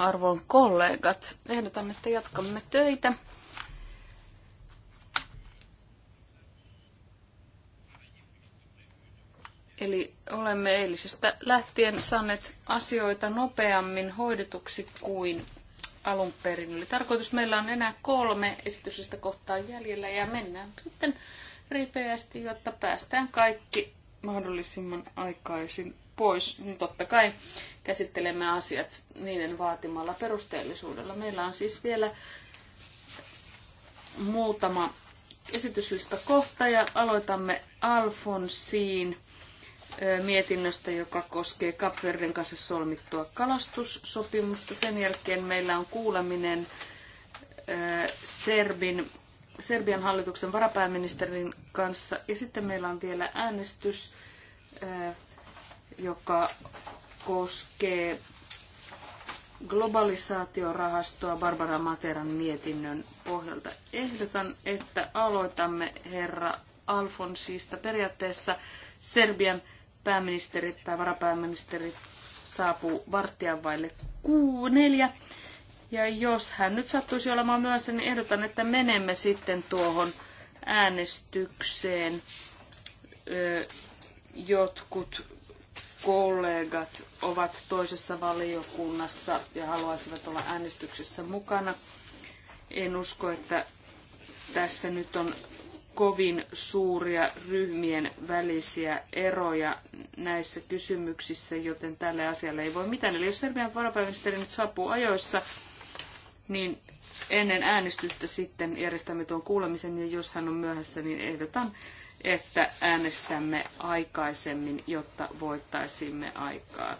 Arvon kollegat, ehdotan, että jatkamme töitä. Eli olemme eilisestä lähtien saaneet asioita nopeammin hoidetuksi kuin alun perin. Eli tarkoitus meillä on enää kolme esityksestä kohtaa jäljellä ja mennään sitten ripeästi, jotta päästään kaikki mahdollisimman aikaisin pois, niin totta kai käsittelemme asiat niiden vaatimalla perusteellisuudella. Meillä on siis vielä muutama esityslista kohta ja aloitamme Alfonsiin mietinnöstä, joka koskee Kapverden kanssa solmittua kalastussopimusta. Sen jälkeen meillä on kuuleminen Serbin, Serbian hallituksen varapääministerin kanssa. Ja sitten meillä on vielä äänestys joka koskee globalisaatiorahastoa Barbara Materan mietinnön pohjalta. Ehdotan, että aloitamme herra Alfonsista. Periaatteessa Serbian pääministeri tai varapääministeri saapuu varttian vaille kuu neljä. Ja jos hän nyt sattuisi olemaan myöhässä, niin ehdotan, että menemme sitten tuohon äänestykseen. jotkut kollegat ovat toisessa valiokunnassa ja haluaisivat olla äänestyksessä mukana. En usko, että tässä nyt on kovin suuria ryhmien välisiä eroja näissä kysymyksissä, joten tälle asialle ei voi mitään. Eli jos Serbian varapääministeri nyt saapuu ajoissa, niin ennen äänestystä sitten järjestämme tuon kuulemisen, ja jos hän on myöhässä, niin ehdotan että äänestämme aikaisemmin, jotta voittaisimme aikaa.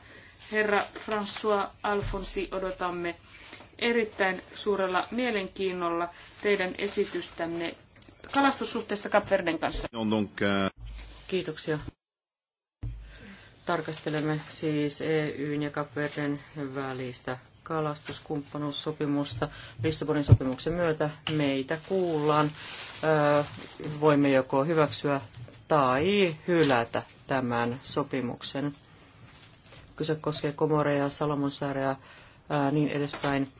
Herra François Alfonsi, odotamme erittäin suurella mielenkiinnolla teidän esitystänne kalastussuhteesta Kapverden kanssa. Euh, Kiitoksia. Tarkastelemme siis EUn ja Kapverden välistä kalastuskumppanuussopimusta Lissabonin sopimuksen myötä meitä kuullaan. Voimme joko hyväksyä tai hylätä tämän sopimuksen. Kyse koskee Komoreja, Salomonsaareja ja niin edespäin.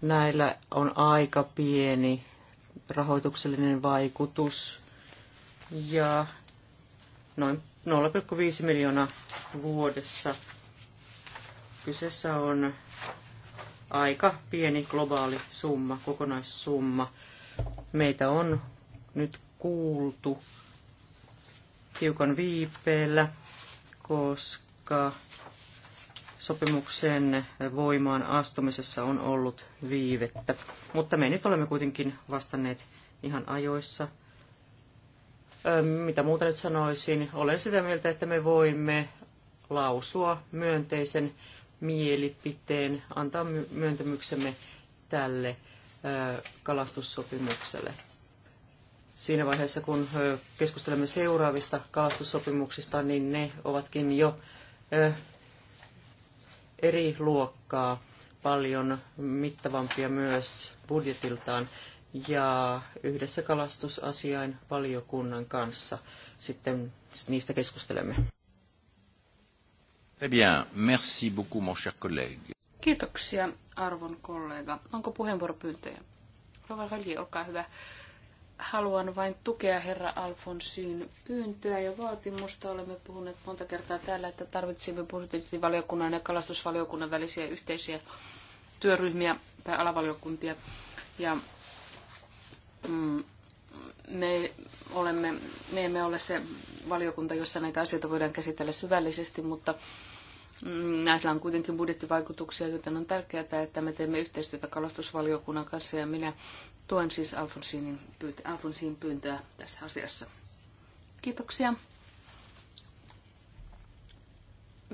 Näillä on aika pieni rahoituksellinen vaikutus ja noin 0,5 miljoonaa vuodessa Kyseessä on aika pieni globaali summa, kokonaissumma. Meitä on nyt kuultu hiukan viipeellä, koska sopimuksen voimaan astumisessa on ollut viivettä. Mutta me nyt olemme kuitenkin vastanneet ihan ajoissa. Mitä muuta nyt sanoisin? Olen sitä mieltä, että me voimme lausua myönteisen mielipiteen, antaa myöntämyksemme tälle kalastussopimukselle. Siinä vaiheessa, kun keskustelemme seuraavista kalastussopimuksista, niin ne ovatkin jo eri luokkaa, paljon mittavampia myös budjetiltaan ja yhdessä kalastusasiain valiokunnan kanssa sitten niistä keskustelemme. Eh bien. Merci beaucoup, mon cher collègue. Kiitoksia, arvon kollega. Onko puheenvuoropyyntöjä? Rova Reli, olkaa hyvä. Haluan vain tukea herra Alfonsin pyyntöä ja vaatimusta. Olemme puhuneet monta kertaa täällä, että tarvitsemme budjettivaliokunnan ja kalastusvaliokunnan välisiä yhteisiä työryhmiä tai alavaliokuntia. Ja mm, me, olemme, me emme ole se valiokunta, jossa näitä asioita voidaan käsitellä syvällisesti, mutta mm, näillä on kuitenkin budjettivaikutuksia, joten on tärkeää, että me teemme yhteistyötä kalastusvaliokunnan kanssa ja minä tuen siis Alfonsinin pyyntöä, Alfonsiin pyyntöä tässä asiassa. Kiitoksia.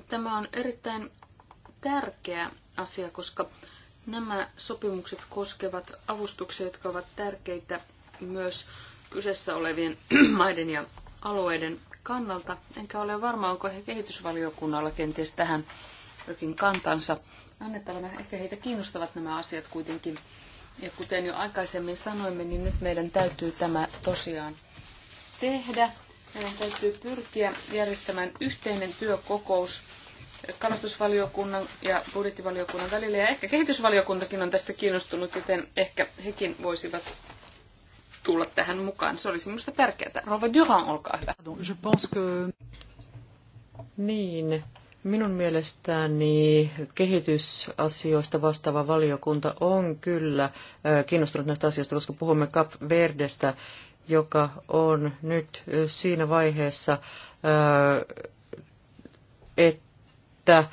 Tämä on erittäin tärkeä asia, koska nämä sopimukset koskevat avustuksia, jotka ovat tärkeitä myös kyseessä olevien maiden ja alueiden kannalta, enkä ole varma, onko he kehitysvaliokunnalla kenties tähän jokin kantansa annettavana. Ehkä heitä kiinnostavat nämä asiat kuitenkin. Ja kuten jo aikaisemmin sanoimme, niin nyt meidän täytyy tämä tosiaan tehdä. Meidän täytyy pyrkiä järjestämään yhteinen työkokous kalastusvaliokunnan ja budjettivaliokunnan välillä. Ja ehkä kehitysvaliokuntakin on tästä kiinnostunut, joten ehkä hekin voisivat tulla tähän mukaan. Se olisi minusta tärkeää. Rova Durand, olkaa hyvä. Je pense que... Niin, Minun mielestäni kehitysasioista vastaava valiokunta on kyllä kiinnostunut näistä asioista, koska puhumme Cap Verdestä, joka on nyt siinä vaiheessa, että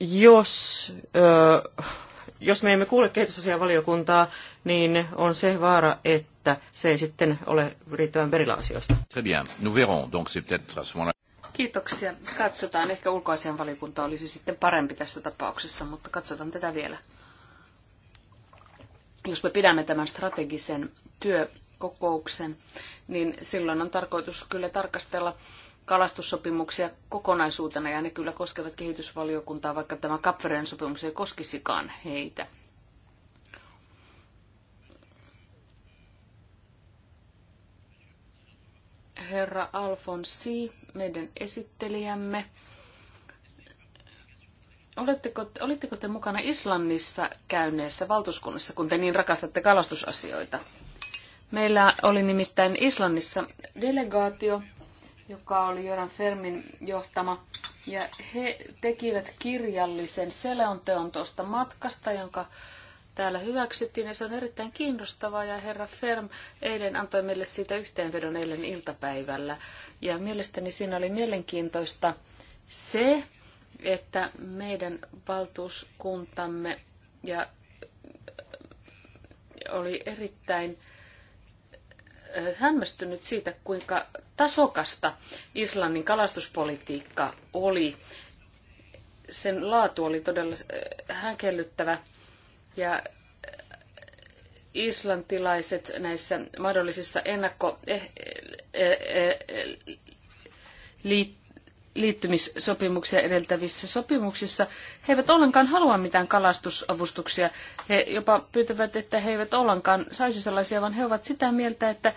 jos jos me emme kuule kehitysasiavaliokuntaa, niin on se vaara, että se ei sitten ole riittävän perillä asioista. Très bien. Nous verrons. Donc c'est Kiitoksia. Katsotaan. Ehkä ulkoasianvaliokunta olisi sitten parempi tässä tapauksessa, mutta katsotaan tätä vielä. Jos me pidämme tämän strategisen työkokouksen, niin silloin on tarkoitus kyllä tarkastella kalastussopimuksia kokonaisuutena, ja ne kyllä koskevat kehitysvaliokuntaa, vaikka tämä Kapveren sopimus ei koskisikaan heitä. Herra Alfonsi, meidän esittelijämme. Oletteko, olitteko te mukana Islannissa käyneessä valtuuskunnassa, kun te niin rakastatte kalastusasioita? Meillä oli nimittäin Islannissa delegaatio joka oli Joran Fermin johtama. Ja he tekivät kirjallisen selonteon tuosta matkasta, jonka täällä hyväksyttiin. Ja se on erittäin kiinnostavaa ja herra Ferm eilen antoi meille siitä yhteenvedon eilen iltapäivällä. Ja mielestäni siinä oli mielenkiintoista se, että meidän valtuuskuntamme ja oli erittäin hämmästynyt siitä, kuinka tasokasta Islannin kalastuspolitiikka oli. Sen laatu oli todella äh, häkellyttävä ja äh, islantilaiset näissä mahdollisissa ennakko eh, eh, eh, liitteissä liittymissopimuksia edeltävissä sopimuksissa. He eivät ollenkaan halua mitään kalastusavustuksia. He jopa pyytävät, että he eivät ollenkaan saisi sellaisia, vaan he ovat sitä mieltä, että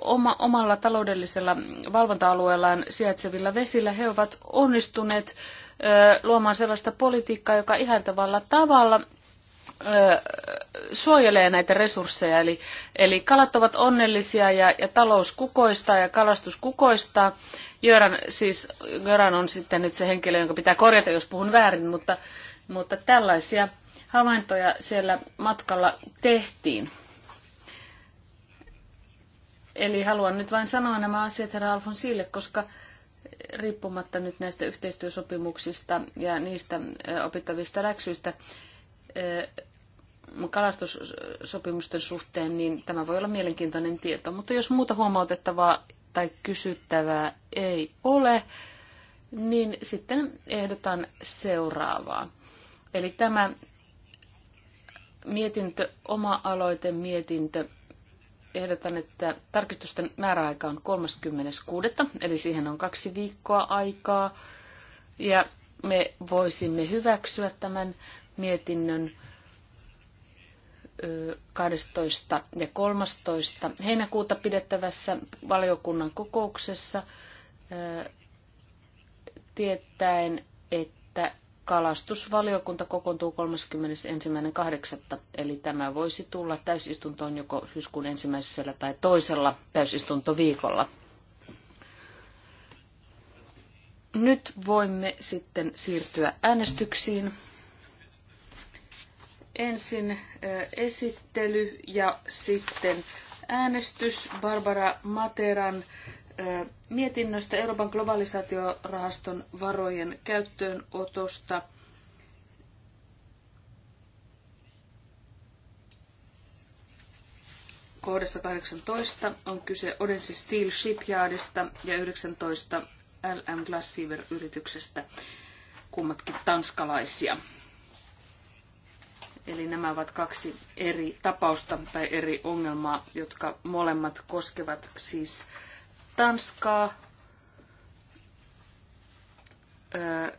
oma, omalla taloudellisella valvonta-alueellaan sijaitsevilla vesillä he ovat onnistuneet ö, luomaan sellaista politiikkaa, joka ihailtavalla tavalla suojelee näitä resursseja. Eli, eli kalat ovat onnellisia ja, ja talous kukoistaa ja kalastus kukoistaa. Göran, siis Göran on sitten nyt se henkilö, jonka pitää korjata, jos puhun väärin, mutta, mutta tällaisia havaintoja siellä matkalla tehtiin. Eli haluan nyt vain sanoa nämä asiat herra Alfon sille, koska riippumatta nyt näistä yhteistyösopimuksista ja niistä opittavista läksyistä kalastussopimusten suhteen, niin tämä voi olla mielenkiintoinen tieto. Mutta jos muuta huomautettavaa tai kysyttävää ei ole, niin sitten ehdotan seuraavaa. Eli tämä mietintö, oma aloite mietintö, ehdotan, että tarkistusten määräaika on 36. Eli siihen on kaksi viikkoa aikaa. Ja me voisimme hyväksyä tämän mietinnön 12. ja 13. heinäkuuta pidettävässä valiokunnan kokouksessa – tietäen, että kalastusvaliokunta kokoontuu 31.8. Eli tämä voisi tulla täysistuntoon joko syyskuun ensimmäisellä tai toisella täysistuntoviikolla. Nyt voimme sitten siirtyä äänestyksiin. Ensin esittely ja sitten äänestys Barbara Materan mietinnöstä Euroopan globalisaatiorahaston varojen käyttöönotosta. Kohdassa 18 on kyse Odense Steel Shipyardista ja 19 LM Glassfiber-yrityksestä, kummatkin tanskalaisia. Eli nämä ovat kaksi eri tapausta tai eri ongelmaa, jotka molemmat koskevat siis äh, Tanskaa. Öö,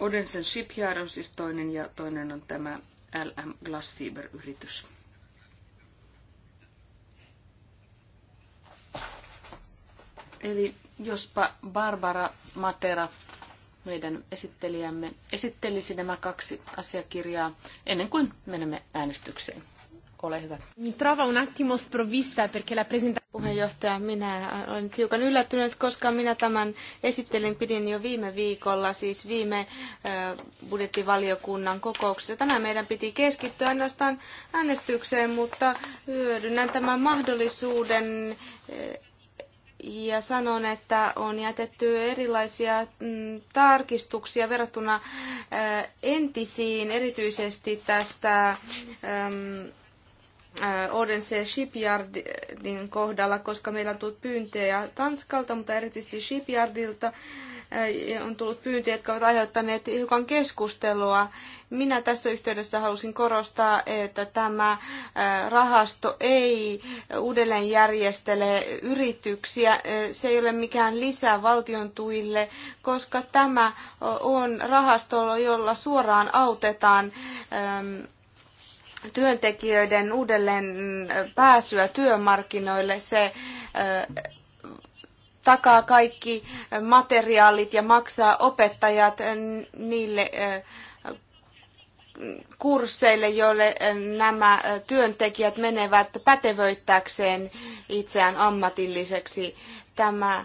Odensen Shipyard on siis toinen ja toinen on tämä LM Glassfiber-yritys. Eli jospa Barbara Matera, meidän esittelijämme, esittelisi nämä kaksi asiakirjaa ennen kuin menemme äänestykseen. Ole hyvä. un attimo perché la presenta... Puheenjohtaja, minä olen tiukan yllättynyt, koska minä tämän esittelin pidin jo viime viikolla, siis viime budjettivaliokunnan kokouksessa. Tänään meidän piti keskittyä ainoastaan äänestykseen, mutta hyödynnän tämän mahdollisuuden ja sanon, että on jätetty erilaisia mm, tarkistuksia verrattuna entisiin, erityisesti tästä Äh, Odense Shipyardin kohdalla, koska meillä on tullut pyyntöjä Tanskalta, mutta erityisesti Shipyardilta äh, on tullut pyyntöjä, jotka ovat aiheuttaneet hiukan keskustelua. Minä tässä yhteydessä halusin korostaa, että tämä äh, rahasto ei uudelleen järjestele yrityksiä. Se ei ole mikään lisää valtion tuille, koska tämä on rahasto, jolla suoraan autetaan ähm, työntekijöiden uudelleen pääsyä työmarkkinoille. Se takaa kaikki materiaalit ja maksaa opettajat niille kursseille, joille nämä työntekijät menevät pätevöittääkseen itseään ammatilliseksi. Tämä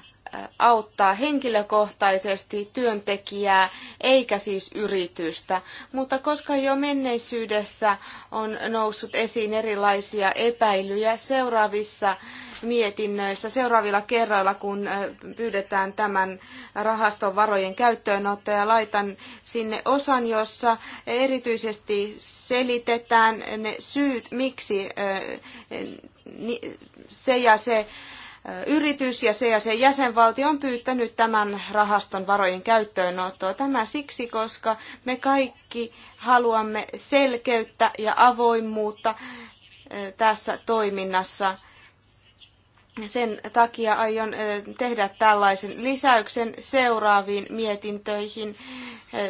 auttaa henkilökohtaisesti työntekijää eikä siis yritystä. Mutta koska jo menneisyydessä on noussut esiin erilaisia epäilyjä seuraavissa mietinnöissä, seuraavilla kerroilla, kun pyydetään tämän rahaston varojen käyttöönottoa, laitan sinne osan, jossa erityisesti selitetään ne syyt, miksi se ja se yritys ja se ja se jäsenvaltio on pyytänyt tämän rahaston varojen käyttöönottoa. Tämä siksi, koska me kaikki haluamme selkeyttä ja avoimuutta tässä toiminnassa sen takia aion tehdä tällaisen lisäyksen seuraaviin mietintöihin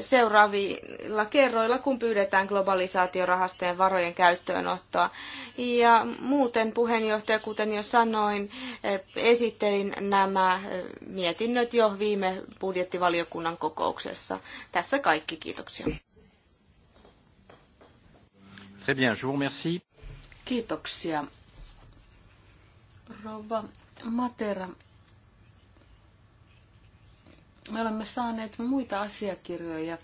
seuraavilla kerroilla, kun pyydetään globalisaatiorahastojen varojen käyttöönottoa. Ja muuten puheenjohtaja, kuten jo sanoin, esittelin nämä mietinnöt jo viime budjettivaliokunnan kokouksessa. Tässä kaikki, kiitoksia. Très bien, je vous remercie. Kiitoksia Rouva Matera, me olemme saaneet muita asiakirjoja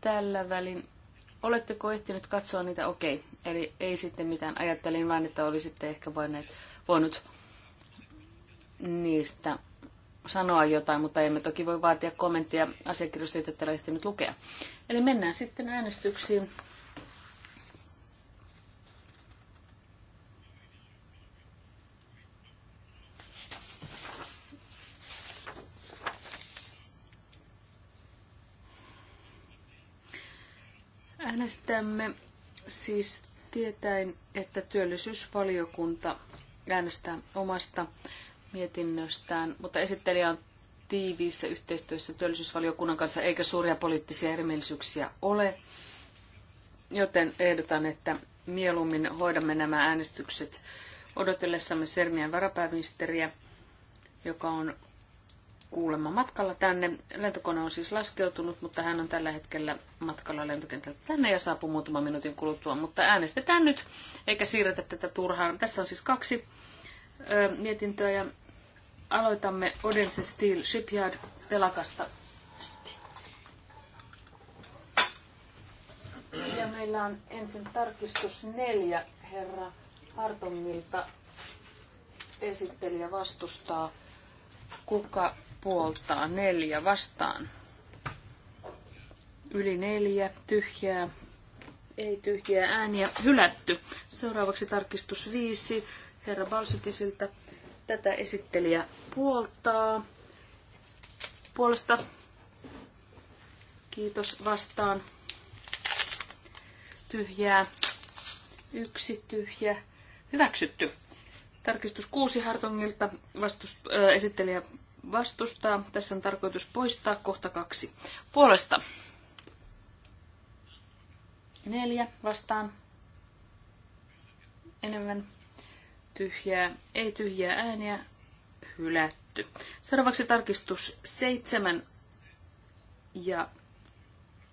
tällä välin. Oletteko ehtinyt katsoa niitä? Okei, okay. eli ei sitten mitään. Ajattelin vain, että olisitte ehkä voineet, voinut niistä sanoa jotain, mutta emme toki voi vaatia kommenttia asiakirjoista, joita ette ole ehtinyt lukea. Eli mennään sitten äänestyksiin. Äänestämme siis tietäen, että työllisyysvaliokunta äänestää omasta mietinnöstään, mutta esittelijä on tiiviissä yhteistyössä työllisyysvaliokunnan kanssa eikä suuria poliittisia erimielisyyksiä ole. Joten ehdotan, että mieluummin hoidamme nämä äänestykset odotellessamme Sermian varapääministeriä, joka on kuulemma matkalla tänne. Lentokone on siis laskeutunut, mutta hän on tällä hetkellä matkalla lentokentältä tänne ja saapuu muutaman minuutin kuluttua. Mutta äänestetään nyt, eikä siirretä tätä turhaan. Tässä on siis kaksi ö, mietintöä ja aloitamme Odense Steel Shipyard telakasta. Ja meillä on ensin tarkistus neljä herra Hartongilta esittelijä vastustaa. Kuka puoltaa, neljä vastaan. Yli neljä, tyhjää, ei tyhjiä ääniä, hylätty. Seuraavaksi tarkistus viisi, herra Balsytisiltä. Tätä esittelijä puoltaa. Puolesta kiitos vastaan. Tyhjää, yksi tyhjä, hyväksytty. Tarkistus kuusi Hartongilta vastus, äh, esittelijä vastustaa. Tässä on tarkoitus poistaa kohta kaksi. Puolesta. Neljä vastaan. Enemmän tyhjää, ei tyhjää ääniä, hylätty. Seuraavaksi tarkistus seitsemän ja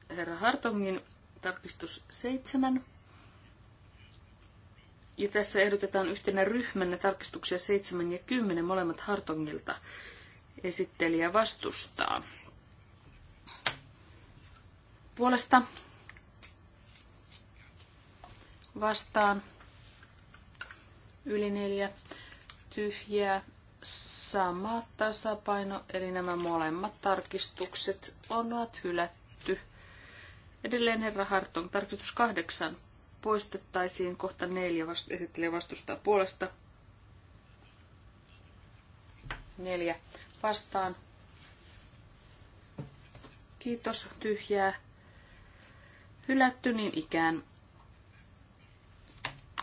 herra Hartongin tarkistus seitsemän. Ja tässä ehdotetaan yhtenä ryhmänä tarkistuksia 7 ja 10 molemmat Hartongilta esittelijä vastustaa. Puolesta vastaan yli neljä tyhjää sama tasapaino, eli nämä molemmat tarkistukset on hylätty. Edelleen herra Harton tarkistus kahdeksan poistettaisiin kohta neljä esittelijä vastustaa puolesta. Neljä vastaan. Kiitos, tyhjää. Hylätty niin ikään.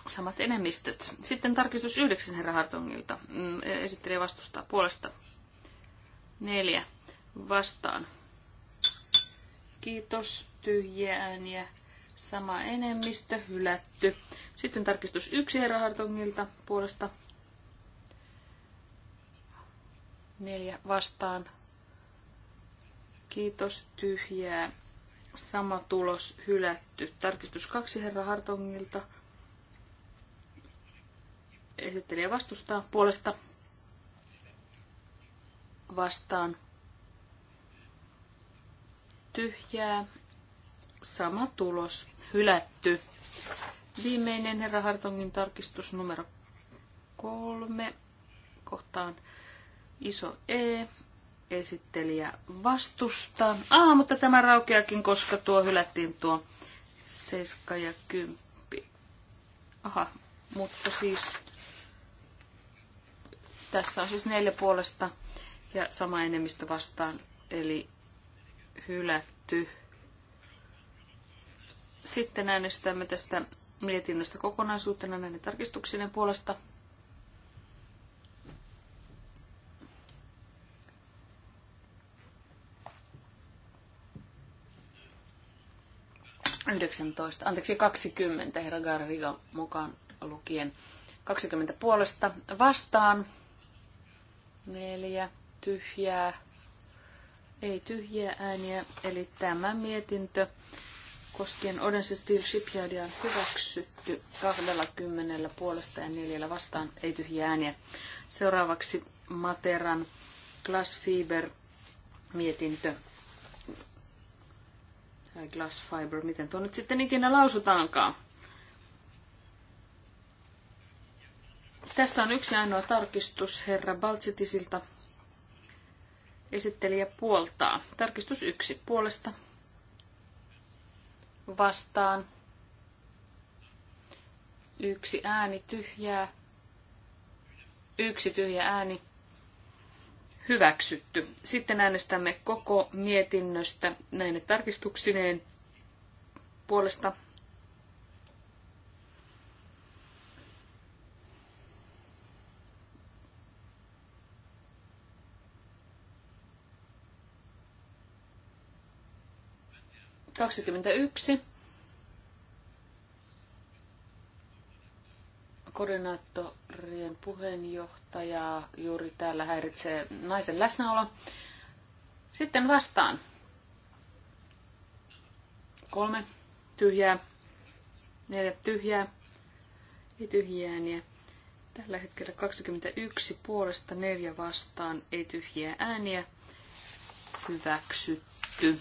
Samat enemmistöt. Sitten tarkistus yhdeksän herra Hartongilta. Mm, esittelijä vastustaa puolesta. Neljä. Vastaan. Kiitos, tyhjiä ääniä. Sama enemmistö, hylätty. Sitten tarkistus yksi herra Hartongilta puolesta neljä vastaan. Kiitos, tyhjää. Sama tulos, hylätty. Tarkistus kaksi herra Hartongilta. Esittelijä vastustaa puolesta vastaan. Tyhjää. Sama tulos, hylätty. Viimeinen herra Hartongin tarkistus numero kolme kohtaan Iso E. Esittelijä vastustaa. Ah, mutta tämä raukeakin, koska tuo hylättiin tuo 7 ja 10. Aha, mutta siis tässä on siis neljä puolesta ja sama enemmistö vastaan, eli hylätty. Sitten äänestämme tästä mietinnöstä kokonaisuutena näiden tarkistuksien puolesta 19, anteeksi 20, herra Garriga mukaan lukien. 20 puolesta vastaan. Neljä tyhjää. Ei tyhjiä ääniä, eli tämä mietintö koskien Odense Steel Shipyardia on hyväksytty 20 puolesta ja neljällä vastaan, ei tyhjiä ääniä. Seuraavaksi Materan Glass Fiber mietintö tai glass fiber, miten tuo nyt sitten ikinä lausutaankaan. Tässä on yksi ainoa tarkistus herra Baltsitisilta. Esittelijä puoltaa. Tarkistus yksi puolesta. Vastaan. Yksi ääni tyhjää. Yksi tyhjä ääni hyväksytty. Sitten äänestämme koko mietinnöstä näine tarkistuksineen puolesta Kaksikymmentäyksi Koordinaattorien puheenjohtaja juuri täällä häiritsee naisen läsnäolo. Sitten vastaan. Kolme tyhjää, neljä tyhjää ja tyhjää ääniä. Tällä hetkellä 21 puolesta, neljä vastaan, ei tyhjiä ääniä. Hyväksytty.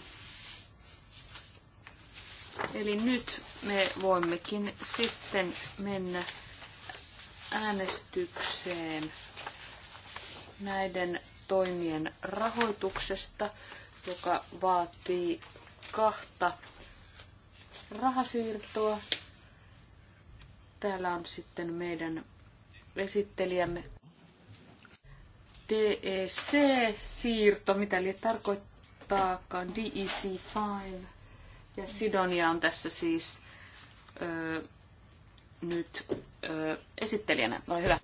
Eli nyt me voimmekin sitten mennä äänestykseen näiden toimien rahoituksesta, joka vaatii kahta rahasiirtoa. Täällä on sitten meidän esittelijämme DEC-siirto, mitä liian tarkoittaakaan DEC5. Ja Sidonia on tässä siis ö, nyt esittelijänä. Ole hyvä.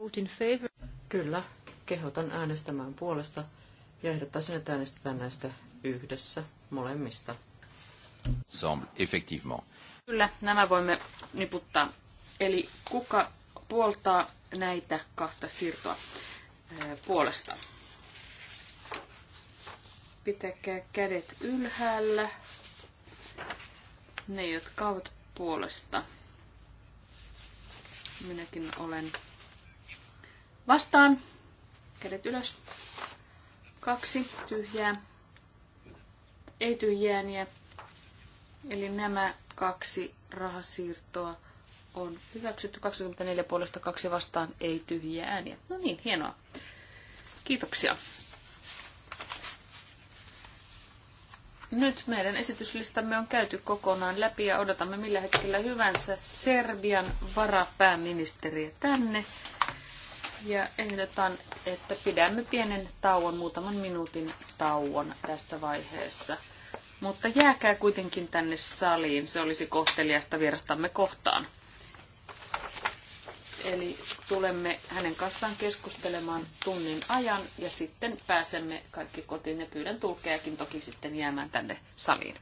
Kyllä, kehotan äänestämään puolesta ja ehdottaisin, että äänestetään näistä yhdessä molemmista. effectivement. Kyllä, nämä voimme niputtaa. Eli kuka puoltaa näitä kahta siirtoa puolesta? Pitäkää kädet ylhäällä. Ne, jotka ovat puolesta. Minäkin olen vastaan. Kädet ylös. Kaksi tyhjää. Ei tyhjääniä. Eli nämä kaksi rahasiirtoa on hyväksytty 24 puolesta kaksi vastaan, ei tyhjiä ääniä. No niin, hienoa. Kiitoksia. Nyt meidän esityslistamme on käyty kokonaan läpi ja odotamme millä hetkellä hyvänsä Serbian varapääministeriä tänne. Ja ehdotan, että pidämme pienen tauon, muutaman minuutin tauon tässä vaiheessa. Mutta jääkää kuitenkin tänne saliin, se olisi kohteliasta vierastamme kohtaan. Eli tulemme hänen kanssaan keskustelemaan tunnin ajan ja sitten pääsemme kaikki kotiin ja pyydän tulkeakin toki sitten jäämään tänne saliin.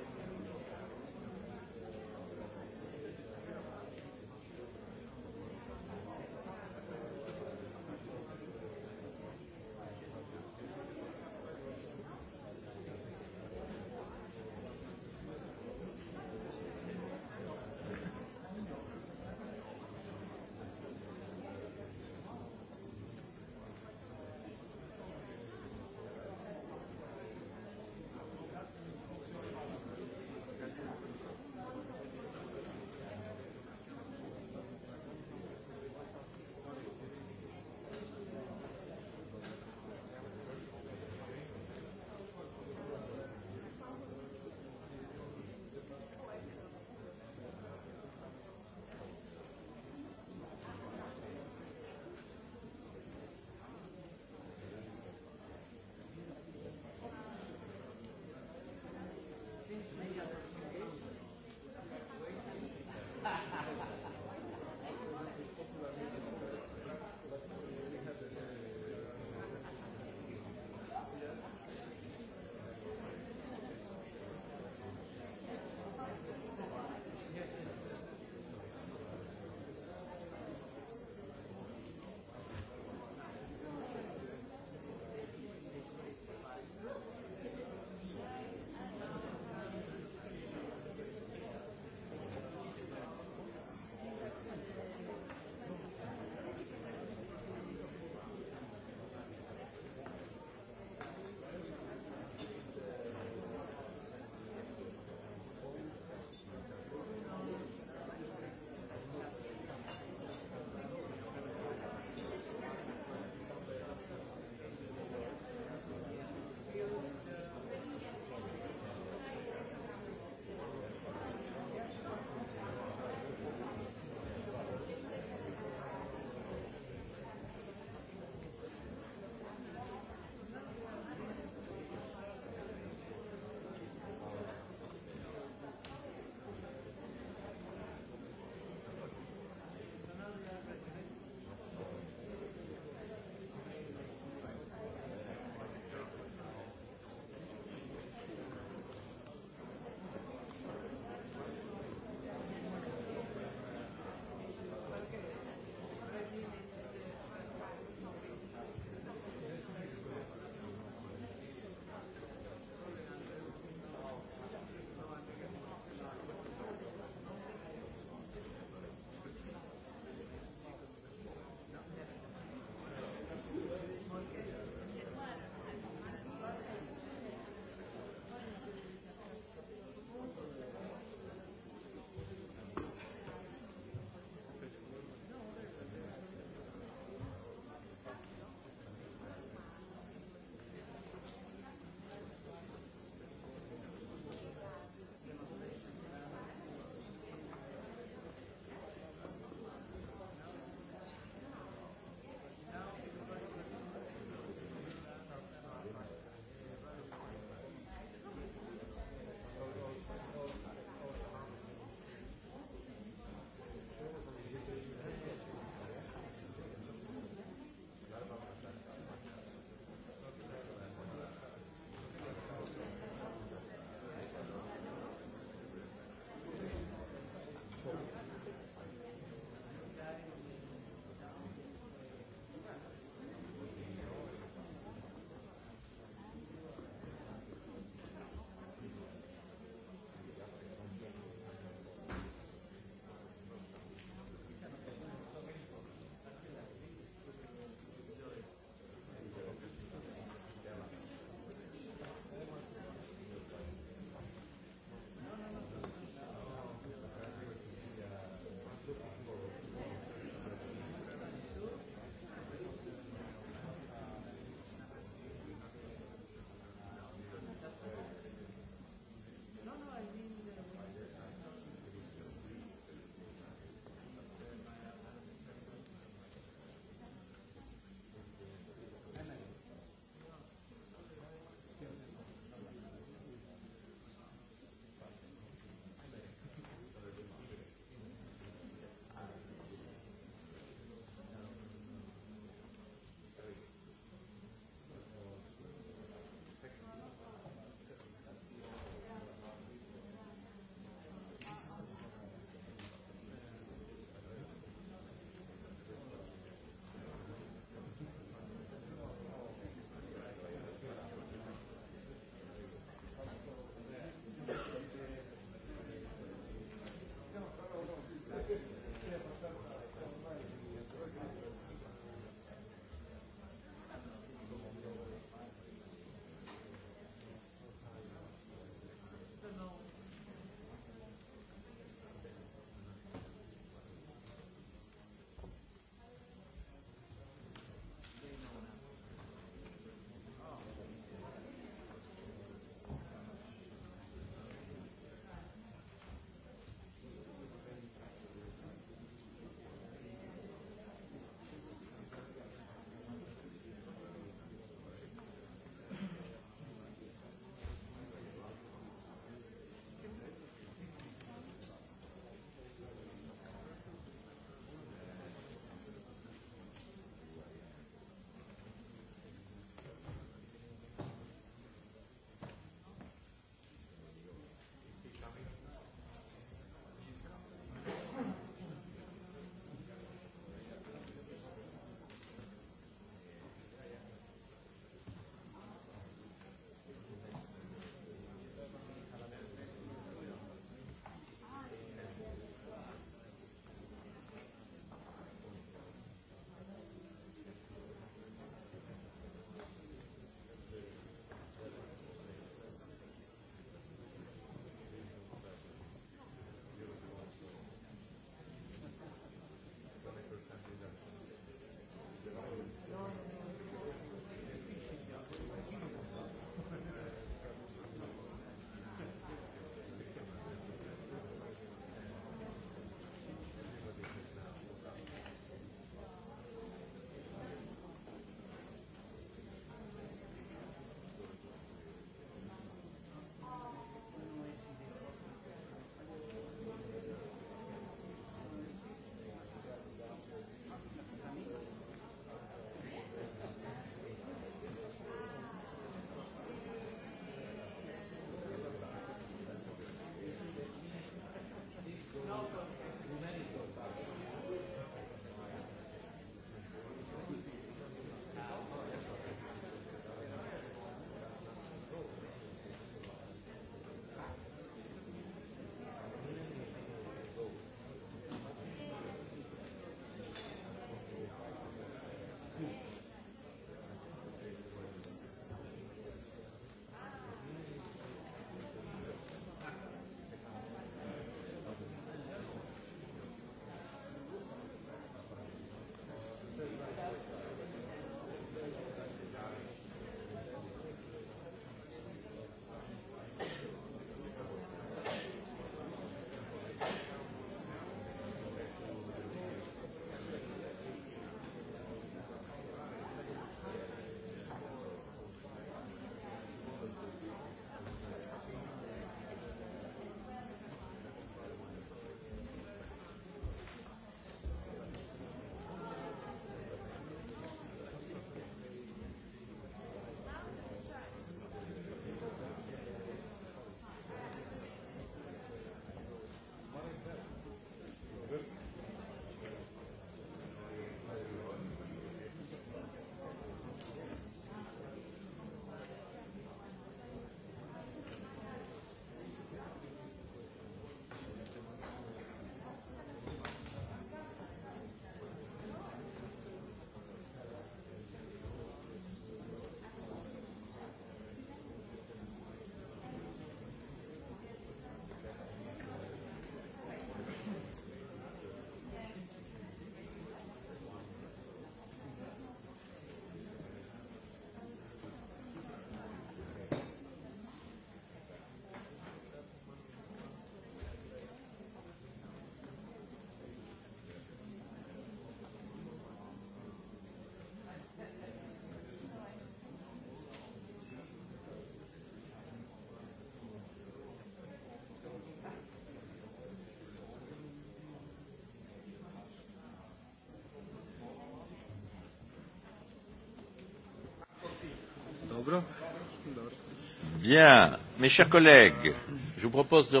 Bien, mes chers collègues, je vous propose de...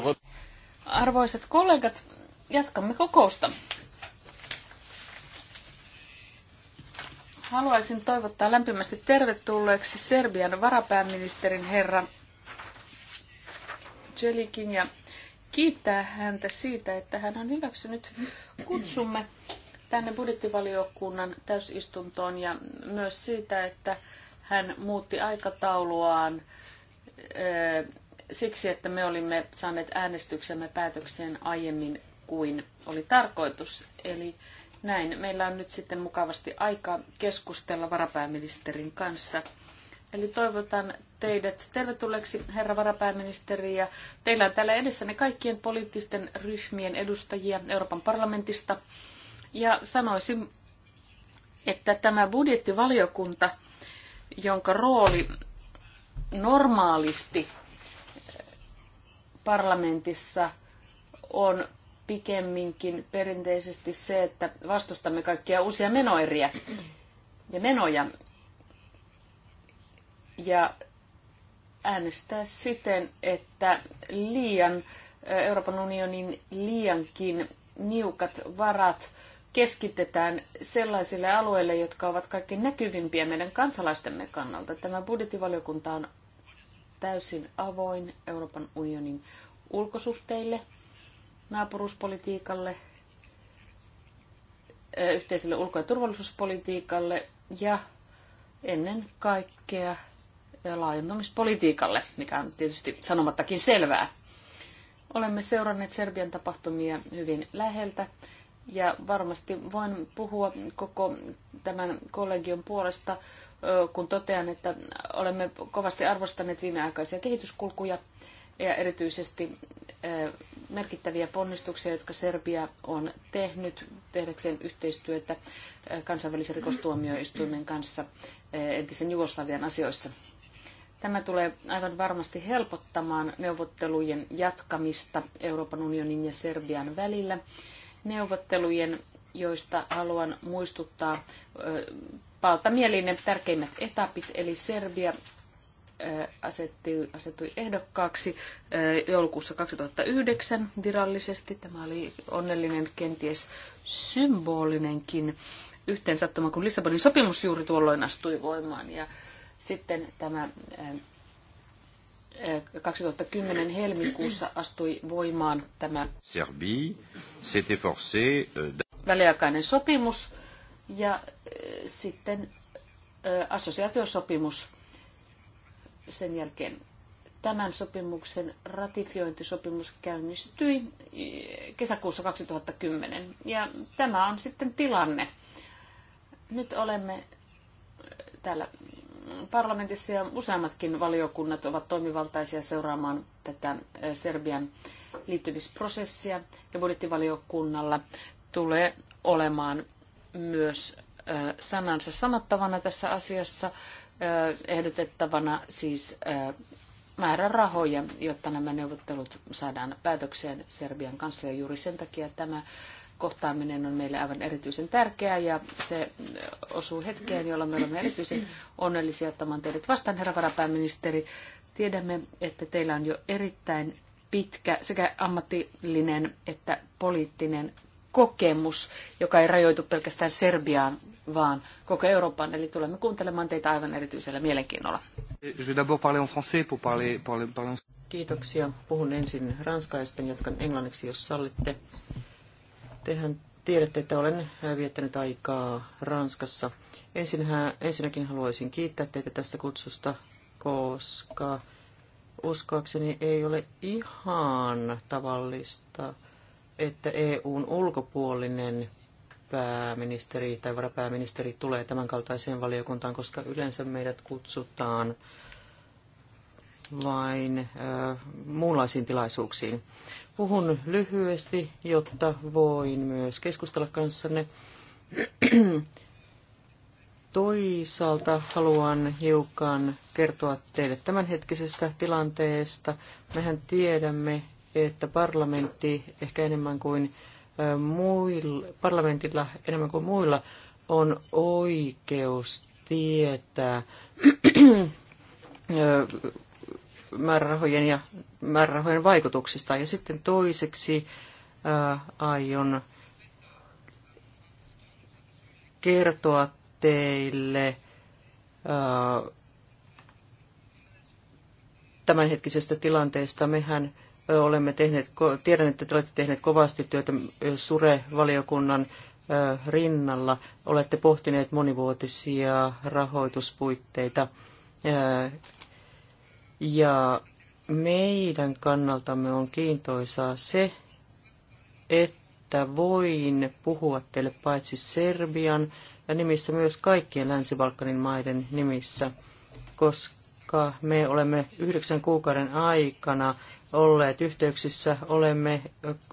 Arvoisat kollegat, jatkamme kokousta. Haluaisin toivottaa lämpimästi tervetulleeksi Serbian varapääministerin herra Jelikin ja kiittää häntä siitä, että hän on hyväksynyt kutsumme tänne budjettivaliokunnan täysistuntoon ja myös siitä, että hän muutti aikatauluaan eh, siksi, että me olimme saaneet äänestyksemme päätökseen aiemmin kuin oli tarkoitus. Eli näin, meillä on nyt sitten mukavasti aika keskustella varapääministerin kanssa. Eli toivotan teidät tervetulleeksi, herra varapääministeri, ja teillä on täällä ne kaikkien poliittisten ryhmien edustajia Euroopan parlamentista. Ja sanoisin, että tämä budjettivaliokunta jonka rooli normaalisti parlamentissa on pikemminkin perinteisesti se, että vastustamme kaikkia uusia menoeriä ja menoja ja äänestää siten, että liian, Euroopan unionin liiankin niukat varat keskitetään sellaisille alueille, jotka ovat kaikkein näkyvimpiä meidän kansalaistemme kannalta. Tämä budjettivaliokunta on täysin avoin Euroopan unionin ulkosuhteille, naapuruuspolitiikalle, yhteiselle ulko- ja turvallisuuspolitiikalle ja ennen kaikkea laajentumispolitiikalle, mikä on tietysti sanomattakin selvää. Olemme seuranneet Serbian tapahtumia hyvin läheltä ja varmasti voin puhua koko tämän kollegion puolesta, kun totean, että olemme kovasti arvostaneet viimeaikaisia kehityskulkuja ja erityisesti merkittäviä ponnistuksia, jotka Serbia on tehnyt tehdäkseen yhteistyötä kansainvälisen rikostuomioistuimen kanssa entisen Jugoslavian asioissa. Tämä tulee aivan varmasti helpottamaan neuvottelujen jatkamista Euroopan unionin ja Serbian välillä neuvottelujen, joista haluan muistuttaa valtamielinen tärkeimmät etapit, eli Serbia asettui, asettui ehdokkaaksi joulukuussa 2009 virallisesti. Tämä oli onnellinen, kenties symbolinenkin yhteensattuma, kun Lissabonin sopimus juuri tuolloin astui voimaan. Ja sitten tämä 2010 helmikuussa astui voimaan tämä Serbi, forcé, euh, väliaikainen sopimus ja äh, sitten äh, assosiaatiosopimus sen jälkeen. Tämän sopimuksen ratifiointisopimus käynnistyi äh, kesäkuussa 2010 ja tämä on sitten tilanne. Nyt olemme täällä parlamentissa ja useammatkin valiokunnat ovat toimivaltaisia seuraamaan tätä eh, Serbian liittymisprosessia ja budjettivaliokunnalla tulee olemaan myös eh, sanansa sanottavana tässä asiassa eh, ehdotettavana siis määrärahoja, jotta nämä neuvottelut saadaan päätökseen Serbian kanssa. Ja juuri sen takia tämä kohtaaminen on meille aivan erityisen tärkeää ja se osuu hetkeen, jolloin me olemme erityisen onnellisia ottamaan teidät vastaan, herra varapääministeri. Tiedämme, että teillä on jo erittäin pitkä sekä ammatillinen että poliittinen kokemus, joka ei rajoitu pelkästään Serbiaan, vaan koko Euroopan. Eli tulemme kuuntelemaan teitä aivan erityisellä mielenkiinnolla. Kiitoksia. Puhun ensin ranskaisten, jotka englanniksi, jos sallitte. Tehän tiedätte, että olen viettänyt aikaa Ranskassa. Ensinhän, ensinnäkin haluaisin kiittää teitä tästä kutsusta, koska uskoakseni ei ole ihan tavallista, että EUn ulkopuolinen pääministeri tai varapääministeri tulee tämän kaltaiseen valiokuntaan, koska yleensä meidät kutsutaan vain äh, muunlaisiin tilaisuuksiin. Puhun lyhyesti, jotta voin myös keskustella kanssanne. Toisaalta haluan hiukan kertoa teille tämänhetkisestä tilanteesta. Mehän tiedämme, että parlamentti ehkä enemmän kuin muilla, parlamentilla enemmän kuin muilla on oikeus tietää määrärahojen ja määrärahojen vaikutuksista. Ja sitten toiseksi ää, äh, aion kertoa teille ää, äh, tämänhetkisestä tilanteesta. Mehän olemme tehneet, tiedän, että te olette tehneet kovasti työtä Sure-valiokunnan rinnalla. Olette pohtineet monivuotisia rahoituspuitteita ja meidän kannaltamme on kiintoisaa se, että voin puhua teille paitsi Serbian ja nimissä myös kaikkien Länsi-Balkanin maiden nimissä, koska me olemme yhdeksän kuukauden aikana olleet yhteyksissä, olemme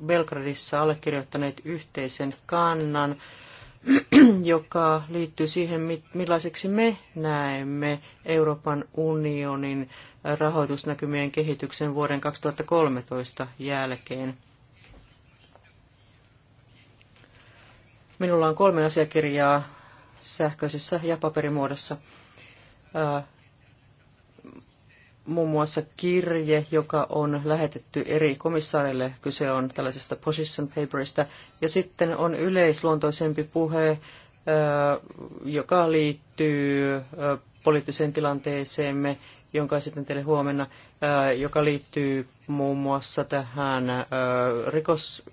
Belgradissa allekirjoittaneet yhteisen kannan joka liittyy siihen, millaiseksi me näemme Euroopan unionin rahoitusnäkymien kehityksen vuoden 2013 jälkeen. Minulla on kolme asiakirjaa sähköisessä ja paperimuodossa muun muassa kirje, joka on lähetetty eri komissaareille. Kyse on tällaisesta position paperista. Ja sitten on yleisluontoisempi puhe, joka liittyy poliittiseen tilanteeseemme, jonka esitän teille huomenna, joka liittyy muun muassa tähän rikos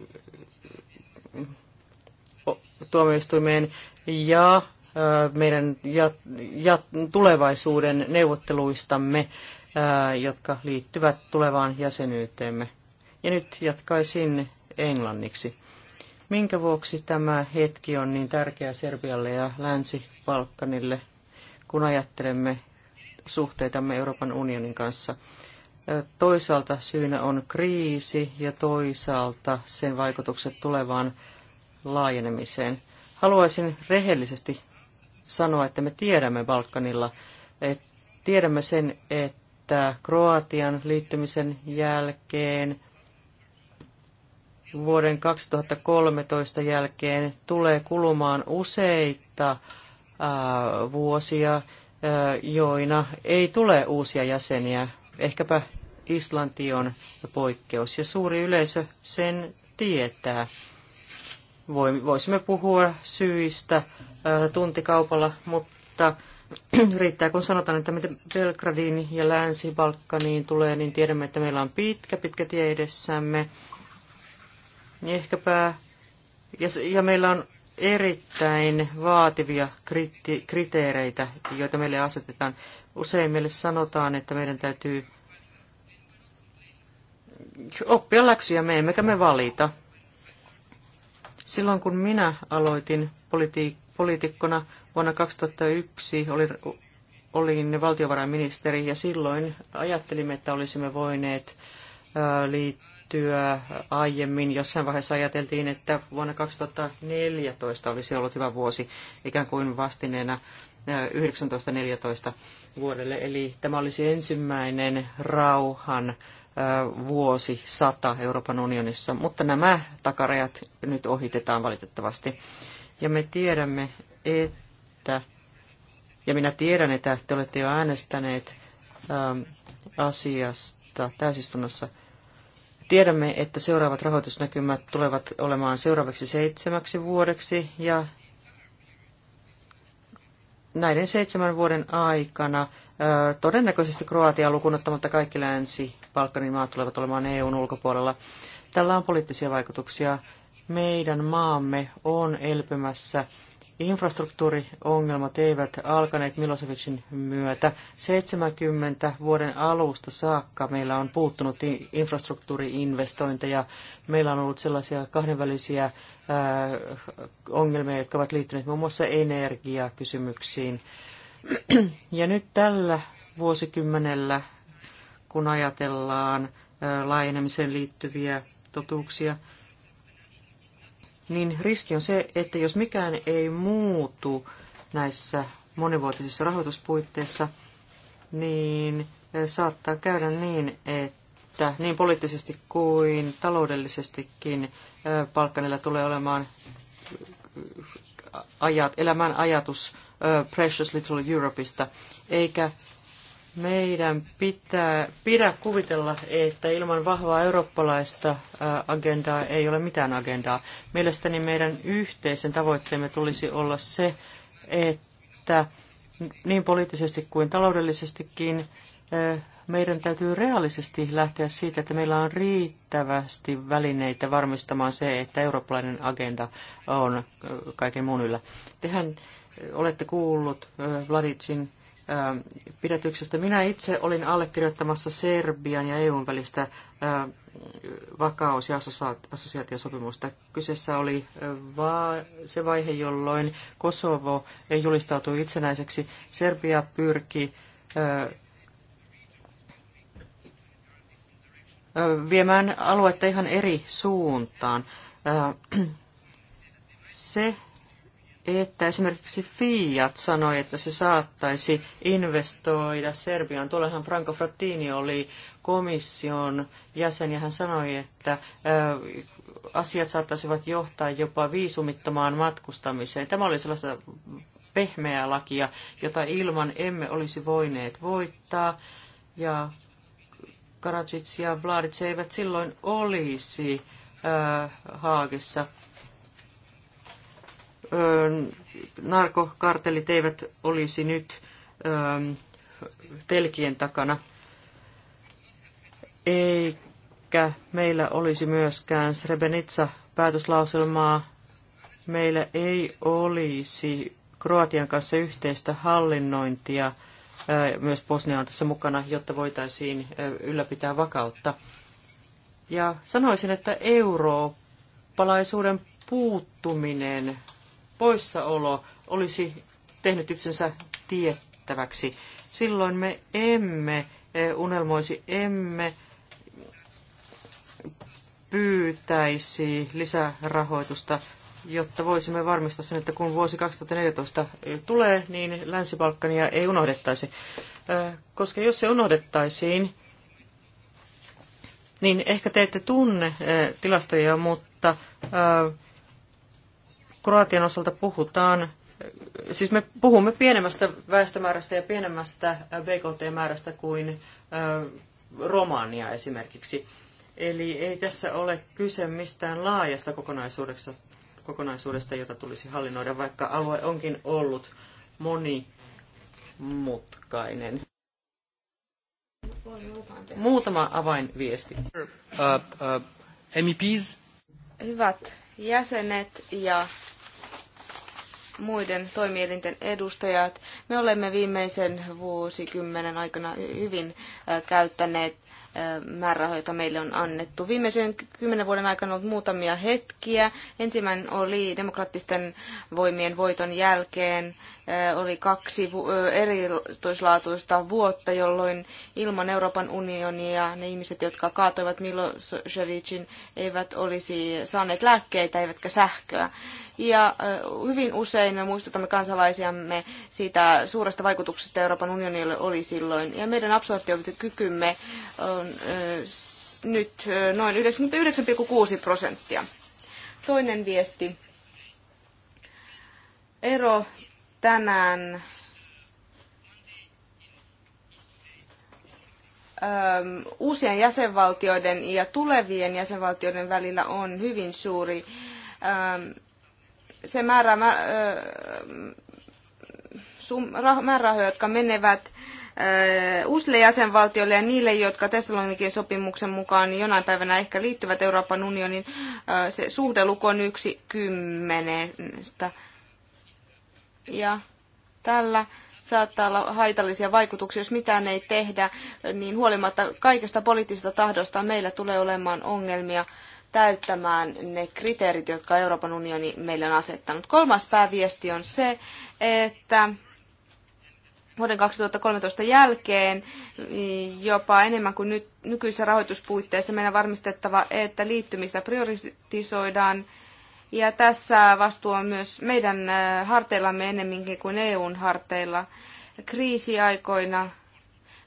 tuomioistuimeen ja meidän ja, ja tulevaisuuden neuvotteluistamme jotka liittyvät tulevaan jäsenyyteemme. Ja nyt jatkaisin englanniksi. Minkä vuoksi tämä hetki on niin tärkeä Serbialle ja Länsi-Balkanille, kun ajattelemme suhteitamme Euroopan unionin kanssa? Toisaalta syynä on kriisi ja toisaalta sen vaikutukset tulevaan laajenemiseen. Haluaisin rehellisesti sanoa, että me tiedämme Balkanilla, että tiedämme sen, että että Kroatian liittymisen jälkeen vuoden 2013 jälkeen tulee kulumaan useita äh, vuosia, äh, joina ei tule uusia jäseniä. Ehkäpä Islanti on poikkeus ja suuri yleisö sen tietää. Voisimme puhua syistä äh, tuntikaupalla, mutta riittää, kun sanotaan, että miten Belgradiin ja Länsi-Balkaniin tulee, niin tiedämme, että meillä on pitkä, pitkä tie edessämme. Niin ehkäpä, ja, ja meillä on erittäin vaativia kriti, kriteereitä, joita meille asetetaan. Usein meille sanotaan, että meidän täytyy oppia läksyjä, me emmekä me valita. Silloin kun minä aloitin politiikkaa, poliitikkona, Vuonna 2001 oli olin valtiovarainministeri ja silloin ajattelimme, että olisimme voineet liittyä aiemmin. Jossain vaiheessa ajateltiin, että vuonna 2014 olisi ollut hyvä vuosi ikään kuin vastineena 1914 vuodelle. Eli tämä olisi ensimmäinen rauhan vuosi sata Euroopan unionissa, mutta nämä takarajat nyt ohitetaan valitettavasti. Ja me tiedämme, että että, ja minä tiedän, että te olette jo äänestäneet ähm, asiasta täysistunnossa. Tiedämme, että seuraavat rahoitusnäkymät tulevat olemaan seuraavaksi seitsemäksi vuodeksi ja näiden seitsemän vuoden aikana äh, todennäköisesti Kroatia lukunottamatta kaikki länsi-Balkanin maat tulevat olemaan EUn ulkopuolella. Tällä on poliittisia vaikutuksia. Meidän maamme on elpymässä Infrastruktuuriongelmat eivät alkaneet Milosevicin myötä. 70 vuoden alusta saakka meillä on puuttunut infrastruktuuriinvestointeja. Meillä on ollut sellaisia kahdenvälisiä äh, ongelmia, jotka ovat liittyneet muun muassa energiakysymyksiin. Ja nyt tällä vuosikymmenellä, kun ajatellaan äh, laajenemiseen liittyviä totuuksia, niin riski on se, että jos mikään ei muutu näissä monivuotisissa rahoituspuitteissa, niin eh, saattaa käydä niin, että niin poliittisesti kuin taloudellisestikin eh, palkkanilla tulee olemaan eh, ajat, elämän ajatus Precious Little Europeista, eikä meidän pitää pidä kuvitella, että ilman vahvaa eurooppalaista agendaa ei ole mitään agendaa. Mielestäni meidän yhteisen tavoitteemme tulisi olla se, että niin poliittisesti kuin taloudellisestikin meidän täytyy reaalisesti lähteä siitä, että meillä on riittävästi välineitä varmistamaan se, että eurooppalainen agenda on kaiken muun yllä. Tehän olette kuullut Vladicin Ähm, pidätyksestä. Minä itse olin allekirjoittamassa Serbian ja EUn välistä ähm, vakaus- ja assosiaatiosopimusta. Kyseessä oli äh, se vaihe, jolloin Kosovo julistautui itsenäiseksi. Serbia pyrki äh, äh, viemään aluetta ihan eri suuntaan. Se että esimerkiksi Fiat sanoi, että se saattaisi investoida Serbiaan. Tuollahan Franco Frattini oli komission jäsen ja hän sanoi, että asiat saattaisivat johtaa jopa viisumittomaan matkustamiseen. Tämä oli sellaista pehmeää lakia, jota ilman emme olisi voineet voittaa. Ja Karadzic ja Vladic eivät silloin olisi Haagissa – narkokartelit eivät olisi nyt telkien takana, eikä meillä olisi myöskään Srebrenica-päätöslauselmaa. Meillä ei olisi Kroatian kanssa yhteistä hallinnointia, myös Bosnia on tässä mukana, jotta voitaisiin ylläpitää vakautta. Ja sanoisin, että eurooppalaisuuden puuttuminen poissaolo olisi tehnyt itsensä tiettäväksi. Silloin me emme e, unelmoisi, emme pyytäisi lisärahoitusta, jotta voisimme varmistaa sen, että kun vuosi 2014 tulee, niin Länsi-Balkania ei unohdettaisi. E, koska jos se unohdettaisiin, niin ehkä te ette tunne e, tilastoja, mutta Kroatian osalta puhutaan, siis me puhumme pienemmästä väestömäärästä ja pienemmästä BKT-määrästä kuin Romania esimerkiksi. Eli ei tässä ole kyse mistään laajasta kokonaisuudesta, kokonaisuudesta jota tulisi hallinnoida, vaikka alue onkin ollut monimutkainen. Muutama avainviesti. Uh, uh, MEPs. Hyvät jäsenet ja muiden toimielinten edustajat. Me olemme viimeisen vuosikymmenen aikana hyvin käyttäneet määrärahoja, joita meille on annettu. Viimeisen kymmenen vuoden aikana on ollut muutamia hetkiä. Ensimmäinen oli demokraattisten voimien voiton jälkeen. Oli kaksi eritoislaatuista vuotta, jolloin ilman Euroopan unionia ne ihmiset, jotka kaatoivat Milosevicin, eivät olisi saaneet lääkkeitä eivätkä sähköä. Ja hyvin usein me muistutamme kansalaisiamme siitä suuresta vaikutuksesta Euroopan unionille oli silloin. Ja meidän absorptiokykymme on nyt noin 99,6 prosenttia. Toinen viesti. Ero tänään uusien jäsenvaltioiden ja tulevien jäsenvaltioiden välillä on hyvin suuri se määrä mä, sum, rah, määrärahoja, jotka menevät uusille jäsenvaltioille ja niille, jotka Thessalonikin sopimuksen mukaan niin jonain päivänä ehkä liittyvät Euroopan unionin, se suhdeluku on yksi kymmenestä. Ja tällä saattaa olla haitallisia vaikutuksia, jos mitään ei tehdä, niin huolimatta kaikesta poliittisesta tahdosta meillä tulee olemaan ongelmia täyttämään ne kriteerit, jotka Euroopan unioni meille on asettanut. Kolmas pääviesti on se, että vuoden 2013 jälkeen jopa enemmän kuin nyt, nykyisessä rahoituspuitteissa meidän varmistettava, että liittymistä prioritisoidaan. Ja tässä vastuu on myös meidän äh, harteillamme enemminkin kuin EUn harteilla. Kriisiaikoina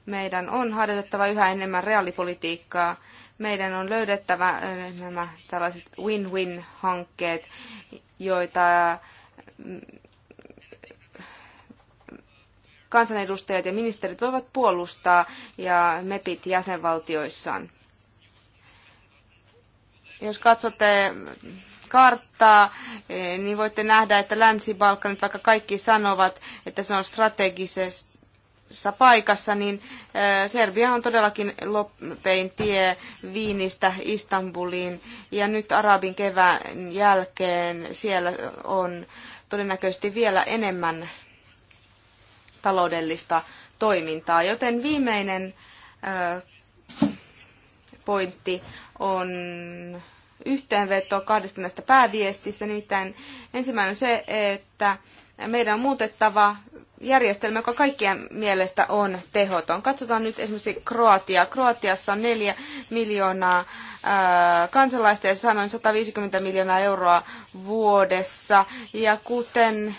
meidän on harjoitettava yhä enemmän reaalipolitiikkaa. Meidän on löydettävä nämä tällaiset win-win-hankkeet, joita mm, kansanedustajat ja ministerit voivat puolustaa ja MEPit jäsenvaltioissaan. Jos katsotte karttaa, eh, niin voitte nähdä, että Länsi-Balkanit, vaikka kaikki sanovat, että se on strategisesti paikassa, niin Serbia on todellakin loppein tie Viinistä Istanbuliin. Ja nyt Arabin kevään jälkeen siellä on todennäköisesti vielä enemmän taloudellista toimintaa. Joten viimeinen pointti on yhteenveto kahdesta näistä pääviestistä. Nimittäin ensimmäinen on se, että meidän on muutettava järjestelmä, joka kaikkien mielestä on tehoton. Katsotaan nyt esimerkiksi Kroatiaa. Kroatiassa on neljä miljoonaa kansalaista ja sanoin 150 miljoonaa euroa vuodessa. Ja kuten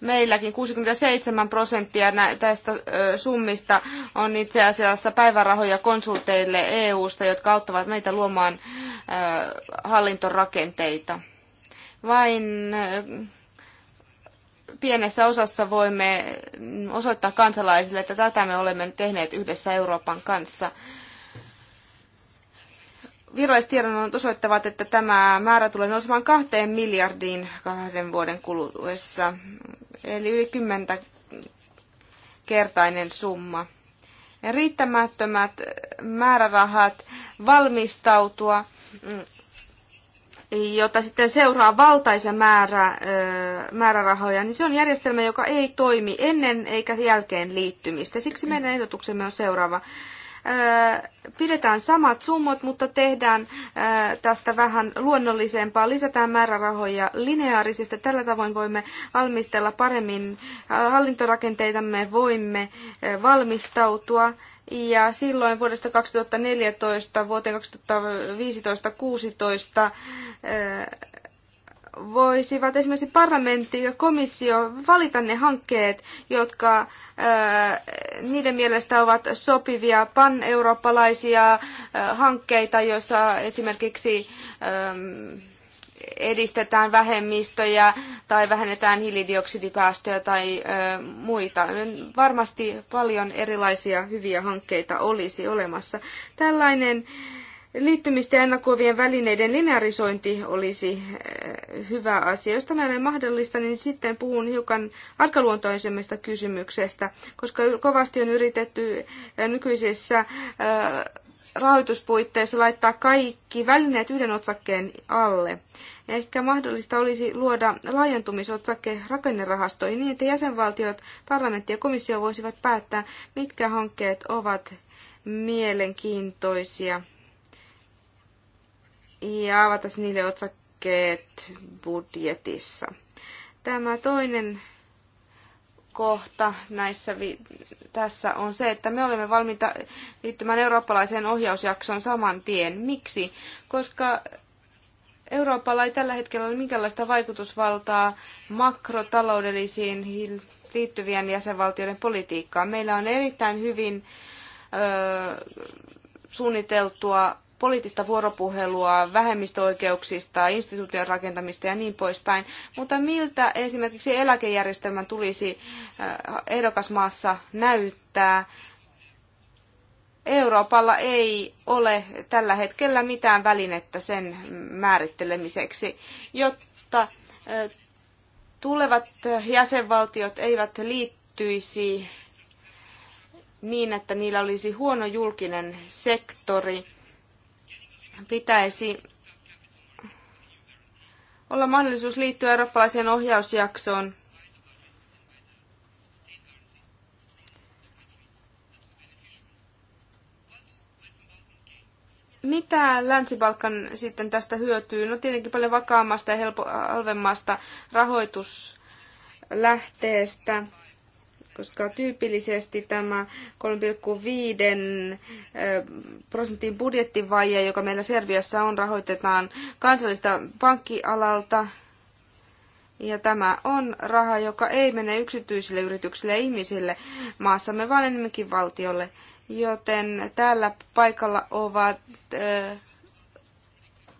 meilläkin 67 prosenttia tästä summista on itse asiassa päivärahoja konsulteille EU-sta, jotka auttavat meitä luomaan hallintorakenteita. Vain pienessä osassa voimme osoittaa kansalaisille, että tätä me olemme tehneet yhdessä Euroopan kanssa. Viralliset tiedonannot osoittavat, että tämä määrä tulee nousemaan kahteen miljardiin kahden vuoden kuluessa, eli yli kymmentä kertainen summa. Riittämättömät määrärahat valmistautua mm, jota sitten seuraa valtaisa määrä määrärahoja, niin se on järjestelmä, joka ei toimi ennen eikä jälkeen liittymistä. Siksi meidän ehdotuksemme on seuraava. Pidetään samat summat, mutta tehdään tästä vähän luonnollisempaa. Lisätään määrärahoja lineaarisesti. Tällä tavoin voimme valmistella paremmin hallintorakenteitamme, voimme valmistautua ja silloin vuodesta 2014 vuoteen 2015-2016 äh, voisivat esimerkiksi parlamentti ja komissio valita ne hankkeet, jotka äh, niiden mielestä ovat sopivia pan-eurooppalaisia äh, hankkeita, joissa esimerkiksi ähm, edistetään vähemmistöjä tai vähennetään hiilidioksidipäästöjä tai muita. Varmasti paljon erilaisia hyviä hankkeita olisi olemassa. Tällainen liittymistä ennakoivien välineiden linearisointi olisi hyvä asia. Jos tämä ei ole mahdollista, niin sitten puhun hiukan arkaluontoisemmista kysymyksestä, koska kovasti on yritetty nykyisissä rahoituspuitteissa laittaa kaikki välineet yhden otsakkeen alle. Ehkä mahdollista olisi luoda laajentumisotsake rakennerahastoihin niin, että jäsenvaltiot, parlamentti ja komissio voisivat päättää, mitkä hankkeet ovat mielenkiintoisia ja avata niille otsakkeet budjetissa. Tämä toinen kohta näissä vi- tässä on se, että me olemme valmiita liittymään eurooppalaiseen ohjausjaksoon saman tien. Miksi? Koska Euroopalla ei tällä hetkellä ole minkäänlaista vaikutusvaltaa makrotaloudellisiin liittyvien jäsenvaltioiden politiikkaan. Meillä on erittäin hyvin ö, suunniteltua poliittista vuoropuhelua vähemmistöoikeuksista, instituution rakentamista ja niin poispäin. Mutta miltä esimerkiksi eläkejärjestelmän tulisi äh, ehdokasmaassa näyttää? Euroopalla ei ole tällä hetkellä mitään välinettä sen määrittelemiseksi, jotta äh, tulevat jäsenvaltiot eivät liittyisi niin, että niillä olisi huono julkinen sektori pitäisi olla mahdollisuus liittyä eurooppalaiseen ohjausjaksoon. Mitä Länsi-Balkan sitten tästä hyötyy? No tietenkin paljon vakaammasta ja helpo, halvemmasta rahoituslähteestä koska tyypillisesti tämä 3,5 prosentin budjettivaje, joka meillä Serviassa on, rahoitetaan kansallista pankkialalta. Ja tämä on raha, joka ei mene yksityisille yrityksille ja ihmisille maassamme, vaan enemmänkin valtiolle. Joten täällä paikalla ovat äh,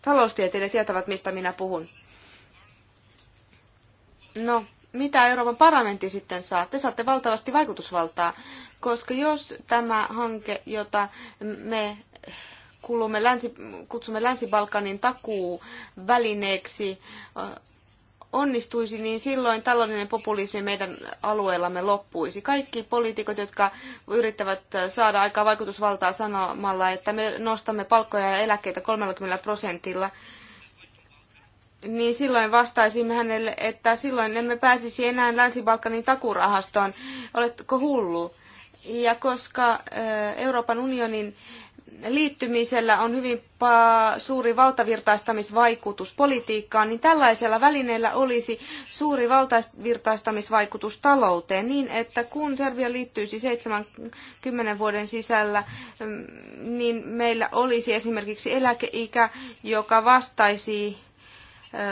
taloustieteilijät tietävät, mistä minä puhun. No, mitä Euroopan parlamentti sitten saa? Te saatte valtavasti vaikutusvaltaa, koska jos tämä hanke, jota me kulumme länsi, kutsumme Länsi-Balkanin takuu välineeksi, onnistuisi, niin silloin taloudellinen populismi meidän alueellamme loppuisi. Kaikki poliitikot, jotka yrittävät saada aikaa vaikutusvaltaa sanomalla, että me nostamme palkkoja ja eläkkeitä 30 prosentilla, niin silloin vastaisimme hänelle, että silloin emme pääsisi enää Länsi-Balkanin takurahastoon. Oletko hullu? Ja koska Euroopan unionin liittymisellä on hyvin suuri valtavirtaistamisvaikutus politiikkaan, niin tällaisella välineellä olisi suuri valtavirtaistamisvaikutus talouteen niin, että kun Serbia liittyisi 70 vuoden sisällä, mm, niin meillä olisi esimerkiksi eläkeikä, joka vastaisi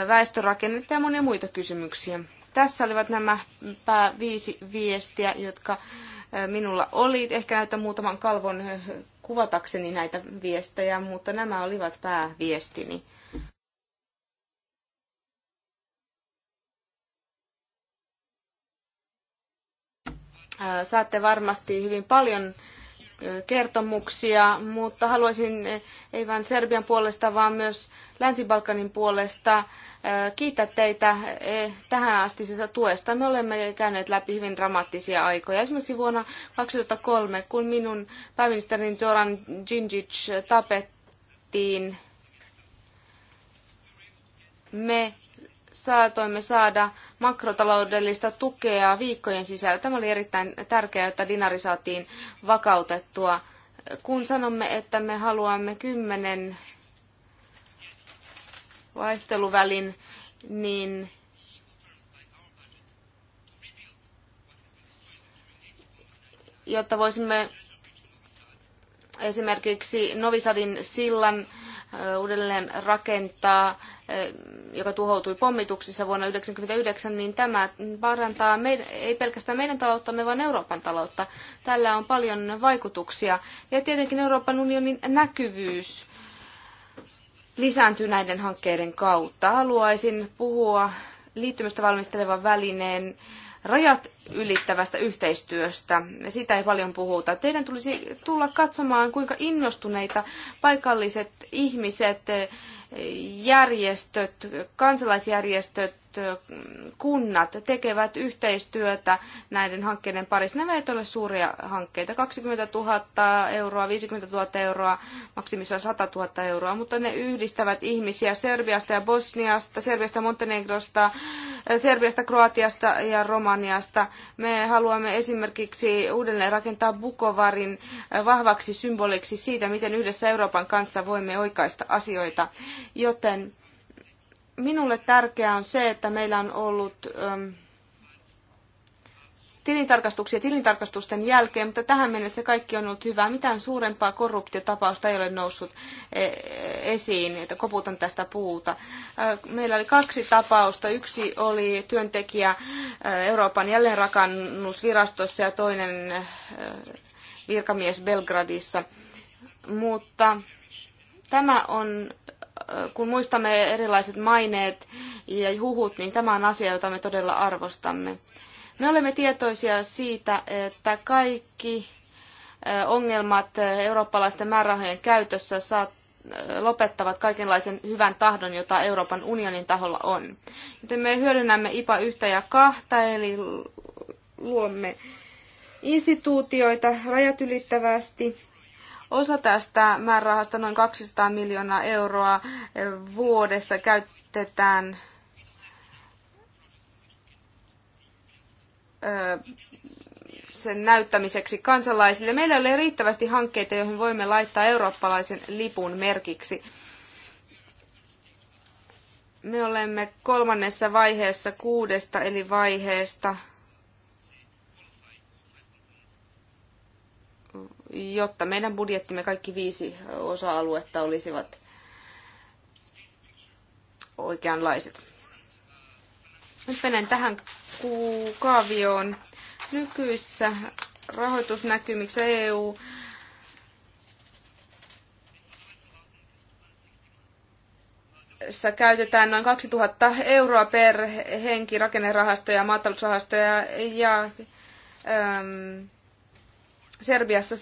väestörakennetta ja monia muita kysymyksiä. Tässä olivat nämä pää viisi viestiä, jotka minulla oli. Ehkä näytän muutaman kalvon kuvatakseni näitä viestejä, mutta nämä olivat pääviestini. Saatte varmasti hyvin paljon kertomuksia, mutta haluaisin eh, ei vain Serbian puolesta, vaan myös Länsi-Balkanin puolesta eh, kiittää teitä eh, tähän asti sitä tuesta. Me olemme käyneet läpi hyvin dramaattisia aikoja. Esimerkiksi vuonna 2003, kun minun pääministerin Zoran Djindjic tapettiin, me saatoimme saada makrotaloudellista tukea viikkojen sisällä. Tämä oli erittäin tärkeää, että dinari saatiin vakautettua. Kun sanomme, että me haluamme kymmenen vaihteluvälin, niin jotta voisimme esimerkiksi Novisadin sillan uudelleen rakentaa, joka tuhoutui pommituksissa vuonna 1999, niin tämä parantaa meidän, ei pelkästään meidän talouttamme, vaan Euroopan taloutta. Tällä on paljon vaikutuksia. Ja tietenkin Euroopan unionin näkyvyys lisääntyy näiden hankkeiden kautta. Haluaisin puhua liittymistä valmistelevan välineen rajat ylittävästä yhteistyöstä. Sitä ei paljon puhuta. Teidän tulisi tulla katsomaan, kuinka innostuneita paikalliset ihmiset, järjestöt, kansalaisjärjestöt, kunnat tekevät yhteistyötä näiden hankkeiden parissa. Nämä eivät ole suuria hankkeita, 20 000 euroa, 50 000 euroa, maksimissaan 100 000 euroa, mutta ne yhdistävät ihmisiä Serbiasta ja Bosniasta, Serbiasta, Montenegrosta, Serbiasta, Kroatiasta ja Romaniasta me haluamme esimerkiksi uudelleen rakentaa Bukovarin eh, vahvaksi symboliksi siitä, miten yhdessä Euroopan kanssa voimme oikaista asioita. Joten minulle tärkeää on se, että meillä on ollut... Ähm, tilintarkastuksia tilintarkastusten jälkeen, mutta tähän mennessä kaikki on ollut hyvää. Mitään suurempaa korruptiotapausta ei ole noussut e, esiin, että koputan tästä puuta. Meillä oli kaksi tapausta. Yksi oli työntekijä Euroopan jälleenrakannusvirastossa ja toinen virkamies Belgradissa. Mutta tämä on kun muistamme erilaiset maineet ja huhut, niin tämä on asia, jota me todella arvostamme. Me olemme tietoisia siitä, että kaikki ongelmat eurooppalaisten määrärahojen käytössä saattaa lopettavat kaikenlaisen hyvän tahdon, jota Euroopan unionin taholla on. Joten me hyödynnämme IPA yhtä ja kahta, eli luomme instituutioita rajat ylittävästi. Osa tästä määrärahasta, noin 200 miljoonaa euroa vuodessa, käytetään sen näyttämiseksi kansalaisille. Meillä ei ole riittävästi hankkeita, joihin voimme laittaa eurooppalaisen lipun merkiksi. Me olemme kolmannessa vaiheessa kuudesta eli vaiheesta, jotta meidän budjettimme kaikki viisi osa-aluetta olisivat oikeanlaiset. Nyt menen tähän kaavioon. Nykyisissä rahoitusnäkymissä EU käytetään noin 2000 euroa per henki rakennerahastoja, maatalousrahastoja ja ähm, Serbiassa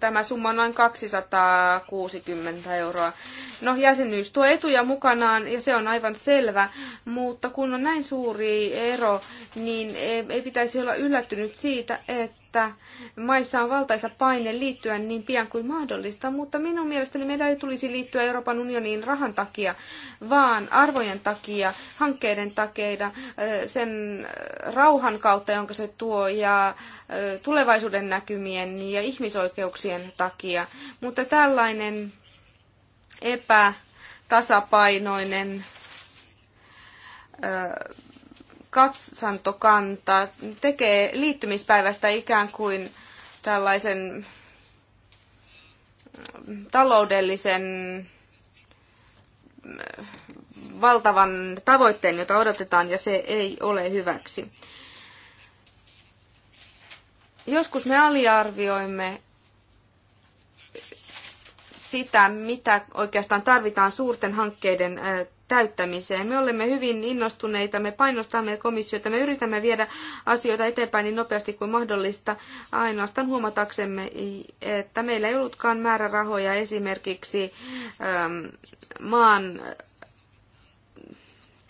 tämä summa on noin 260 euroa. No jäsenyys tuo etuja mukanaan ja se on aivan selvä, mutta kun on näin suuri ero, niin ei pitäisi olla yllättynyt siitä, että että maissa on valtaisa paine liittyä niin pian kuin mahdollista, mutta minun mielestäni meidän ei tulisi liittyä Euroopan unioniin rahan takia, vaan arvojen takia, hankkeiden takia, sen rauhan kautta, jonka se tuo, ja tulevaisuuden näkymien ja ihmisoikeuksien takia. Mutta tällainen epätasapainoinen katsantokanta tekee liittymispäivästä ikään kuin tällaisen mm, taloudellisen mm, valtavan tavoitteen, jota odotetaan, ja se ei ole hyväksi. Joskus me aliarvioimme sitä, mitä oikeastaan tarvitaan suurten hankkeiden täyttämiseen. Me olemme hyvin innostuneita, me painostamme komissiota, me yritämme viedä asioita eteenpäin niin nopeasti kuin mahdollista, ainoastaan huomataksemme, että meillä ei ollutkaan määrärahoja esimerkiksi maan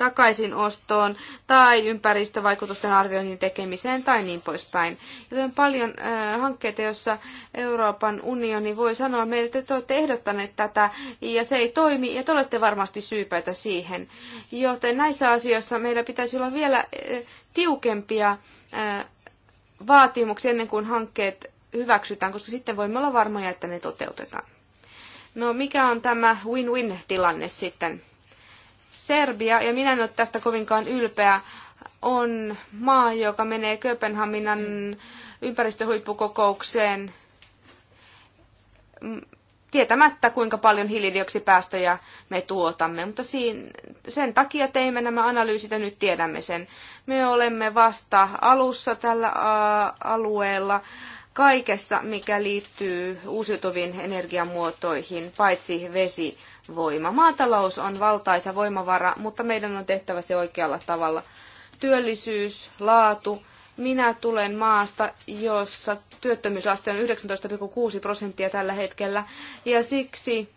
takaisinostoon tai ympäristövaikutusten arvioinnin tekemiseen tai niin poispäin. Joten paljon äh, hankkeita, joissa Euroopan unioni voi sanoa meille, että te olette ehdottaneet tätä ja se ei toimi ja te olette varmasti syypäitä siihen. Joten näissä asioissa meillä pitäisi olla vielä äh, tiukempia äh, vaatimuksia ennen kuin hankkeet hyväksytään, koska sitten voimme olla varmoja, että ne toteutetaan. No mikä on tämä win-win-tilanne sitten? Serbia, ja minä en ole tästä kovinkaan ylpeä, on maa, joka menee Kööpenhaminan ympäristöhuippukokoukseen mm, tietämättä, kuinka paljon hiilidioksipäästöjä me tuotamme. Mutta sen takia teimme nämä analyysit ja nyt tiedämme sen. Me olemme vasta alussa tällä alueella kaikessa, mikä liittyy uusiutuviin energiamuotoihin, paitsi vesivoima. Maatalous on valtaisa voimavara, mutta meidän on tehtävä se oikealla tavalla. Työllisyys, laatu. Minä tulen maasta, jossa työttömyysaste on 19,6 prosenttia tällä hetkellä, ja siksi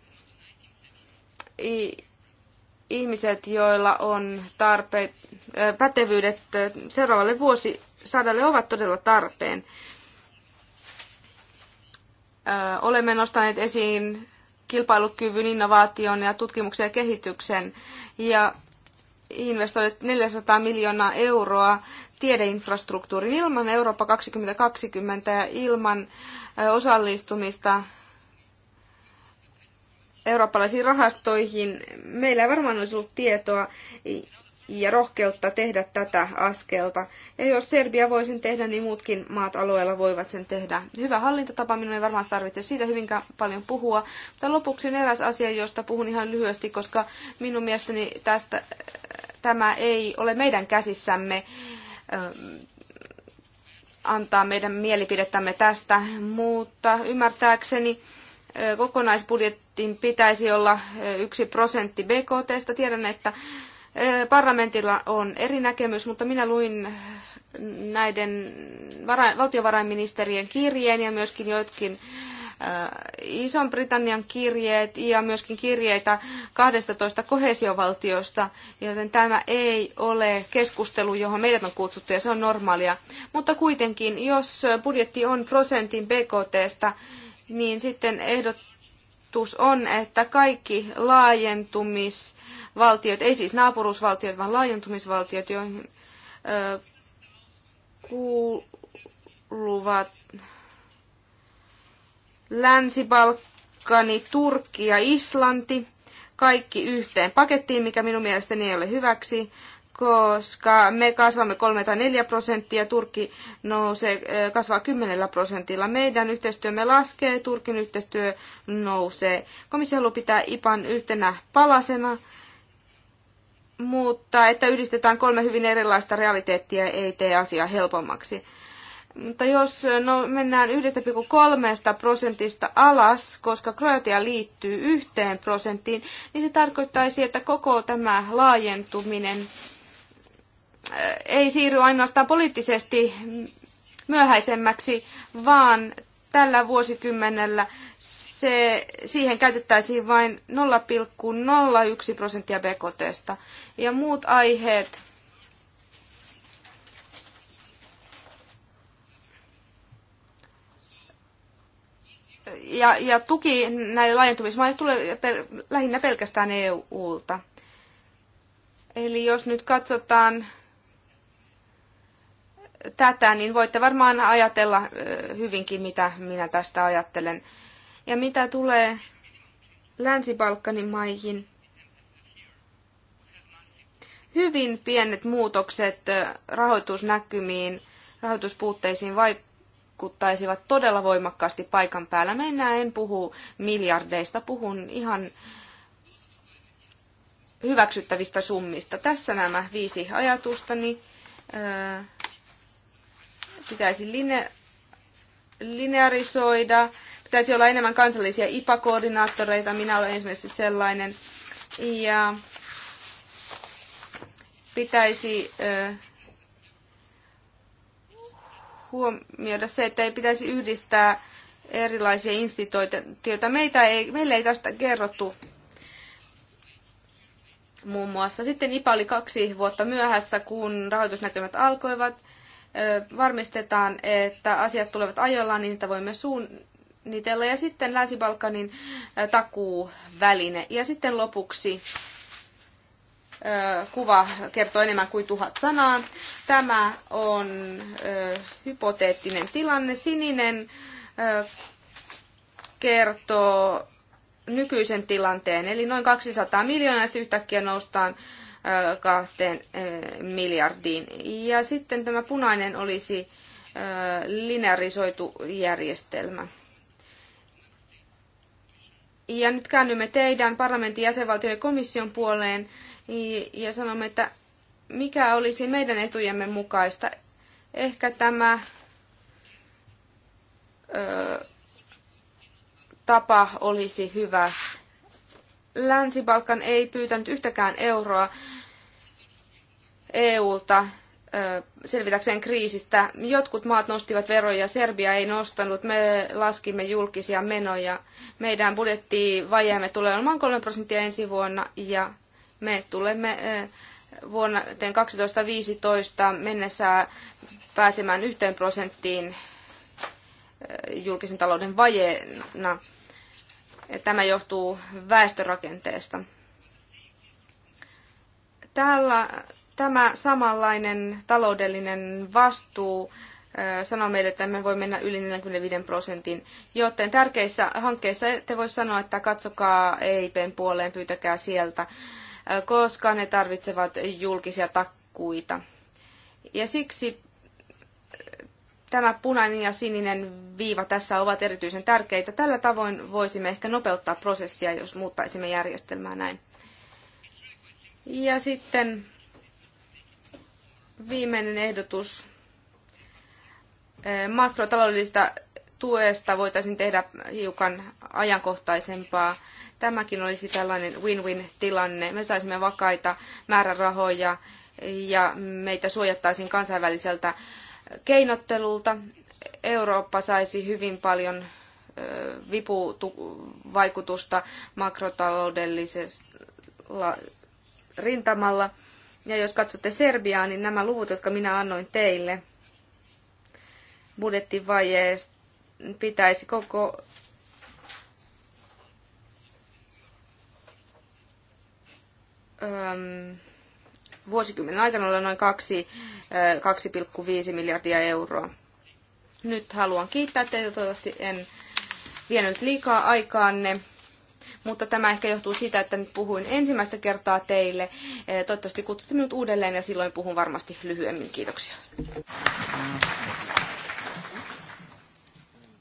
ihmiset, joilla on tarpeet, äh, pätevyydet äh, seuraavalle vuosisadalle ovat todella tarpeen olemme nostaneet esiin kilpailukyvyn, innovaation ja tutkimuksen ja kehityksen ja investoineet 400 miljoonaa euroa tiedeinfrastruktuuriin ilman Eurooppa 2020 ja ilman osallistumista eurooppalaisiin rahastoihin. Meillä ei varmaan olisi ollut tietoa ja rohkeutta tehdä tätä askelta. Ja jos Serbia voisin tehdä, niin muutkin maat alueella voivat sen tehdä. Hyvä hallintotapa, minun ei varmaan tarvitse siitä hyvinkään paljon puhua. Mutta lopuksi on eräs asia, josta puhun ihan lyhyesti, koska minun mielestäni tästä, tämä ei ole meidän käsissämme ähm, antaa meidän mielipidettämme tästä, mutta ymmärtääkseni äh, kokonaisbudjetin pitäisi olla äh, yksi prosentti BKTstä. Tiedän, että Parlamentilla on eri näkemys, mutta minä luin näiden vara- valtiovarainministerien kirjeen ja myöskin joitkin Ison-Britannian kirjeet ja myöskin kirjeitä 12 kohesiovaltiosta, joten tämä ei ole keskustelu, johon meidät on kutsuttu ja se on normaalia. Mutta kuitenkin, jos budjetti on prosentin BKTstä, niin sitten ehdot ehdotus on, että kaikki laajentumisvaltiot, ei siis naapuruusvaltiot, vaan laajentumisvaltiot, joihin ö, kuuluvat Länsi-Balkani, Turkki ja Islanti, kaikki yhteen pakettiin, mikä minun mielestäni ei ole hyväksi koska me kasvamme kolme tai neljä prosenttia, Turkki nousee, eh, kasvaa 10 prosentilla. Meidän yhteistyömme laskee, Turkin yhteistyö nousee. Komissio haluaa pitää IPAN yhtenä palasena, mutta että yhdistetään kolme hyvin erilaista realiteettia ei tee asiaa helpommaksi. Mutta jos eh, no, mennään 1,3 prosentista alas, koska Kroatia liittyy yhteen prosenttiin, niin se tarkoittaisi, että koko tämä laajentuminen Äh, ei siirry ainoastaan poliittisesti myöhäisemmäksi, vaan tällä vuosikymmenellä se, siihen käytettäisiin vain 0,01 prosenttia BKTstä. Ja muut aiheet, ja, ja tuki näille laajentumismaille tulee pel, lähinnä pelkästään EU-ulta. Eli jos nyt katsotaan tätä, niin voitte varmaan ajatella hyvinkin, mitä minä tästä ajattelen. Ja mitä tulee Länsi-Balkanin maihin, hyvin pienet muutokset rahoitusnäkymiin, rahoituspuutteisiin vaikuttaisivat todella voimakkaasti paikan päällä. Mennään, en puhu miljardeista, puhun ihan hyväksyttävistä summista. Tässä nämä viisi ajatustani pitäisi line- linearisoida, pitäisi olla enemmän kansallisia IPA-koordinaattoreita, minä olen esimerkiksi sellainen, ja pitäisi huomioida se, että ei pitäisi yhdistää erilaisia instituutioita. Meitä ei, meille ei tästä kerrottu muun muassa. Sitten IPA oli kaksi vuotta myöhässä, kun rahoitusnäkymät alkoivat varmistetaan, että asiat tulevat ajoillaan, niin että voimme suunnitella. Ja sitten Länsi-Balkanin takuuväline. Ja sitten lopuksi kuva kertoo enemmän kuin tuhat sanaa. Tämä on hypoteettinen tilanne. Sininen kertoo nykyisen tilanteen, eli noin 200 miljoonaa, ja yhtäkkiä noustaan kahteen miljardiin. Ja sitten tämä punainen olisi linearisoitu järjestelmä. Ja nyt käännymme teidän parlamentin jäsenvaltioiden komission puoleen ja sanomme, että mikä olisi meidän etujemme mukaista. Ehkä tämä ö, tapa olisi hyvä Länsi-Balkan ei pyytänyt yhtäkään euroa EUlta selvitäkseen kriisistä. Jotkut maat nostivat veroja, Serbia ei nostanut, me laskimme julkisia menoja. Meidän budjettivajeemme tulee olemaan 3 prosenttia ensi vuonna ja me tulemme vuonna 2015 mennessä pääsemään yhteen prosenttiin julkisen talouden vajeena. Tämä johtuu väestörakenteesta. Tällä, tämä samanlainen taloudellinen vastuu sanoo meille, että me voi mennä yli 45 prosentin. Joten tärkeissä hankkeissa te voi sanoa, että katsokaa EIPn puoleen, pyytäkää sieltä, koska ne tarvitsevat julkisia takkuita. Ja siksi Tämä punainen ja sininen viiva tässä ovat erityisen tärkeitä. Tällä tavoin voisimme ehkä nopeuttaa prosessia, jos muuttaisimme järjestelmää näin. Ja sitten viimeinen ehdotus. Makrotaloudellista tuesta voitaisiin tehdä hiukan ajankohtaisempaa. Tämäkin olisi tällainen win-win-tilanne. Me saisimme vakaita määrärahoja ja meitä suojattaisiin kansainväliseltä keinottelulta. Eurooppa saisi hyvin paljon vipuvaikutusta makrotaloudellisella rintamalla. Ja jos katsotte Serbiaa, niin nämä luvut, jotka minä annoin teille, budjettivajeen pitäisi koko öm, vuosikymmenen aikana olla noin 2, 2,5 eh, miljardia euroa. Nyt haluan kiittää teitä, toivottavasti en vienyt liikaa aikaanne mutta tämä ehkä johtuu siitä, että nyt puhuin ensimmäistä kertaa teille. Eh, toivottavasti kutsutte minut uudelleen ja silloin puhun varmasti lyhyemmin. Kiitoksia.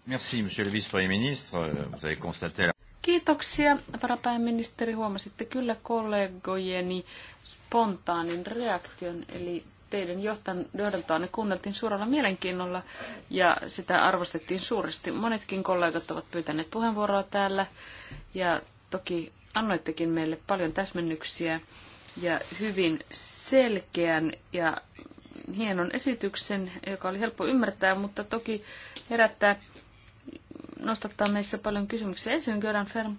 Merci, monsieur le vice-premier ministre. Vous avez constaté... Kiitoksia, varapääministeri. Huomasitte kyllä kollegojeni spontaanin reaktion, eli teidän johtan, johdantoanne kuunneltiin suurella mielenkiinnolla ja sitä arvostettiin suuresti. Monetkin kollegat ovat pyytäneet puheenvuoroa täällä ja toki annoittekin meille paljon täsmennyksiä ja hyvin selkeän ja hienon esityksen, joka oli helppo ymmärtää, mutta toki herättää nostattaa meissä paljon kysymyksiä. Ensin Göran Ferm,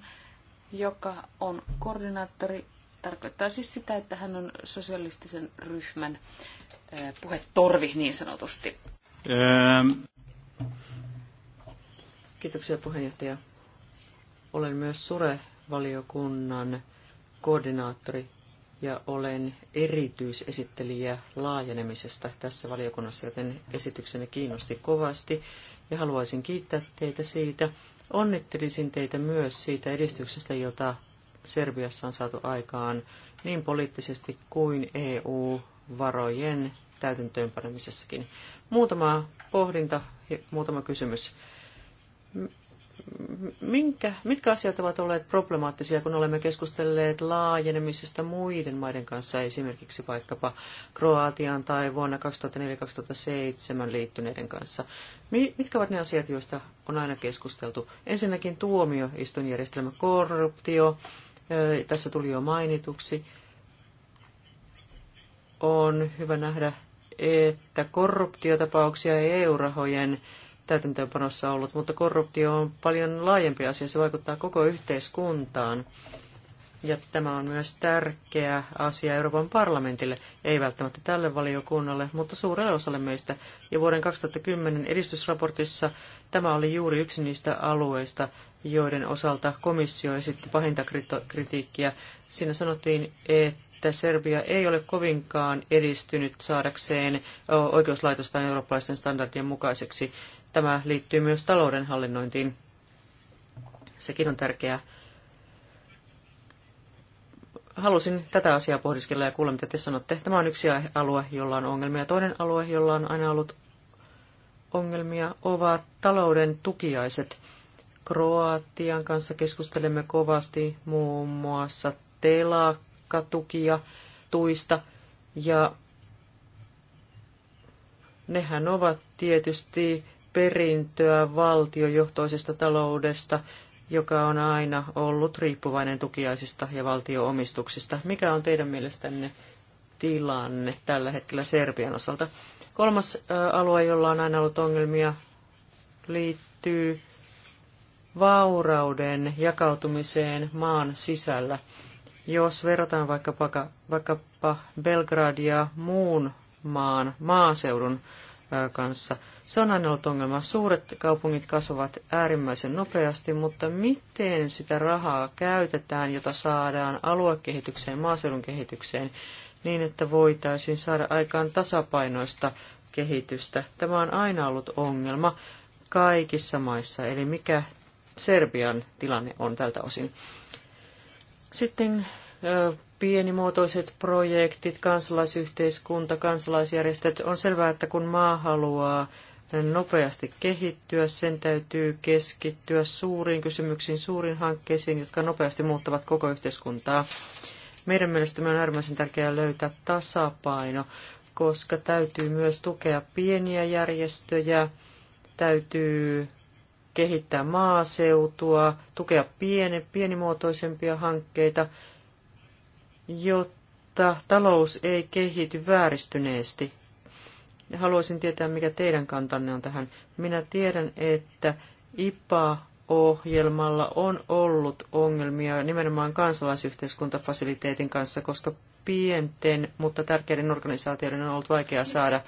joka on koordinaattori, tarkoittaa siis sitä, että hän on sosialistisen ryhmän eh, puhetorvi niin sanotusti. Ähm. Kiitoksia puheenjohtaja. Olen myös Sure-valiokunnan koordinaattori ja olen erityisesittelijä laajenemisesta tässä valiokunnassa, joten esityksenne kiinnosti kovasti ja haluaisin kiittää teitä siitä. Onnittelisin teitä myös siitä edistyksestä, jota Serbiassa on saatu aikaan niin poliittisesti kuin EU-varojen täytäntöönpanemisessakin. Muutama pohdinta, muutama kysymys minkä, mitkä asiat ovat olleet problemaattisia, kun olemme keskustelleet laajenemisesta muiden maiden kanssa, esimerkiksi vaikkapa Kroatian tai vuonna 2004-2007 liittyneiden kanssa? Mitkä ovat ne asiat, joista on aina keskusteltu? Ensinnäkin tuomioistuinjärjestelmä, korruptio, tässä tuli jo mainituksi. On hyvä nähdä, että korruptiotapauksia EU-rahojen täytäntöönpanossa ollut, mutta korruptio on paljon laajempi asia. Se vaikuttaa koko yhteiskuntaan. Ja tämä on myös tärkeä asia Euroopan parlamentille, ei välttämättä tälle valiokunnalle, mutta suurelle osalle meistä. Ja vuoden 2010 edistysraportissa tämä oli juuri yksi niistä alueista, joiden osalta komissio esitti pahinta kritiikkiä. Siinä sanottiin, että Serbia ei ole kovinkaan edistynyt saadakseen oikeuslaitostaan eurooppalaisten standardien mukaiseksi. Tämä liittyy myös talouden hallinnointiin. Sekin on tärkeää. Halusin tätä asiaa pohdiskella ja kuulla, mitä te sanotte. Tämä on yksi alue, jolla on ongelmia. Toinen alue, jolla on aina ollut ongelmia, ovat talouden tukiaiset. Kroatian kanssa keskustelemme kovasti muun muassa telakkatukia, tuista, ja nehän ovat tietysti perintöä valtiojohtoisesta taloudesta, joka on aina ollut riippuvainen tukiaisista ja valtioomistuksista. Mikä on teidän mielestänne tilanne tällä hetkellä Serbian osalta? Kolmas alue, jolla on aina ollut ongelmia, liittyy vaurauden jakautumiseen maan sisällä. Jos verrataan vaikkapa, vaikkapa Belgradia muun maan maaseudun kanssa – se on aina ollut ongelma. Suuret kaupungit kasvavat äärimmäisen nopeasti, mutta miten sitä rahaa käytetään, jota saadaan aluekehitykseen, maaseudun kehitykseen, niin että voitaisiin saada aikaan tasapainoista kehitystä. Tämä on aina ollut ongelma kaikissa maissa, eli mikä Serbian tilanne on tältä osin. Sitten pienimuotoiset projektit, kansalaisyhteiskunta, kansalaisjärjestöt. On selvää, että kun maa haluaa nopeasti kehittyä, sen täytyy keskittyä suuriin kysymyksiin, suuriin hankkeisiin, jotka nopeasti muuttavat koko yhteiskuntaa. Meidän mielestämme on äärimmäisen tärkeää löytää tasapaino, koska täytyy myös tukea pieniä järjestöjä, täytyy kehittää maaseutua, tukea pieni, pienimuotoisempia hankkeita, jotta talous ei kehity vääristyneesti haluaisin tietää, mikä teidän kantanne on tähän. Minä tiedän, että IPA-ohjelmalla on ollut ongelmia nimenomaan kansalaisyhteiskuntafasiliteetin kanssa, koska pienten, mutta tärkeiden organisaatioiden on ollut vaikea saada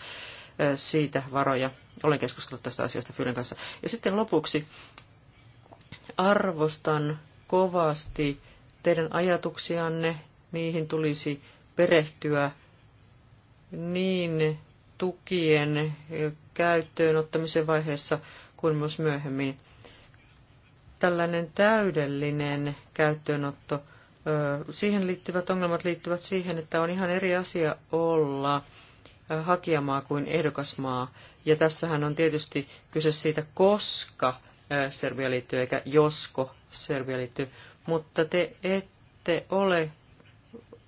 siitä varoja. Olen keskustellut tästä asiasta Fylen kanssa. Ja sitten lopuksi arvostan kovasti teidän ajatuksianne. Niihin tulisi perehtyä niin tukien käyttöön ottamisen vaiheessa kuin myös myöhemmin. Tällainen täydellinen käyttöönotto, siihen liittyvät ongelmat liittyvät siihen, että on ihan eri asia olla hakijamaa kuin ehdokasmaa. Ja tässähän on tietysti kyse siitä, koska Serbia liittyy, eikä josko Serbia liittyy. Mutta te ette ole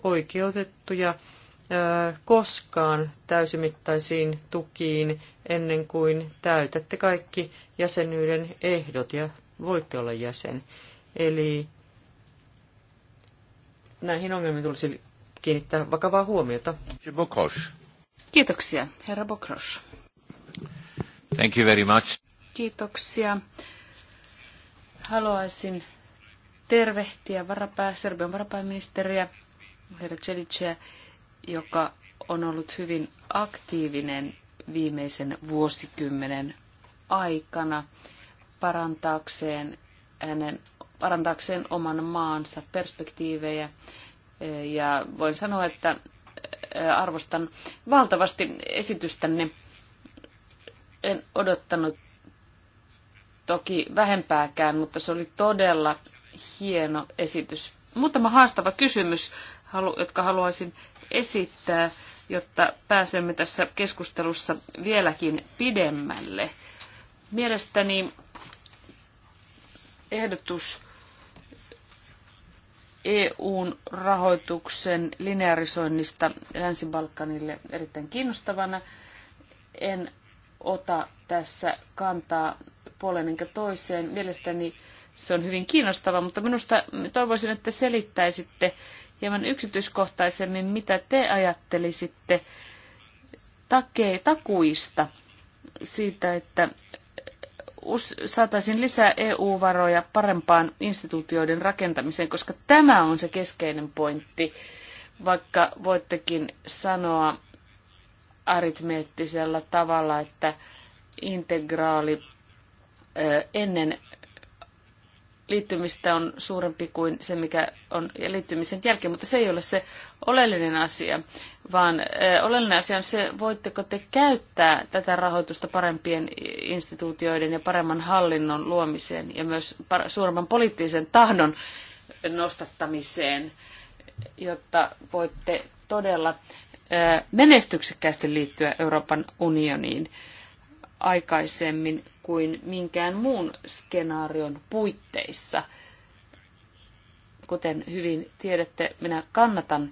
oikeutettuja koskaan täysimittaisiin tukiin ennen kuin täytätte kaikki jäsenyyden ehdot ja voitte olla jäsen. Eli näihin ongelmiin tulisi kiinnittää vakavaa huomiota. Kiitoksia, herra Bokros. Thank you very much. Kiitoksia. Haluaisin tervehtiä varapää, Serbian varapääministeriä, herra Celicea joka on ollut hyvin aktiivinen viimeisen vuosikymmenen aikana parantaakseen, hänen, parantaakseen oman maansa perspektiivejä. Ja voin sanoa, että arvostan valtavasti esitystänne. En odottanut toki vähempääkään, mutta se oli todella hieno esitys. Muutama haastava kysymys, jotka haluaisin esittää, jotta pääsemme tässä keskustelussa vieläkin pidemmälle. Mielestäni ehdotus EUn rahoituksen linearisoinnista Länsi-Balkanille erittäin kiinnostavana. En ota tässä kantaa puolen enkä toiseen. Mielestäni se on hyvin kiinnostava, mutta minusta toivoisin, että selittäisitte hieman yksityiskohtaisemmin, mitä te ajattelisitte take, takuista siitä, että saataisiin lisää EU-varoja parempaan instituutioiden rakentamiseen, koska tämä on se keskeinen pointti, vaikka voittekin sanoa aritmeettisella tavalla, että integraali ennen liittymistä on suurempi kuin se, mikä on liittymisen jälkeen, mutta se ei ole se oleellinen asia, vaan oleellinen asia on se, voitteko te käyttää tätä rahoitusta parempien instituutioiden ja paremman hallinnon luomiseen ja myös suuremman poliittisen tahdon nostattamiseen, jotta voitte todella menestyksekkäästi liittyä Euroopan unioniin aikaisemmin kuin minkään muun skenaarion puitteissa. Kuten hyvin tiedätte, minä kannatan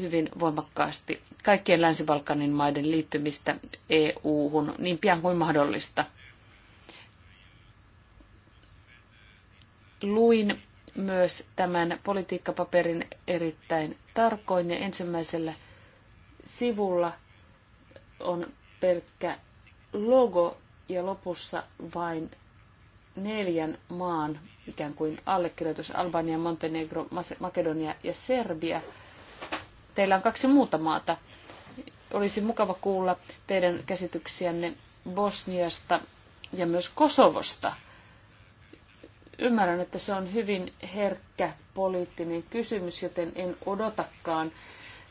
hyvin voimakkaasti kaikkien Länsi-Balkanin maiden liittymistä EU-hun niin pian kuin mahdollista. Luin myös tämän politiikkapaperin erittäin tarkoin ja ensimmäisellä sivulla on pelkkä logo ja lopussa vain neljän maan ikään kuin allekirjoitus, Albania, Montenegro, Makedonia ja Serbia. Teillä on kaksi muuta maata. Olisi mukava kuulla teidän käsityksiänne Bosniasta ja myös Kosovosta. Ymmärrän, että se on hyvin herkkä poliittinen kysymys, joten en odotakaan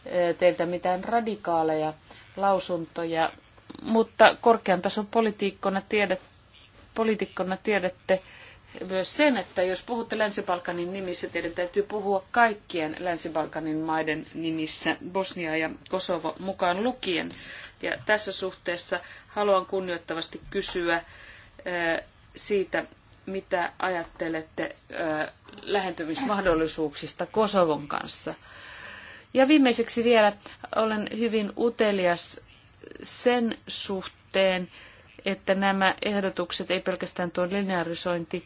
eh, teiltä mitään radikaaleja lausuntoja mutta korkean tason politiikkona, tiedet, politiikkona tiedätte myös sen, että jos puhutte Länsi-Balkanin nimissä, teidän täytyy puhua kaikkien Länsi-Balkanin maiden nimissä, Bosnia ja Kosovo mukaan lukien. Ja tässä suhteessa haluan kunnioittavasti kysyä äh, siitä, mitä ajattelette äh, lähentymismahdollisuuksista Kosovon kanssa. Ja viimeiseksi vielä olen hyvin utelias sen suhteen, että nämä ehdotukset, ei pelkästään tuo lineaarisointi,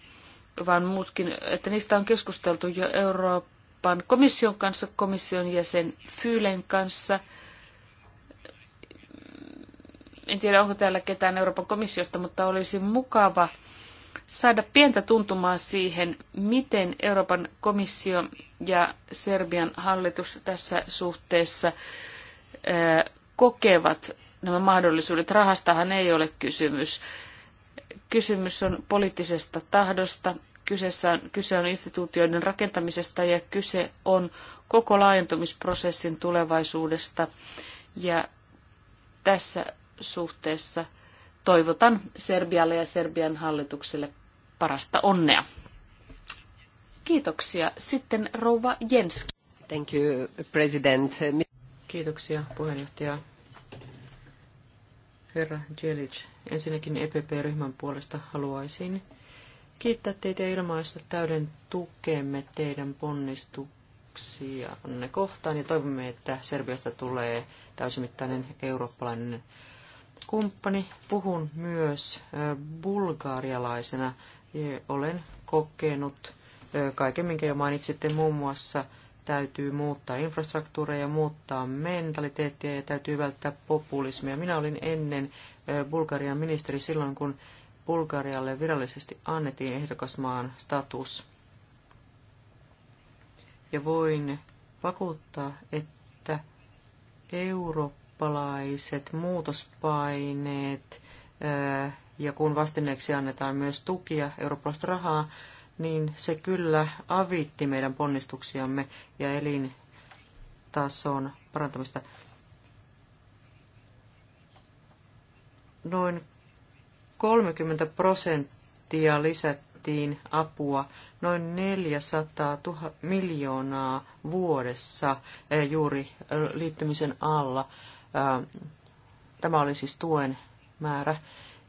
vaan muutkin, että niistä on keskusteltu jo Euroopan komission kanssa, komission jäsen Fyylen kanssa. En tiedä, onko täällä ketään Euroopan komissiosta, mutta olisi mukava saada pientä tuntumaa siihen, miten Euroopan komissio ja Serbian hallitus tässä suhteessa kokevat nämä mahdollisuudet. Rahastahan ei ole kysymys. Kysymys on poliittisesta tahdosta, kyseessä on, kyse on instituutioiden rakentamisesta ja kyse on koko laajentumisprosessin tulevaisuudesta. Ja tässä suhteessa toivotan Serbialle ja Serbian hallitukselle parasta onnea. Kiitoksia. Sitten rouva Jenski. Thank you, President. Kiitoksia puheenjohtaja herra Jelic. Ensinnäkin EPP-ryhmän puolesta haluaisin kiittää teitä ilmaista täyden tukemme teidän ponnistuksianne kohtaan ja toivomme, että Serbiasta tulee täysimittainen eurooppalainen kumppani. Puhun myös bulgaarialaisena. Olen kokenut kaiken, minkä jo mainitsitte, muun muassa – täytyy muuttaa infrastruktuureja, muuttaa mentaliteettia ja täytyy välttää populismia. Minä olin ennen Bulgarian ministeri silloin, kun Bulgarialle virallisesti annettiin ehdokasmaan status. Ja voin vakuuttaa, että eurooppalaiset muutospaineet ja kun vastineeksi annetaan myös tukia, eurooppalaista rahaa, niin se kyllä avitti meidän ponnistuksiamme ja elintason parantamista. Noin 30 prosenttia lisättiin apua, noin 400 000 miljoonaa vuodessa eh, juuri eh, liittymisen alla. Tämä oli siis tuen määrä.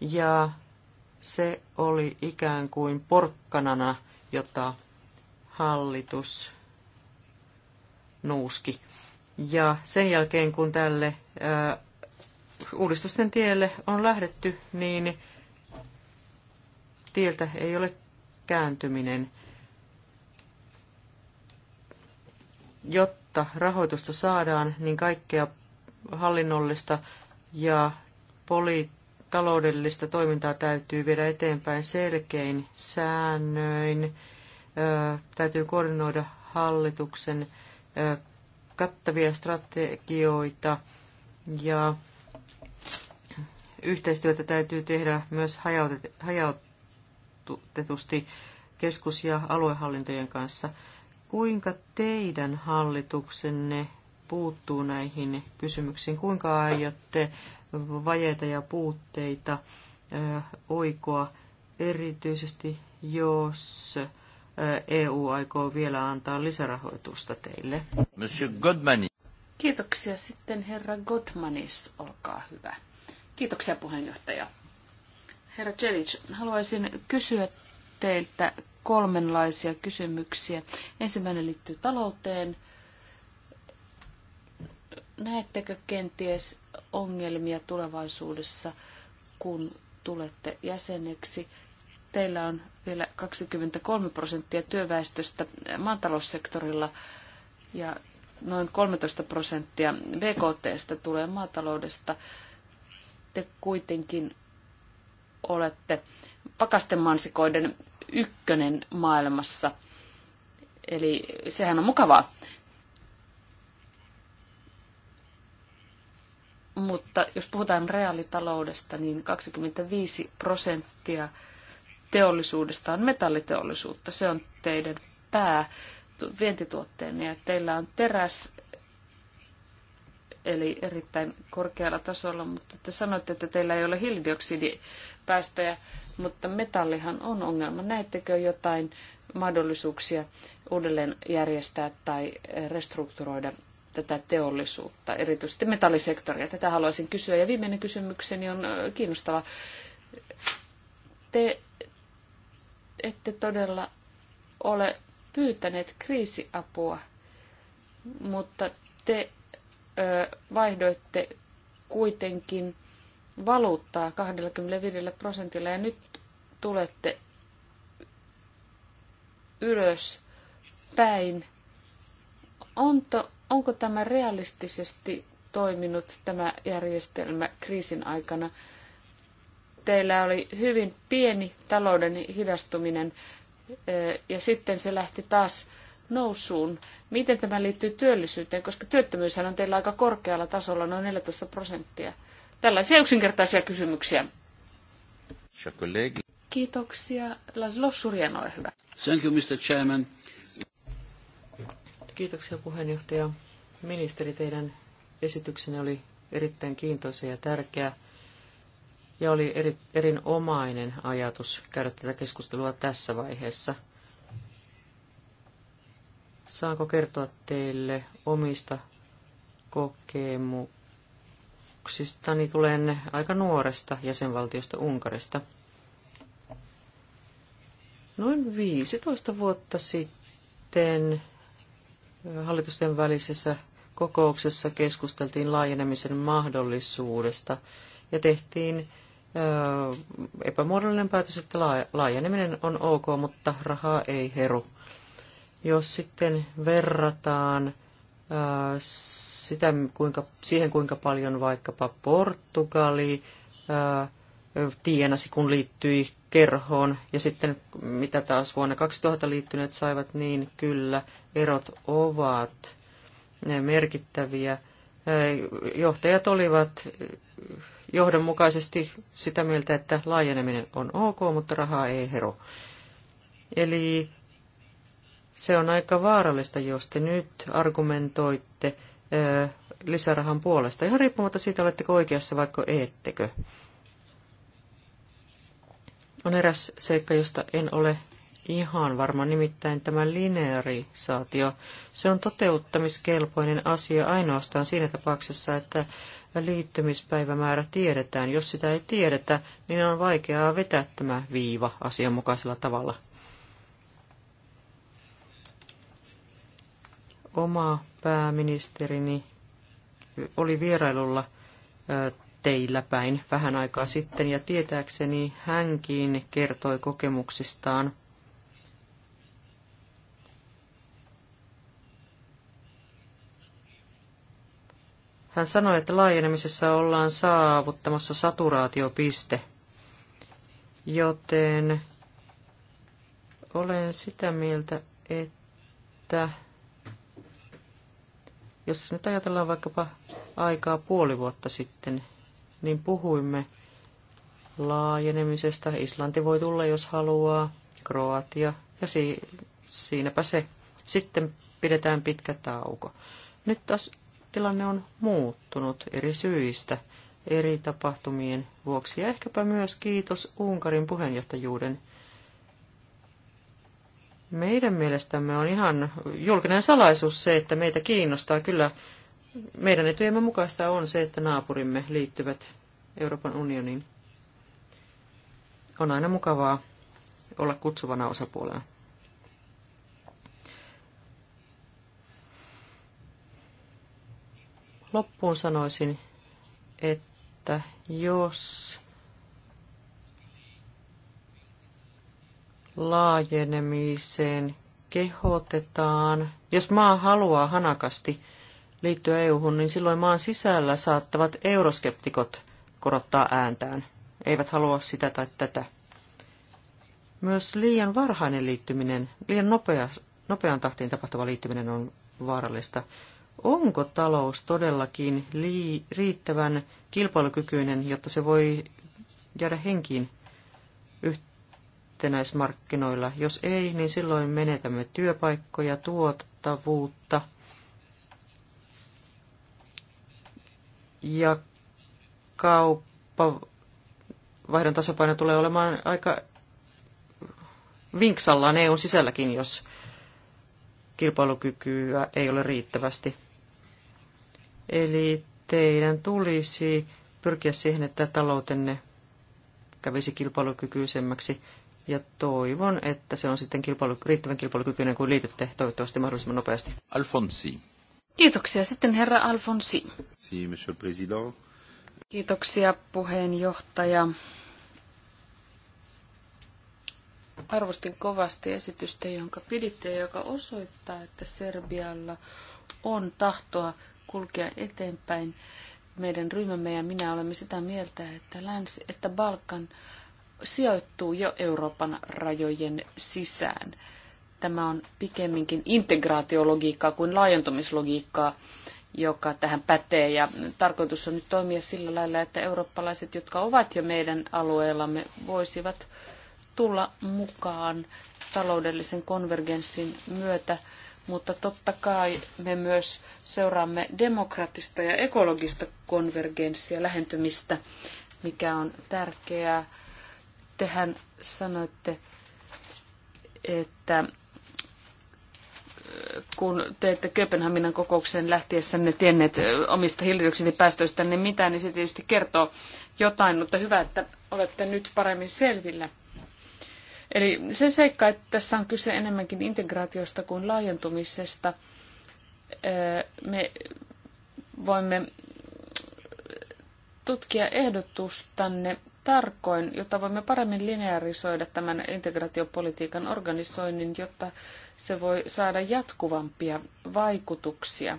Ja se oli ikään kuin porkkanana, jota hallitus nuuski. Ja sen jälkeen, kun tälle ää, äh, uudistusten tielle on lähdetty, niin tieltä ei ole kääntyminen. Jotta rahoitusta saadaan, niin kaikkea hallinnollista ja poliittista taloudellista toimintaa täytyy viedä eteenpäin selkein säännöin. Täytyy koordinoida hallituksen kattavia strategioita ja yhteistyötä täytyy tehdä myös hajautetusti keskus- ja aluehallintojen kanssa. Kuinka teidän hallituksenne puuttuu näihin kysymyksiin? Kuinka aiotte vajeita ja puutteita oikoa, erityisesti jos EU aikoo vielä antaa lisärahoitusta teille. Monsieur Godmani. Kiitoksia sitten herra Godmanis, olkaa hyvä. Kiitoksia puheenjohtaja. Herra Celic, haluaisin kysyä teiltä kolmenlaisia kysymyksiä. Ensimmäinen liittyy talouteen, Näettekö kenties ongelmia tulevaisuudessa, kun tulette jäseneksi? Teillä on vielä 23 prosenttia työväestöstä maataloussektorilla ja noin 13 prosenttia BKTstä tulee maataloudesta. Te kuitenkin olette pakastemansikoiden ykkönen maailmassa. Eli sehän on mukavaa. Mutta jos puhutaan reaalitaloudesta, niin 25 prosenttia teollisuudesta on metalliteollisuutta. Se on teidän pää vientituotteenne ja teillä on teräs, eli erittäin korkealla tasolla, mutta te sanoitte, että teillä ei ole hiilidioksidipäästöjä, mutta metallihan on ongelma. Näettekö jotain mahdollisuuksia uudelleen järjestää tai restrukturoida tätä teollisuutta, erityisesti metallisektoria. Tätä haluaisin kysyä. Ja viimeinen kysymykseni on kiinnostava. Te ette todella ole pyytäneet kriisiapua, mutta te ö, vaihdoitte kuitenkin valuuttaa 25 prosentilla ja nyt tulette ylös päin on to, onko tämä realistisesti toiminut tämä järjestelmä kriisin aikana? Teillä oli hyvin pieni talouden hidastuminen ja sitten se lähti taas nousuun. Miten tämä liittyy työllisyyteen, koska työttömyyshän on teillä aika korkealla tasolla, noin 14 prosenttia. Tällaisia yksinkertaisia kysymyksiä. Kiitoksia. Laszlo Surjan, ole hyvä. Thank you, Mr. Chairman. Kiitoksia puheenjohtaja. Ministeri, teidän esityksenne oli erittäin kiintoisa ja tärkeä ja oli eri, erinomainen ajatus käydä tätä keskustelua tässä vaiheessa. Saanko kertoa teille omista kokemuksistani? Tulen aika nuoresta jäsenvaltiosta Unkarista. Noin 15 vuotta sitten hallitusten välisessä kokouksessa keskusteltiin laajenemisen mahdollisuudesta ja tehtiin epämuodollinen päätös, että laajeneminen on ok, mutta rahaa ei heru. Jos sitten verrataan sitä, kuinka, siihen kuinka paljon vaikkapa Portugali tienasi, kun liittyi kerhoon. Ja sitten mitä taas vuonna 2000 liittyneet saivat, niin kyllä erot ovat merkittäviä. Johtajat olivat johdonmukaisesti sitä mieltä, että laajeneminen on ok, mutta rahaa ei hero. Eli se on aika vaarallista, jos te nyt argumentoitte lisärahan puolesta, ihan riippumatta siitä, oletteko oikeassa vaikka eettekö on eräs seikka, josta en ole ihan varma, nimittäin tämä lineaarisaatio. Se on toteuttamiskelpoinen asia ainoastaan siinä tapauksessa, että liittymispäivämäärä tiedetään. Jos sitä ei tiedetä, niin on vaikeaa vetää tämä viiva asianmukaisella tavalla. Oma pääministerini oli vierailulla teillä päin vähän aikaa sitten ja tietääkseni hänkin kertoi kokemuksistaan. Hän sanoi, että laajenemisessa ollaan saavuttamassa saturaatiopiste, joten olen sitä mieltä, että jos nyt ajatellaan vaikkapa aikaa puoli vuotta sitten, niin puhuimme laajenemisesta. Islanti voi tulla, jos haluaa, Kroatia, ja si- siinäpä se. Sitten pidetään pitkä tauko. Nyt taas tilanne on muuttunut eri syistä, eri tapahtumien vuoksi, ja ehkäpä myös kiitos Unkarin puheenjohtajuuden meidän mielestämme on ihan julkinen salaisuus se, että meitä kiinnostaa kyllä meidän etujemme mukaista on se, että naapurimme liittyvät Euroopan unioniin. On aina mukavaa olla kutsuvana osapuolena. Loppuun sanoisin, että jos laajenemiseen kehotetaan, jos maa haluaa hanakasti – liittyä EU-hun, niin silloin maan sisällä saattavat euroskeptikot korottaa ääntään. Eivät halua sitä tai tätä. Myös liian varhainen liittyminen, liian nopea, nopean tahtiin tapahtuva liittyminen on vaarallista. Onko talous todellakin lii, riittävän kilpailukykyinen, jotta se voi jäädä henkiin yhtenäismarkkinoilla? Jos ei, niin silloin menetämme työpaikkoja, tuottavuutta ja kauppavaihdon tasapaino tulee olemaan aika vinksallaan EUn sisälläkin, jos kilpailukykyä ei ole riittävästi. Eli teidän tulisi pyrkiä siihen, että taloutenne kävisi kilpailukykyisemmäksi. Ja toivon, että se on sitten kilpailu, riittävän kilpailukykyinen, kun liitytte toivottavasti mahdollisimman nopeasti. Alfonsi. Kiitoksia. Sitten herra Alfonsi. Si, monsieur le président. Kiitoksia puheenjohtaja. Arvostin kovasti esitystä, jonka piditte ja joka osoittaa, että Serbialla on tahtoa kulkea eteenpäin. Meidän ryhmämme ja minä olemme sitä mieltä, että, länsi, että Balkan sijoittuu jo Euroopan rajojen sisään. Tämä on pikemminkin integraatiologiikkaa kuin laajentumislogiikkaa, joka tähän pätee. Ja tarkoitus on nyt toimia sillä lailla, että eurooppalaiset, jotka ovat jo meidän alueellamme, voisivat tulla mukaan taloudellisen konvergenssin myötä mutta totta kai me myös seuraamme demokratista ja ekologista konvergenssia, lähentymistä, mikä on tärkeää. Tehän sanoitte, että kun teette Kööpenhaminan kokoukseen lähtiessänne tienneet omista hiilidioksidipäästöistänne mitään, niin se tietysti kertoo jotain, mutta hyvä, että olette nyt paremmin selvillä. Eli se seikka, että tässä on kyse enemmänkin integraatiosta kuin laajentumisesta, me voimme tutkia ehdotustanne tarkoin, jotta voimme paremmin linearisoida tämän integraatiopolitiikan organisoinnin, jotta se voi saada jatkuvampia vaikutuksia.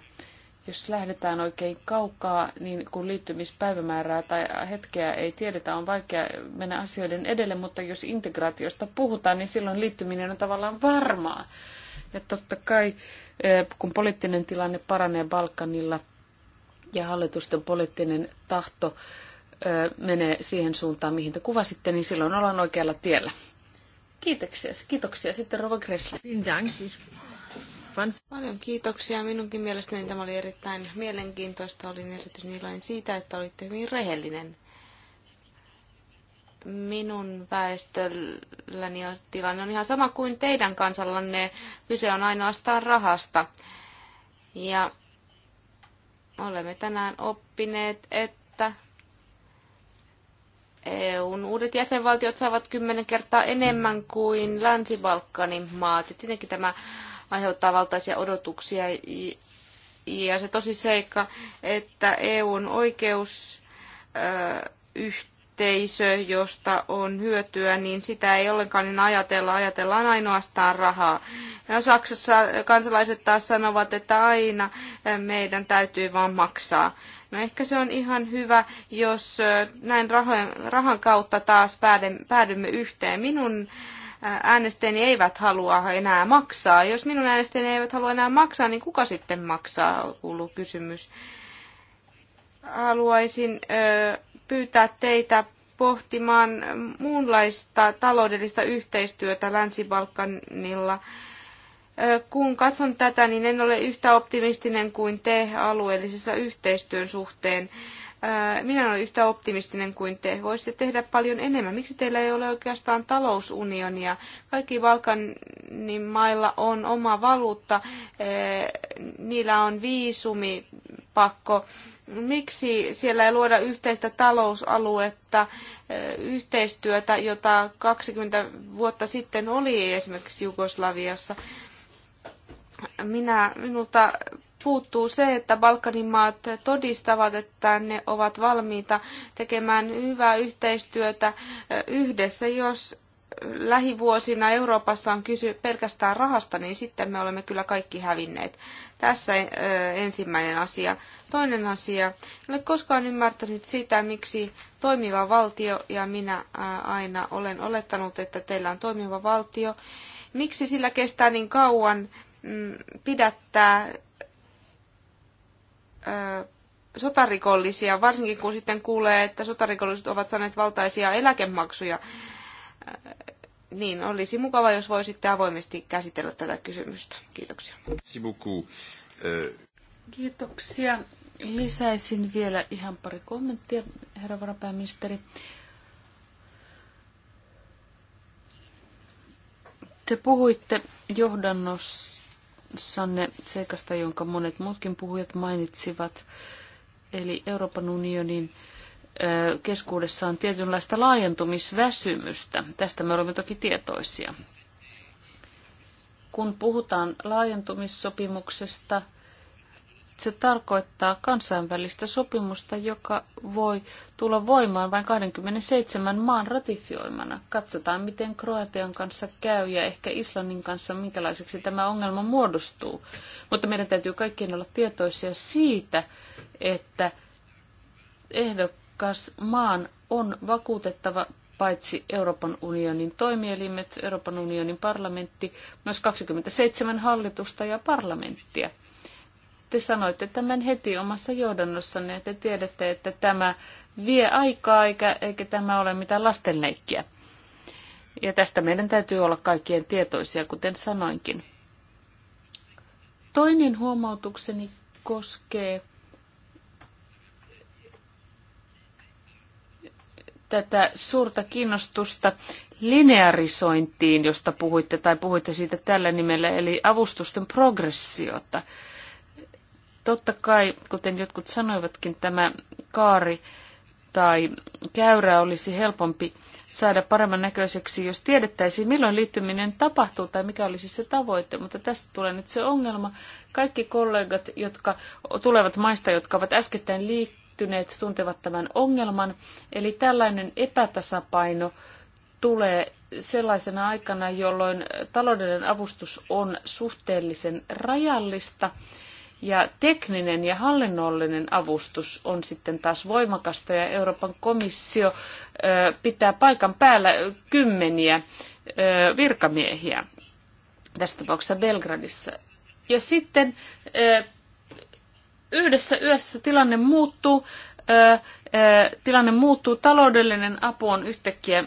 Jos lähdetään oikein kaukaa, niin kun liittymispäivämäärää tai hetkeä ei tiedetä, on vaikea mennä asioiden edelle, mutta jos integraatiosta puhutaan, niin silloin liittyminen on tavallaan varmaa. Ja totta kai, e, kun poliittinen tilanne paranee Balkanilla ja hallitusten poliittinen tahto e, menee siihen suuntaan, mihin te kuvasitte, niin silloin ollaan oikealla tiellä. Kiitoksia. Kiitoksia. Sitten Rova Gressle. Paljon kiitoksia. Minunkin mielestäni tämä oli erittäin mielenkiintoista. Olin erityisen iloinen siitä, että olitte hyvin rehellinen. Minun väestölläni tilanne on ihan sama kuin teidän kansallanne. Kyse on ainoastaan rahasta. Ja olemme tänään oppineet, että EUn uudet jäsenvaltiot saavat kymmenen kertaa enemmän kuin Länsi-Balkanin maat. Ja tietenkin tämä aiheuttaa valtaisia odotuksia ja se tosi seikka, että EUn oikeus yhteisö, josta on hyötyä, niin sitä ei ollenkaan niin ajatella. Ajatellaan ainoastaan rahaa. Ja no, Saksassa kansalaiset taas sanovat, että aina meidän täytyy vain maksaa. No ehkä se on ihan hyvä, jos näin rahan, rahan kautta taas päädymme yhteen. Minun äänestäjäni eivät halua enää maksaa. Jos minun äänestäjäni eivät halua enää maksaa, niin kuka sitten maksaa, kuuluu kysymys. Haluaisin pyytää teitä pohtimaan muunlaista taloudellista yhteistyötä Länsi-Balkanilla. Kun katson tätä, niin en ole yhtä optimistinen kuin te alueellisessa yhteistyön suhteen. Minä olen yhtä optimistinen kuin te. Voisitte tehdä paljon enemmän. Miksi teillä ei ole oikeastaan talousunionia? Kaikki Balkanin mailla on oma valuutta. Niillä on viisumipakko. pakko Miksi siellä ei luoda yhteistä talousaluetta, yhteistyötä, jota 20 vuotta sitten oli esimerkiksi Jugoslaviassa? Minä, minulta puuttuu se, että Balkanin maat todistavat, että ne ovat valmiita tekemään hyvää yhteistyötä yhdessä. Jos lähivuosina Euroopassa on kysy pelkästään rahasta, niin sitten me olemme kyllä kaikki hävinneet. Tässä ensimmäinen asia. Toinen asia. En ole koskaan ymmärtänyt sitä, miksi toimiva valtio, ja minä aina olen olettanut, että teillä on toimiva valtio, miksi sillä kestää niin kauan mm, pidättää sotarikollisia, varsinkin kun sitten kuulee, että sotarikolliset ovat saaneet valtaisia eläkemaksuja. Niin, olisi mukava, jos voisitte avoimesti käsitellä tätä kysymystä. Kiitoksia. Kiitoksia. Lisäisin vielä ihan pari kommenttia, herra varapääministeri. Te puhuitte johdannossanne seikasta, jonka monet muutkin puhujat mainitsivat, eli Euroopan unionin keskuudessa on tietynlaista laajentumisväsymystä. Tästä me olemme toki tietoisia. Kun puhutaan laajentumissopimuksesta – se tarkoittaa kansainvälistä sopimusta, joka voi tulla voimaan vain 27 maan ratifioimana. Katsotaan, miten Kroatian kanssa käy ja ehkä Islannin kanssa, minkälaiseksi tämä ongelma muodostuu. Mutta meidän täytyy kaikkien olla tietoisia siitä, että ehdokas maan on vakuutettava paitsi Euroopan unionin toimielimet, Euroopan unionin parlamentti, myös 27 hallitusta ja parlamenttia – te sanoitte tämän heti omassa johdannossanne, että te tiedätte, että tämä vie aikaa eikä, eikä tämä ole mitään lastenleikkiä. Ja tästä meidän täytyy olla kaikkien tietoisia, kuten sanoinkin. Toinen huomautukseni koskee tätä suurta kiinnostusta linearisointiin, josta puhuitte tai puhuitte siitä tällä nimellä, eli avustusten progressiota. Totta kai, kuten jotkut sanoivatkin, tämä kaari tai käyrä olisi helpompi saada paremman näköiseksi, jos tiedettäisiin, milloin liittyminen tapahtuu tai mikä olisi se tavoite. Mutta tästä tulee nyt se ongelma. Kaikki kollegat, jotka tulevat maista, jotka ovat äskettäin liittyneet, tuntevat tämän ongelman. Eli tällainen epätasapaino tulee sellaisena aikana, jolloin taloudellinen avustus on suhteellisen rajallista. Ja tekninen ja hallinnollinen avustus on sitten taas voimakasta ja Euroopan komissio pitää paikan päällä kymmeniä virkamiehiä, tässä tapauksessa Belgradissa. Ja sitten yhdessä yössä tilanne muuttuu tilanne muuttuu, taloudellinen apu on yhtäkkiä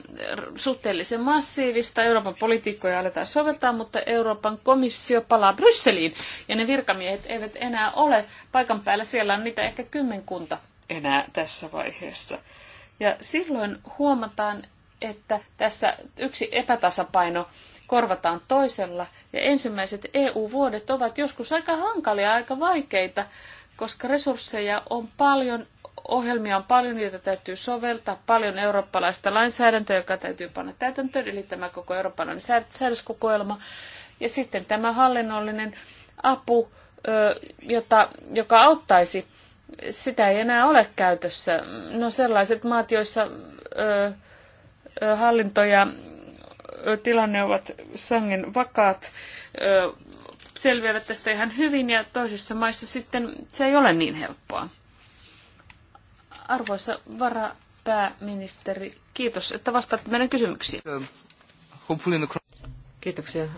suhteellisen massiivista, Euroopan politiikkoja aletaan soveltaa, mutta Euroopan komissio palaa Brysseliin ja ne virkamiehet eivät enää ole paikan päällä, siellä on niitä ehkä kymmenkunta enää tässä vaiheessa. Ja silloin huomataan, että tässä yksi epätasapaino korvataan toisella ja ensimmäiset EU-vuodet ovat joskus aika hankalia, aika vaikeita, koska resursseja on paljon ohjelmia on paljon, joita täytyy soveltaa, paljon eurooppalaista lainsäädäntöä, joka täytyy panna täytäntöön, eli tämä koko eurooppalainen säädöskokoelma. Ja sitten tämä hallinnollinen apu, jota, joka auttaisi, sitä ei enää ole käytössä. No sellaiset maat, joissa hallinto ja tilanne ovat sangen vakaat, selviävät tästä ihan hyvin ja toisissa maissa sitten se ei ole niin helppoa. Arvoisa varapääministeri, kiitos, että vastaatte meidän kysymyksiin. Kiitoksia. Äh,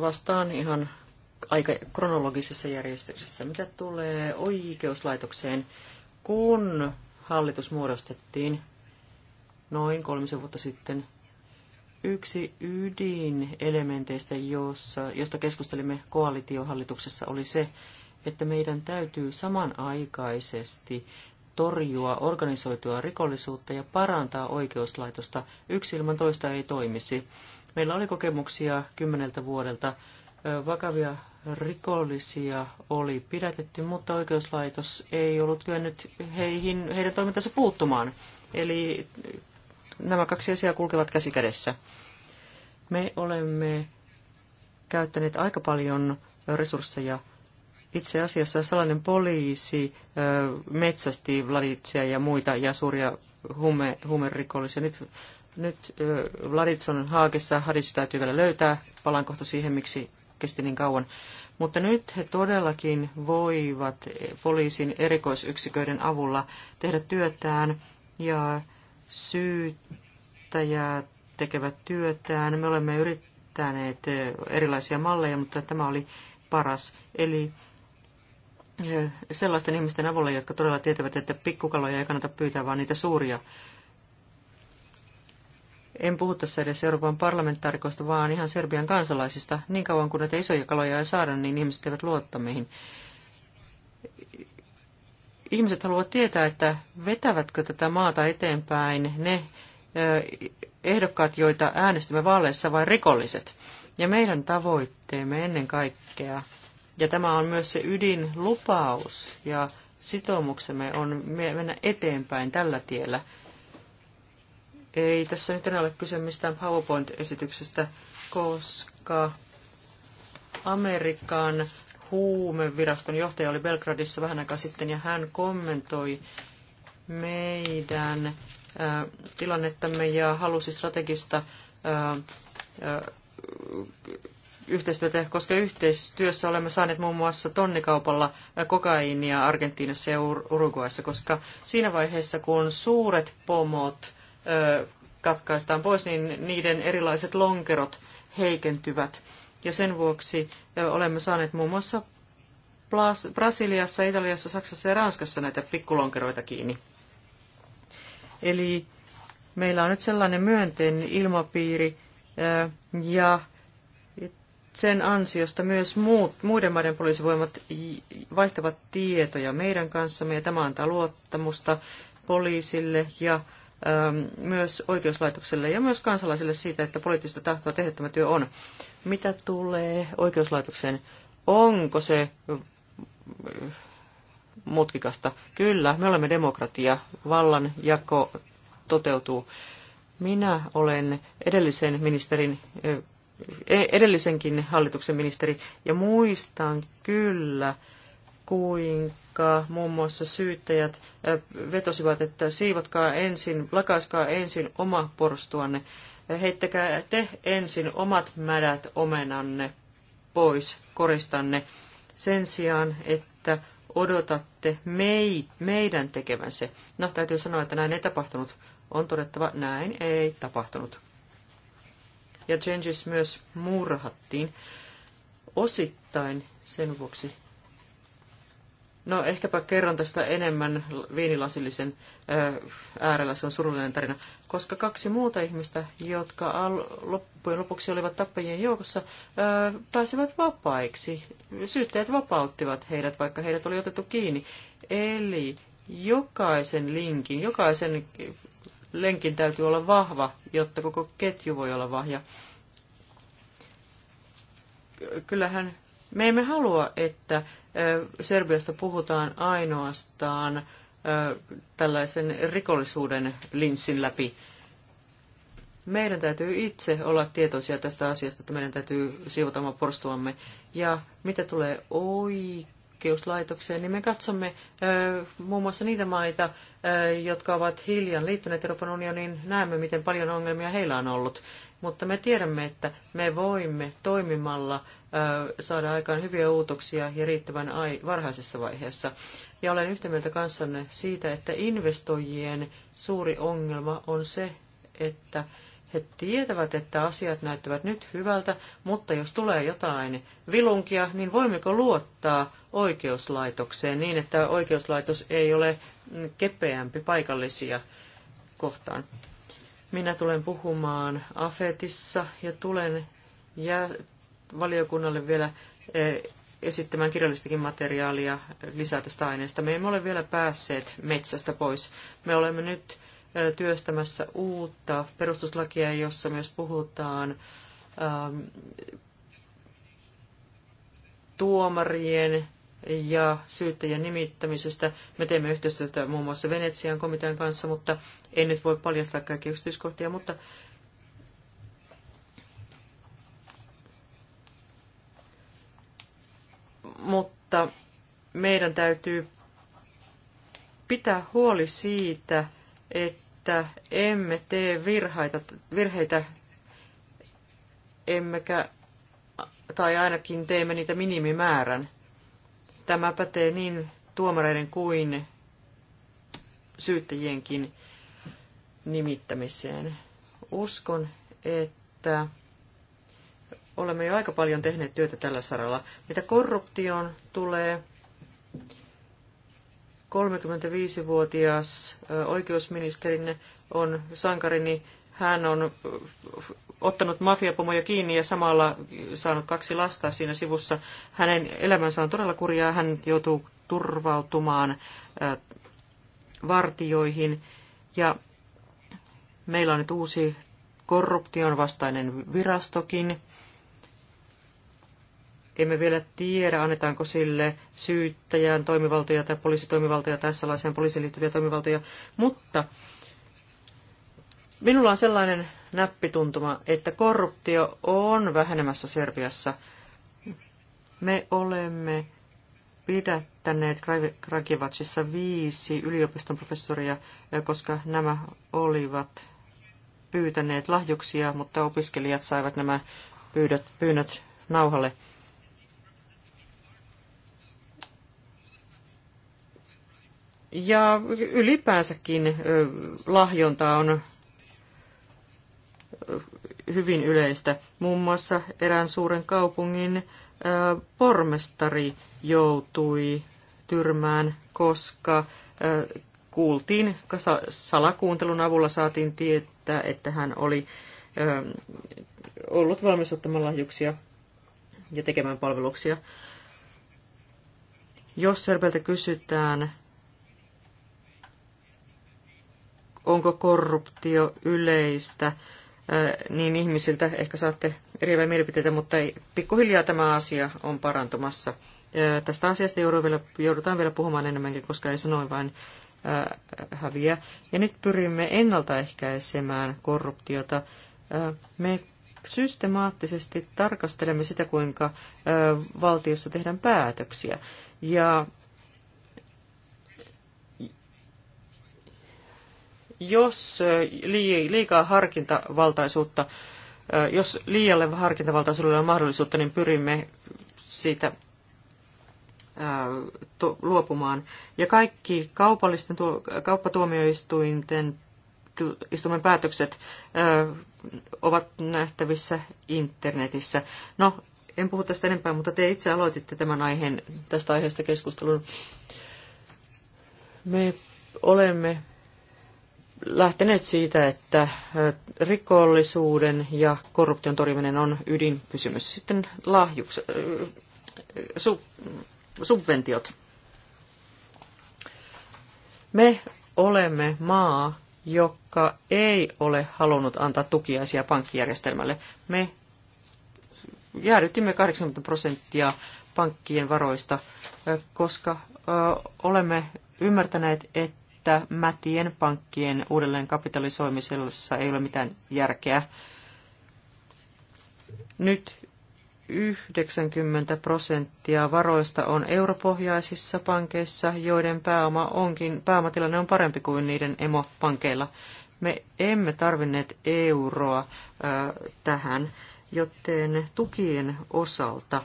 vastaan ihan aika kronologisessa järjestyksessä. Mitä tulee oikeuslaitokseen, kun hallitus muodostettiin noin kolmisen vuotta sitten, yksi elementeistä, jossa, josta keskustelimme koalitiohallituksessa, oli se, että meidän täytyy samanaikaisesti torjua organisoitua rikollisuutta ja parantaa oikeuslaitosta. Yksi ilman toista ei toimisi. Meillä oli kokemuksia kymmeneltä vuodelta. Vakavia rikollisia oli pidätetty, mutta oikeuslaitos ei ollut kyennyt heihin, heidän toimintansa puuttumaan. Eli nämä kaksi asiaa kulkevat käsi kädessä. Me olemme käyttäneet aika paljon resursseja itse asiassa salainen poliisi metsästi Vladitsia ja muita ja suuria hume, huumerikollisia. Nyt, nyt Vladits on haakessa, Hadits täytyy vielä löytää. Palaan kohta siihen, miksi kesti niin kauan. Mutta nyt he todellakin voivat poliisin erikoisyksiköiden avulla tehdä työtään ja syyttäjät tekevät työtään. Me olemme yrittäneet erilaisia malleja, mutta tämä oli paras. Eli sellaisten ihmisten avulla, jotka todella tietävät, että pikkukaloja ei kannata pyytää, vaan niitä suuria. En puhu tässä edes Euroopan parlamentaarikoista, vaan ihan Serbian kansalaisista. Niin kauan kuin näitä isoja kaloja ei saada, niin ihmiset eivät luotta meihin. Ihmiset haluavat tietää, että vetävätkö tätä maata eteenpäin ne ehdokkaat, joita äänestimme vaaleissa, vai rikolliset. Ja meidän tavoitteemme ennen kaikkea ja tämä on myös se ydinlupaus ja sitoumuksemme on mennä eteenpäin tällä tiellä. Ei tässä nyt enää ole kyse mistään PowerPoint-esityksestä, koska Amerikan huumeviraston johtaja oli Belgradissa vähän aikaa sitten ja hän kommentoi meidän tilannettamme ja halusi strategista yhteistyötä, koska yhteistyössä olemme saaneet muun muassa tonnikaupalla kokaiinia Argentiinassa ja Uruguayssa, koska siinä vaiheessa, kun suuret pomot katkaistaan pois, niin niiden erilaiset lonkerot heikentyvät. Ja sen vuoksi olemme saaneet muun muassa Brasiliassa, Italiassa, Saksassa ja Ranskassa näitä pikkulonkeroita kiinni. Eli meillä on nyt sellainen myönteinen ilmapiiri ja sen ansiosta myös muut, muiden maiden poliisivoimat vaihtavat tietoja meidän kanssamme ja tämä antaa luottamusta poliisille ja myös oikeuslaitokselle ja myös kansalaisille siitä, että poliittista tahtoa tehdä tämä työ on. Mitä tulee oikeuslaitokseen? Onko se mutkikasta? Kyllä, me olemme demokratia. Vallan jako toteutuu. Minä olen edellisen ministerin E- edellisenkin hallituksen ministeri, ja muistan kyllä, kuinka muun muassa syyttäjät vetosivat, että siivotkaa ensin, lakaiskaa ensin oma porstuanne, heittäkää te ensin omat mädät omenanne pois koristanne, sen sijaan, että odotatte mei, meidän tekevän se. No, täytyy sanoa, että näin ei tapahtunut. On todettava, näin ei tapahtunut ja Gengis myös murhattiin osittain sen vuoksi. No ehkäpä kerron tästä enemmän viinilasillisen äärellä, se on surullinen tarina, koska kaksi muuta ihmistä, jotka al- loppujen lopuksi olivat tappajien joukossa, ää, pääsivät vapaiksi. Syyttäjät vapauttivat heidät, vaikka heidät oli otettu kiinni. Eli jokaisen linkin, jokaisen lenkin täytyy olla vahva, jotta koko ketju voi olla vahja. Kyllähän me emme halua, että Serbiasta puhutaan ainoastaan tällaisen rikollisuuden linssin läpi. Meidän täytyy itse olla tietoisia tästä asiasta, että meidän täytyy siivota oma porstuamme. Ja mitä tulee oikeuslaitokseen, niin me katsomme muun muassa niitä maita, jotka ovat hiljan liittyneet Euroopan unioniin, näemme, miten paljon ongelmia heillä on ollut. Mutta me tiedämme, että me voimme toimimalla saada aikaan hyviä uutoksia ja riittävän varhaisessa vaiheessa. Ja olen yhtä mieltä kanssanne siitä, että investoijien suuri ongelma on se, että he tietävät, että asiat näyttävät nyt hyvältä, mutta jos tulee jotain vilunkia, niin voimmeko luottaa oikeuslaitokseen niin, että oikeuslaitos ei ole kepeämpi paikallisia kohtaan. Minä tulen puhumaan AFETissa ja tulen ja valiokunnalle vielä eh, esittämään kirjallistakin materiaalia eh, lisää tästä aineesta. Me emme ole vielä päässeet metsästä pois. Me olemme nyt eh, työstämässä uutta perustuslakia, jossa myös puhutaan ähm, tuomarien ja syyttäjän nimittämisestä. Me teemme yhteistyötä muun muassa Venetsian komitean kanssa, mutta en nyt voi paljastaa kaikkia yksityiskohtia, mutta mutta meidän täytyy pitää huoli siitä, että emme tee virheitä, virheitä emmekä, tai ainakin teemme niitä minimimäärän. Tämä pätee niin tuomareiden kuin syyttäjienkin nimittämiseen. Uskon, että olemme jo aika paljon tehneet työtä tällä saralla. Mitä korruptioon tulee, 35-vuotias oikeusministerinne on sankarini. Hän on ottanut mafiapomoja kiinni ja samalla saanut kaksi lasta siinä sivussa. Hänen elämänsä on todella kurjaa, hän joutuu turvautumaan vartijoihin Ja meillä on nyt uusi korruption vastainen virastokin. Emme vielä tiedä, annetaanko sille syyttäjän toimivaltoja tai poliisitoimivaltoja tai sellaiseen poliisiin liittyviä toimivaltoja, mutta minulla on sellainen näppituntuma, että korruptio on vähenemässä Serbiassa. Me olemme pidättäneet Krakivatsissa viisi yliopiston professoria, eh, koska nämä olivat pyytäneet lahjuksia, mutta opiskelijat saivat nämä pyydöt, pyynnöt nauhalle. Ja ylipäänsäkin eh, lahjonta on hyvin yleistä. Muun muassa erään suuren kaupungin pormestari joutui tyrmään, koska kuultiin, salakuuntelun avulla saatiin tietää, että hän oli ollut valmis ottamaan lahjuksia ja tekemään palveluksia. Jos Serpeltä kysytään, onko korruptio yleistä, niin ihmisiltä. Ehkä saatte eriäviä mielipiteitä, mutta pikkuhiljaa tämä asia on parantumassa. Tästä asiasta joudutaan vielä puhumaan enemmänkin, koska ei sanoin vain häviä. Ja nyt pyrimme ennaltaehkäisemään korruptiota. Me systemaattisesti tarkastelemme sitä, kuinka valtiossa tehdään päätöksiä. Ja jos liikaa harkintavaltaisuutta, jos liialle harkintavaltaisuudelle on mahdollisuutta, niin pyrimme siitä luopumaan. Ja kaikki kaupallisten, kauppatuomioistuinten istumen päätökset ovat nähtävissä internetissä. No, en puhu tästä enempää, mutta te itse aloititte tämän aiheen, tästä aiheesta keskustelun. Me olemme lähteneet siitä, että rikollisuuden ja korruption torjuminen on ydinkysymys. Sitten lahjuks, sub, subventiot. Me olemme maa, joka ei ole halunnut antaa tukiaisia pankkijärjestelmälle. Me jäädytimme 80 prosenttia pankkien varoista, koska olemme ymmärtäneet, että että mätien pankkien uudelleen kapitalisoimisessa ei ole mitään järkeä. Nyt 90 prosenttia varoista on europohjaisissa pankeissa, joiden pääoma onkin, pääomatilanne on parempi kuin niiden emopankeilla. Me emme tarvinneet euroa ö, tähän, joten tukien osalta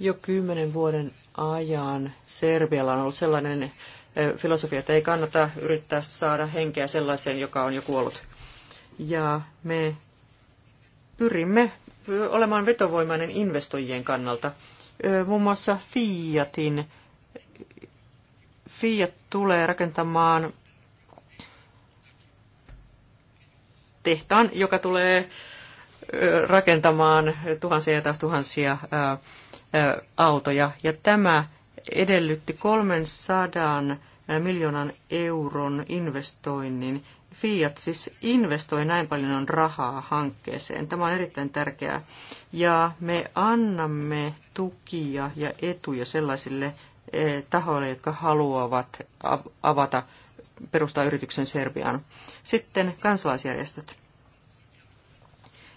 jo kymmenen vuoden ajan Serbialla on ollut sellainen filosofia, että ei kannata yrittää saada henkeä sellaiseen, joka on jo kuollut. Ja me pyrimme olemaan vetovoimainen investoijien kannalta. Muun muassa Fiatin, Fiat tulee rakentamaan tehtaan, joka tulee rakentamaan tuhansia ja taas tuhansia autoja. Ja tämä edellytti 300 miljoonan euron investoinnin. Fiat siis investoi näin paljon rahaa hankkeeseen. Tämä on erittäin tärkeää. Ja me annamme tukia ja etuja sellaisille tahoille, jotka haluavat avata, perustaa yrityksen Serbiaan. Sitten kansalaisjärjestöt.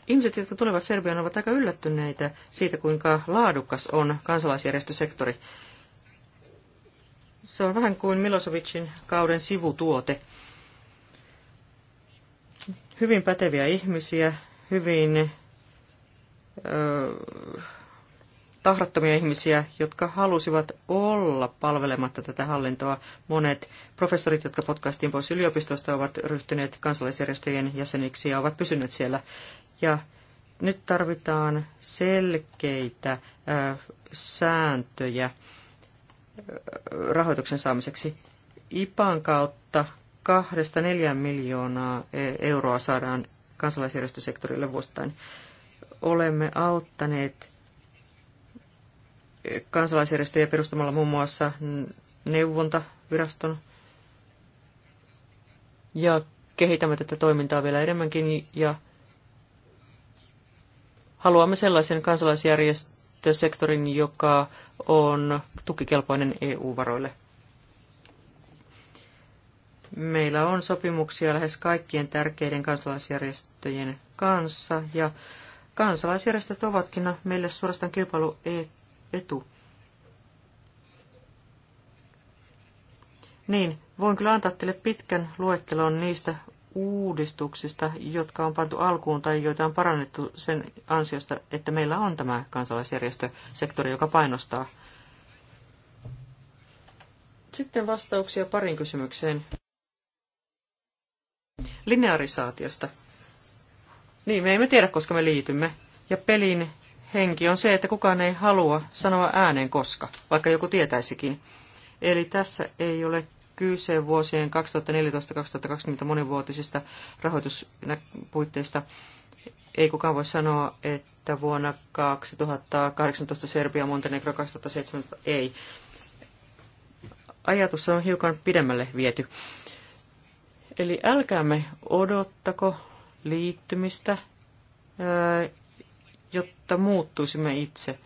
Ihmiset, jotka tulevat Serbiaan, ovat aika yllättyneitä siitä, kuinka laadukas on kansalaisjärjestösektori. Se on vähän kuin Milosevicin kauden sivutuote. Hyvin päteviä ihmisiä, hyvin ö, tahrattomia ihmisiä, jotka halusivat olla palvelematta tätä hallintoa. Monet professorit, jotka potkaistiin pois yliopistosta, ovat ryhtyneet kansalaisjärjestöjen jäseniksi ja ovat pysyneet siellä. Ja nyt tarvitaan selkeitä ö, sääntöjä rahoituksen saamiseksi. IPAn kautta kahdesta neljään miljoonaa e- euroa saadaan kansalaisjärjestösektorille vuosittain. Olemme auttaneet kansalaisjärjestöjä perustamalla muun muassa neuvontaviraston ja kehitämme tätä toimintaa vielä enemmänkin ja haluamme sellaisen kansalaisjärjestön, sektorin, joka on tukikelpoinen EU-varoille. Meillä on sopimuksia lähes kaikkien tärkeiden kansalaisjärjestöjen kanssa ja kansalaisjärjestöt ovatkin meille suorastaan kilpailuetu. E-, niin, voin kyllä antaa teille pitkän luettelon niistä uudistuksista, jotka on pantu alkuun tai joita on parannettu sen ansiosta, että meillä on tämä kansalaisjärjestösektori, joka painostaa. Sitten vastauksia parin kysymykseen. Linearisaatiosta. Niin, me emme tiedä, koska me liitymme. Ja pelin henki on se, että kukaan ei halua sanoa ääneen koska, vaikka joku tietäisikin. Eli tässä ei ole kyse vuosien 2014-2020 monivuotisista rahoituspuitteista. Ei kukaan voi sanoa, että vuonna 2018 Serbia, Montenegro 2017 ei. Ajatus on hiukan pidemmälle viety. Eli älkäämme odottako liittymistä, öö, jotta muuttuisimme itse.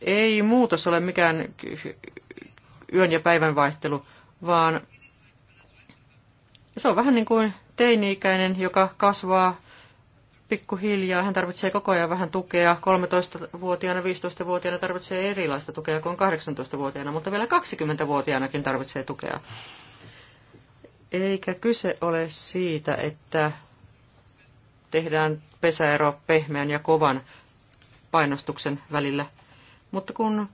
Ei muutos ole mikään yön ja päivän vaihtelu, vaan se on vähän niin kuin teini-ikäinen, joka kasvaa pikkuhiljaa. Hän tarvitsee koko ajan vähän tukea. 13-vuotiaana, 15-vuotiaana tarvitsee erilaista tukea kuin 18-vuotiaana, mutta vielä 20-vuotiaanakin tarvitsee tukea. Eikä kyse ole siitä, että tehdään pesäero pehmeän ja kovan painostuksen välillä. Mutta kun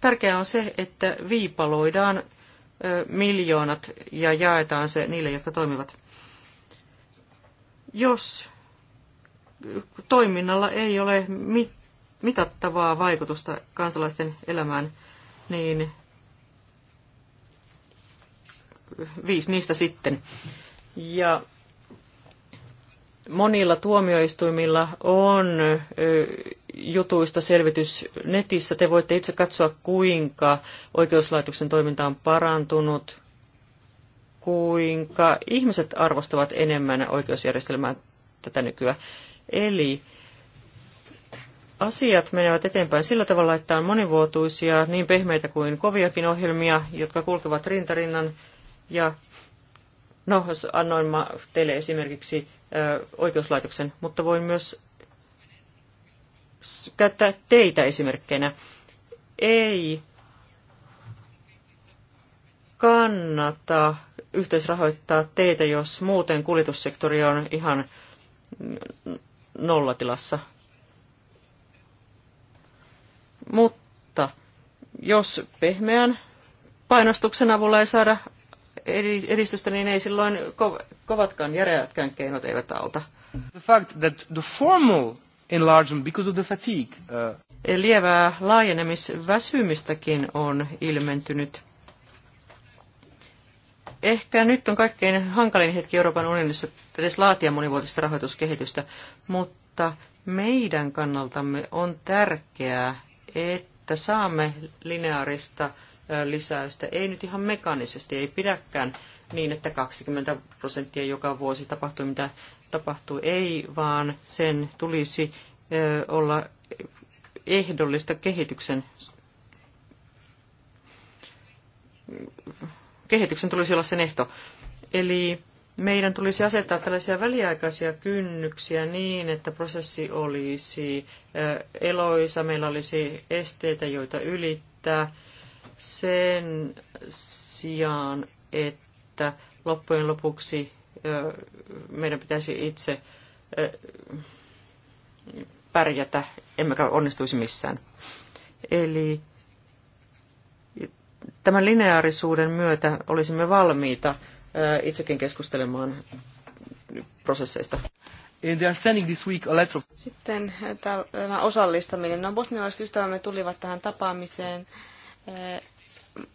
Tärkeää on se, että viipaloidaan miljoonat ja jaetaan se niille, jotka toimivat. Jos toiminnalla ei ole mitattavaa vaikutusta kansalaisten elämään, niin viisi niistä sitten. Ja monilla tuomioistuimilla on jutuista selvitys netissä. Te voitte itse katsoa, kuinka oikeuslaitoksen toiminta on parantunut, kuinka ihmiset arvostavat enemmän oikeusjärjestelmää tätä nykyä. Eli asiat menevät eteenpäin sillä tavalla, että on monivuotuisia, niin pehmeitä kuin koviakin ohjelmia, jotka kulkevat rintarinnan. Ja no, annoin mä teille esimerkiksi ö, oikeuslaitoksen, mutta voin myös käyttää teitä esimerkkeinä. Ei kannata yhteisrahoittaa teitä, jos muuten kuljetussektori on ihan nollatilassa. Mutta jos pehmeän painostuksen avulla ei saada edistystä, niin ei silloin kovatkaan järeätkään keinot eivät auta. The fact that the formal enlargement because of the fatigue. Uh, Lievää laajenemisväsymistäkin on ilmentynyt. Ehkä nyt on kaikkein hankalin hetki Euroopan unionissa edes laatia monivuotista rahoituskehitystä, mutta meidän kannaltamme on tärkeää, että saamme lineaarista lisäystä, ei nyt ihan mekaanisesti, ei pidäkään niin, että 20 prosenttia joka vuosi tapahtui, mitä tapahtuu, ei, vaan sen tulisi olla ehdollista kehityksen kehityksen tulisi olla sen ehto. Eli meidän tulisi asettaa tällaisia väliaikaisia kynnyksiä niin, että prosessi olisi eloisa, meillä olisi esteitä, joita ylittää sen sijaan, että loppujen lopuksi meidän pitäisi itse pärjätä, emmekä onnistuisi missään. Eli tämän lineaarisuuden myötä olisimme valmiita itsekin keskustelemaan prosesseista. Eh, Sitten eh, tämä osallistaminen. No bosnialaiset ystävämme tulivat tähän tapaamiseen eh,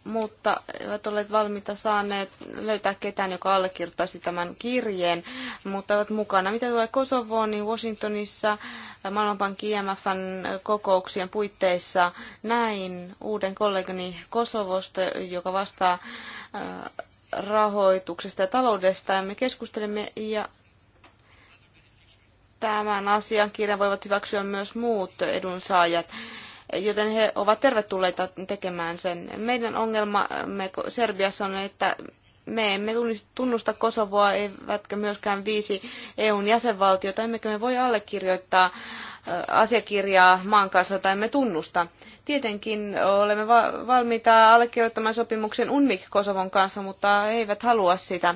mutta eivät olleet valmiita saaneet löytää ketään, joka allekirjoittaisi tämän kirjeen, mutta ovat mukana. Mitä tulee Kosovoon, niin Washingtonissa Maailmanpankin IMFn kokouksien puitteissa näin uuden kollegani Kosovosta, joka vastaa äh, rahoituksesta ja taloudesta, ja me keskustelemme ja tämän asiakirjan voivat hyväksyä myös muut edunsaajat joten he ovat tervetulleita tekemään sen. Meidän ongelmamme Serbiassa on, että me emme tunnusta Kosovoa, eivätkä myöskään viisi EUn jäsenvaltiota, emmekä me voi allekirjoittaa asiakirjaa maan kanssa tai me tunnusta. Tietenkin olemme valmiita allekirjoittamaan sopimuksen UNMIK Kosovon kanssa, mutta eivät halua sitä.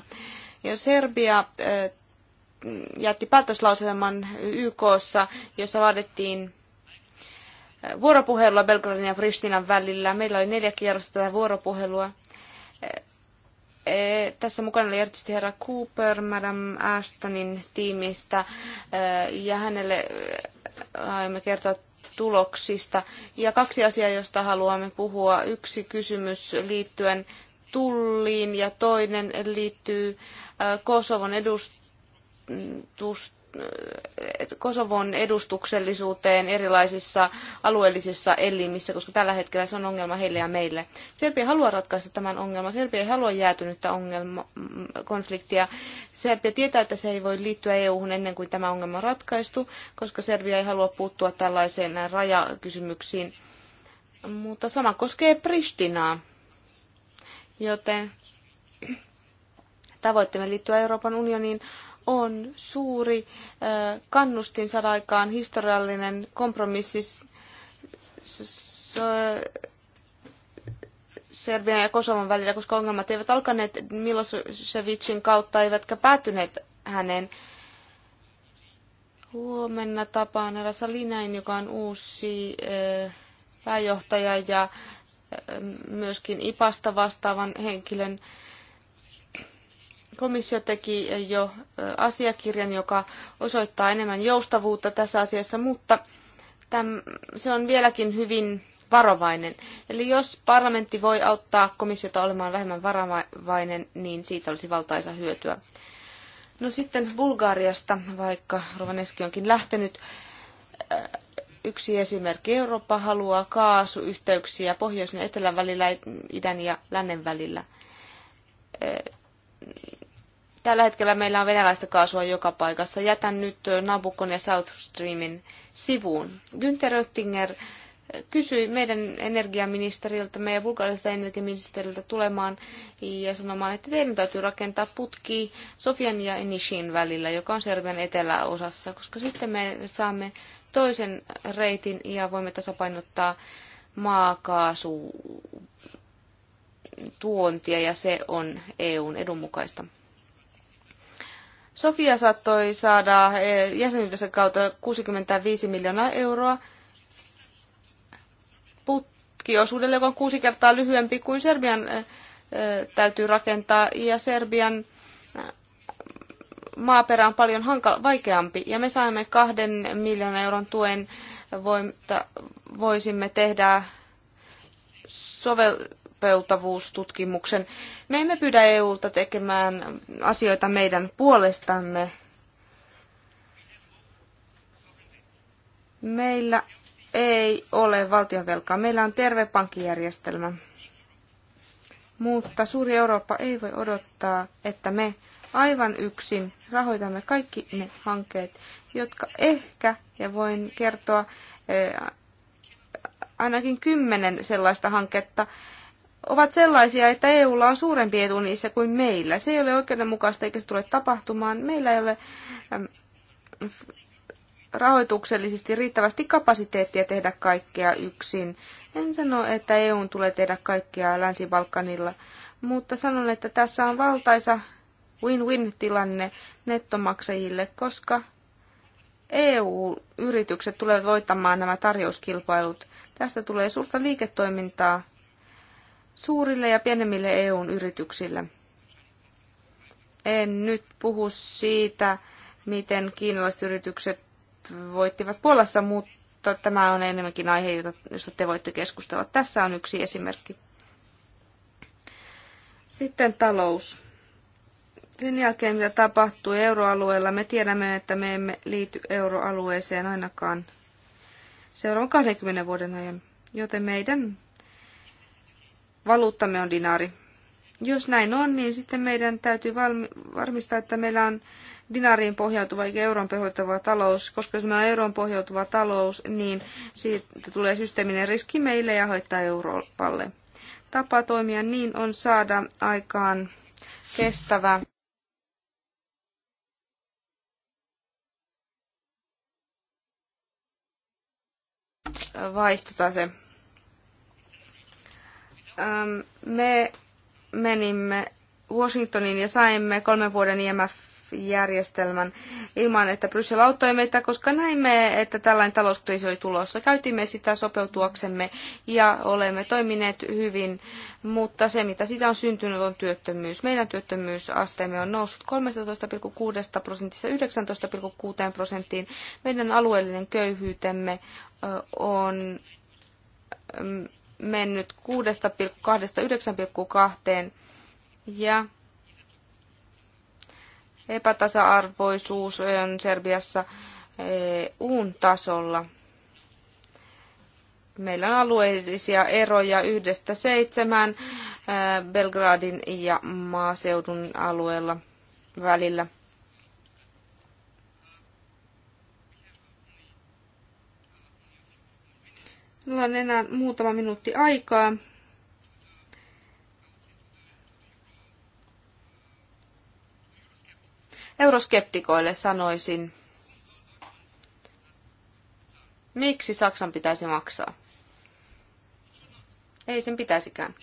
Ja Serbia jätti päätöslauselman YKssa, jossa vaadittiin vuoropuhelua Belgradin ja Pristinan välillä. Meillä oli neljä kierrosta tätä vuoropuhelua. E, tässä mukana oli erityisesti herra Cooper Madame Ashtonin tiimistä e, ja hänelle e, aiemme kertoa tuloksista. Ja kaksi asiaa, josta haluamme puhua. Yksi kysymys liittyen tulliin ja toinen liittyy Kosovon edustustoon Kosovon edustuksellisuuteen erilaisissa alueellisissa elimissä, koska tällä hetkellä se on ongelma heille ja meille. Serbia haluaa ratkaista tämän ongelman. Serbia ei halua jäätynyttä ongelma, konfliktia. Serbia tietää, että se ei voi liittyä EU-hun ennen kuin tämä ongelma on ratkaistu, koska Serbia ei halua puuttua tällaiseen rajakysymyksiin. Mutta sama koskee Pristinaa. Joten tavoitteemme liittyä Euroopan unioniin on suuri kannustin saada aikaan historiallinen kompromissi Serbian ja Kosovan välillä, koska ongelmat eivät alkaneet Milosevicin kautta, eivätkä päätyneet hänen. Huomenna tapaan Rasa Linäin, joka on uusi pääjohtaja ja myöskin IPAsta vastaavan henkilön Komissio teki jo asiakirjan, joka osoittaa enemmän joustavuutta tässä asiassa, mutta täm, se on vieläkin hyvin varovainen. Eli jos parlamentti voi auttaa komissiota olemaan vähemmän varovainen, niin siitä olisi valtaisa hyötyä. No sitten Bulgariasta, vaikka Rovaneski onkin lähtenyt. Yksi esimerkki. Eurooppa haluaa kaasuyhteyksiä pohjoisen ja etelän välillä, idän ja lännen välillä. Tällä hetkellä meillä on venäläistä kaasua joka paikassa. Jätän nyt Nabukon ja South Streamin sivuun. Günther Oettinger kysyi meidän energiaministeriltä, meidän bulgariselta energiaministeriltä tulemaan ja sanomaan, että teidän täytyy rakentaa putki Sofian ja Enishin välillä, joka on Serbian eteläosassa, koska sitten me saamme toisen reitin ja voimme tasapainottaa maakaasu tuontia ja se on EUn edun mukaista. Sofia saattoi saada eh, jäsenyytensä kautta 65 miljoonaa euroa putkiosuudelle, joka on kuusi kertaa lyhyempi kuin Serbian eh, eh, täytyy rakentaa, ja Serbian maaperä on paljon hankal- vaikeampi, ja me saimme kahden miljoonan euron tuen, voisimme tehdä sovel- sopeutuvuustutkimuksen. Me emme pyydä EUlta tekemään asioita meidän puolestamme. Meillä ei ole valtionvelkaa. Meillä on terve pankkijärjestelmä. Mutta suuri Eurooppa ei voi odottaa, että me aivan yksin rahoitamme kaikki ne hankkeet, jotka ehkä, ja voin kertoa eh, ainakin kymmenen sellaista hanketta, ovat sellaisia, että EUlla on suurempi etu niissä kuin meillä. Se ei ole oikeudenmukaista eikä se tule tapahtumaan. Meillä ei ole rahoituksellisesti riittävästi kapasiteettia tehdä kaikkea yksin. En sano, että EU tulee tehdä kaikkea Länsi-Balkanilla, mutta sanon, että tässä on valtaisa win-win-tilanne nettomaksajille, koska EU-yritykset tulevat voittamaan nämä tarjouskilpailut. Tästä tulee suurta liiketoimintaa suurille ja pienemmille eu yrityksille. En nyt puhu siitä, miten kiinalaiset yritykset voittivat Puolassa, mutta tämä on enemmänkin aihe, josta te voitte keskustella. Tässä on yksi esimerkki. Sitten talous. Sen jälkeen, mitä tapahtuu euroalueella, me tiedämme, että me emme liity euroalueeseen ainakaan seuraavan 20 vuoden ajan, joten meidän valuuttamme on dinaari. Jos näin on, niin sitten meidän täytyy varmistaa, että meillä on dinaariin pohjautuva eikä euron pohjautuva talous, koska jos meillä on euron pohjautuva talous, niin siitä tulee systeeminen riski meille ja haittaa Euroopalle. Tapa toimia niin on saada aikaan kestävä vaihtotase. Ähm, me menimme Washingtoniin ja saimme kolmen vuoden IMF-järjestelmän ilman, että Bryssel auttoi meitä, koska näimme, että tällainen talouskriisi oli tulossa. Käytimme sitä sopeutuaksemme ja olemme toimineet hyvin, mutta se mitä siitä on syntynyt on työttömyys. Meidän työttömyysasteemme on noussut 13,6 prosentista 19,6 prosenttiin. Meidän alueellinen köyhyytemme on mm, mennyt 6,2-9,2 ja epätasa-arvoisuus on Serbiassa eh, uun tasolla. Meillä on alueellisia eroja yhdestä seitsemään eh, Belgradin ja maaseudun alueella välillä. Minulla on enää muutama minuutti aikaa. Euroskeptikoille sanoisin, miksi Saksan pitäisi maksaa? Ei sen pitäisikään.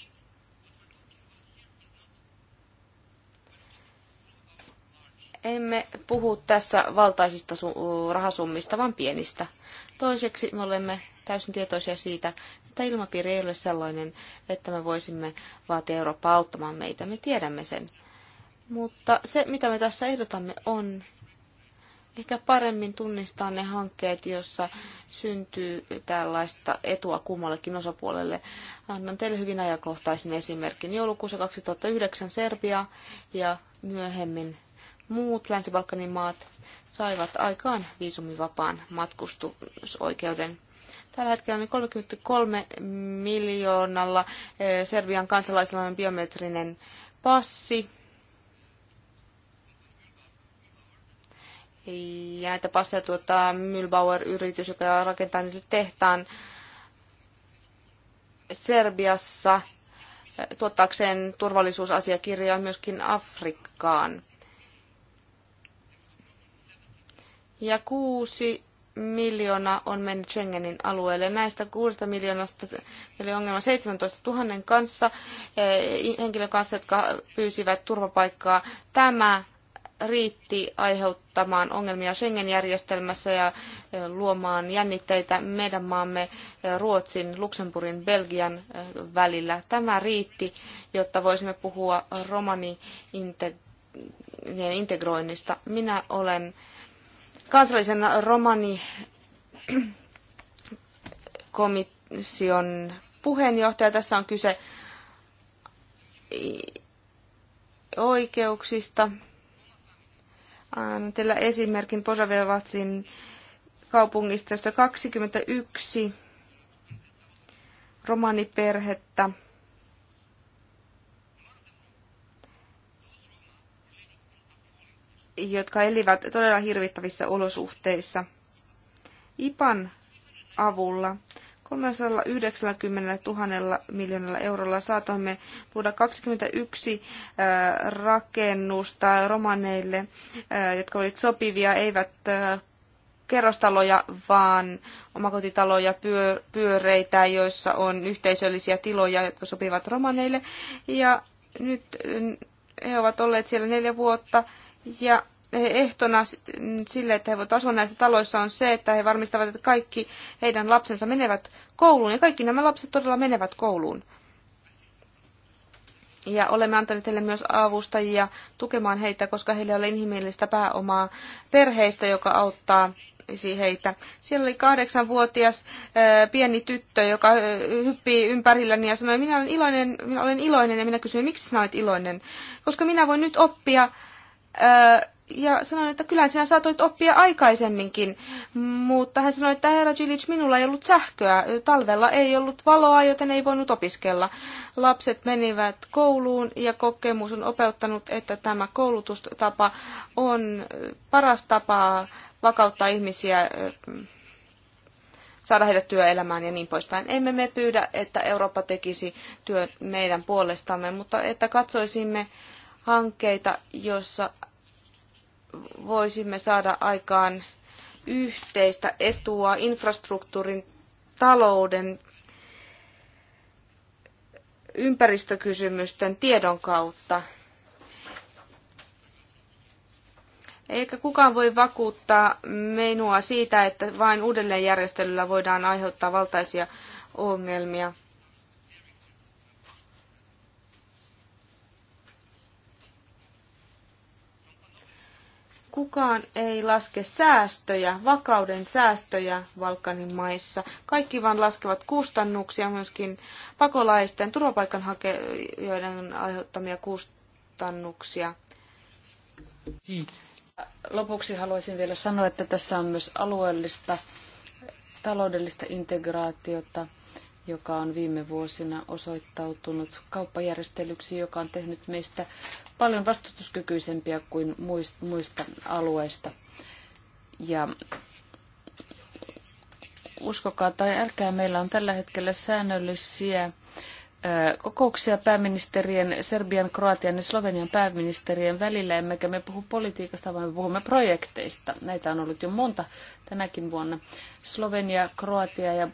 Emme puhu tässä valtaisista rahasummista, vaan pienistä. Toiseksi me olemme täysin tietoisia siitä, että ilmapiiri ei ole sellainen, että me voisimme vaatia Eurooppaa auttamaan meitä. Me tiedämme sen. Mutta se, mitä me tässä ehdotamme, on ehkä paremmin tunnistaa ne hankkeet, joissa syntyy tällaista etua kummallekin osapuolelle. Annan teille hyvin ajankohtaisen esimerkin. Joulukuussa 2009 Serbia ja myöhemmin muut Länsi-Balkanin maat saivat aikaan viisumivapaan matkustusoikeuden. Tällä hetkellä 33 miljoonalla eh, Serbian kansalaisilla on biometrinen passi. Ja näitä passeja tuottaa Mühlbauer-yritys, joka rakentaa nyt tehtaan Serbiassa eh, tuottaakseen turvallisuusasiakirjaa myöskin Afrikkaan. Ja kuusi miljoonaa on mennyt Schengenin alueelle. Näistä 6 miljoonasta oli ongelma 17 000 kanssa, eh, henkilön kanssa, jotka pyysivät turvapaikkaa. Tämä riitti aiheuttamaan ongelmia Schengen-järjestelmässä ja eh, luomaan jännitteitä meidän maamme eh, Ruotsin, Luxemburgin, Belgian välillä. Tämä riitti, jotta voisimme puhua romani integroinnista. Minä olen kansallisen romani komission puheenjohtaja. Tässä on kyse oikeuksista. Annan teillä esimerkin Posavevatsin kaupungista, jossa 21 romaniperhettä jotka elivät todella hirvittävissä olosuhteissa. IPAN avulla 390 000 miljoonalla eurolla saatoimme luoda 21 äh, rakennusta romaneille, äh, jotka olivat sopivia, eivät äh, kerrostaloja, vaan omakotitaloja, pyöreitä, joissa on yhteisöllisiä tiloja, jotka sopivat romaneille. Ja nyt he ovat olleet siellä neljä vuotta ja ehtona sille, että he voivat asua näissä taloissa, on se, että he varmistavat, että kaikki heidän lapsensa menevät kouluun. Ja kaikki nämä lapset todella menevät kouluun. Ja olemme antaneet heille myös avustajia tukemaan heitä, koska heillä ei ole inhimillistä pääomaa perheistä, joka auttaa heitä. Siellä oli kahdeksanvuotias pieni tyttö, joka hyppii ympärilläni ja sanoi, minä olen iloinen, minä olen iloinen ja minä kysyin, miksi sinä olet iloinen? Koska minä voin nyt oppia ja sanoin, että kyllä sinä saatoit oppia aikaisemminkin, mutta hän sanoi, että herra Gilic, minulla ei ollut sähköä, talvella ei ollut valoa, joten ei voinut opiskella. Lapset menivät kouluun ja kokemus on opettanut, että tämä koulutustapa on paras tapa vakauttaa ihmisiä, saada heidät työelämään ja niin poispäin. Emme me pyydä, että Eurooppa tekisi työ meidän puolestamme, mutta että katsoisimme hankkeita, joissa voisimme saada aikaan yhteistä etua infrastruktuurin, talouden, ympäristökysymysten tiedon kautta. Eikä kukaan voi vakuuttaa minua siitä, että vain uudelleenjärjestelyllä voidaan aiheuttaa valtaisia ongelmia. Kukaan ei laske säästöjä, vakauden säästöjä Valkanin maissa. Kaikki vain laskevat kustannuksia, myöskin pakolaisten, turvapaikanhakijoiden aiheuttamia kustannuksia. Lopuksi haluaisin vielä sanoa, että tässä on myös alueellista taloudellista integraatiota joka on viime vuosina osoittautunut kauppajärjestelyksi, joka on tehnyt meistä paljon vastustuskykyisempiä kuin muista alueista. Ja uskokaa tai älkää, meillä on tällä hetkellä säännöllisiä kokouksia pääministerien, Serbian, Kroatian ja Slovenian pääministerien välillä, emmekä me puhu politiikasta, vaan me puhumme projekteista. Näitä on ollut jo monta tänäkin vuonna. Slovenia, Kroatia ja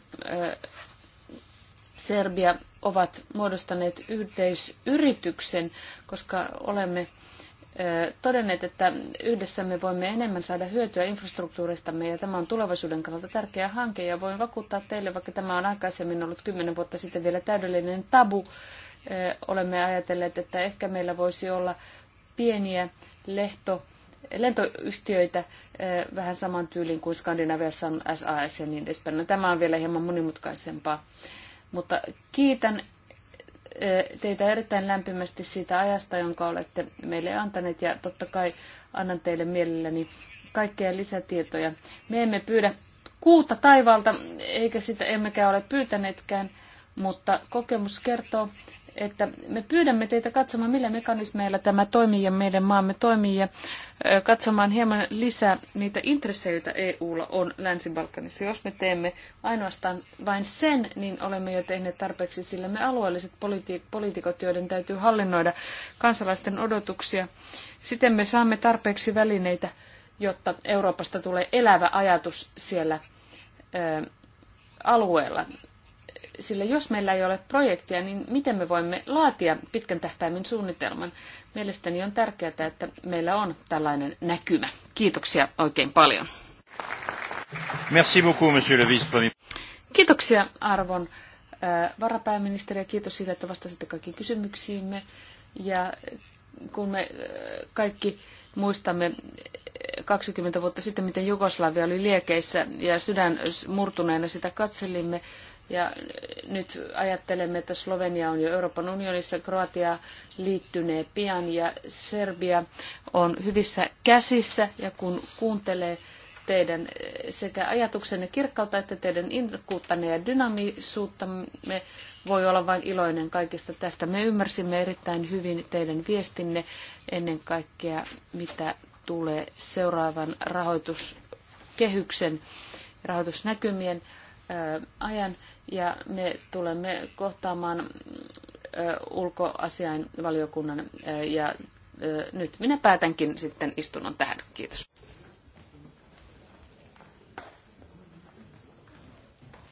Serbia ovat muodostaneet yhteisyrityksen, koska olemme todenneet, että yhdessä me voimme enemmän saada hyötyä infrastruktuuristamme ja tämä on tulevaisuuden kannalta tärkeä hanke ja voin vakuuttaa teille, vaikka tämä on aikaisemmin ollut kymmenen vuotta sitten vielä täydellinen tabu, olemme ajatelleet, että ehkä meillä voisi olla pieniä lehto, lentoyhtiöitä vähän saman tyyliin kuin Skandinaviassa on SAS ja niin edespäin. No, tämä on vielä hieman monimutkaisempaa. Mutta kiitän eh, teitä erittäin lämpimästi siitä ajasta, jonka olette meille antaneet ja totta kai annan teille mielelläni kaikkea lisätietoja. Me emme pyydä kuuta taivaalta, eikä sitä emmekä ole pyytäneetkään – mutta kokemus kertoo, että me pyydämme teitä katsomaan, millä mekanismeilla tämä toimii ja meidän maamme toimii ja katsomaan hieman lisää niitä intresseitä EUlla on Länsi-Balkanissa. Jos me teemme ainoastaan vain sen, niin olemme jo tehneet tarpeeksi, sillä me alueelliset politi- poliitikot, joiden täytyy hallinnoida kansalaisten odotuksia, siten me saamme tarpeeksi välineitä, jotta Euroopasta tulee elävä ajatus siellä alueella. Sillä jos meillä ei ole projektia, niin miten me voimme laatia pitkän tähtäimen suunnitelman? Mielestäni on tärkeää, että meillä on tällainen näkymä. Kiitoksia oikein paljon. Merci beaucoup, monsieur le vice premier. Kiitoksia arvon äh, varapääministeri ja kiitos siitä, että vastasitte kaikkiin kysymyksiimme. Ja kun me äh, kaikki muistamme 20 äh, vuotta sitten, miten Jugoslavia oli liekeissä ja sydän murtuneena sitä katselimme, ja nyt ajattelemme, että Slovenia on jo Euroopan unionissa, Kroatia liittynee pian ja Serbia on hyvissä käsissä. Ja kun kuuntelee teidän eh, sekä ajatuksenne kirkkautta että teidän innokkuuttanne ja me voi olla vain iloinen kaikesta tästä. Me ymmärsimme erittäin hyvin teidän viestinne ennen kaikkea, mitä tulee seuraavan rahoituskehyksen rahoitusnäkymien eh, ajan ja me tulemme kohtaamaan ulkoasiainvaliokunnan ja nyt minä päätänkin sitten istunnon tähän. Kiitos.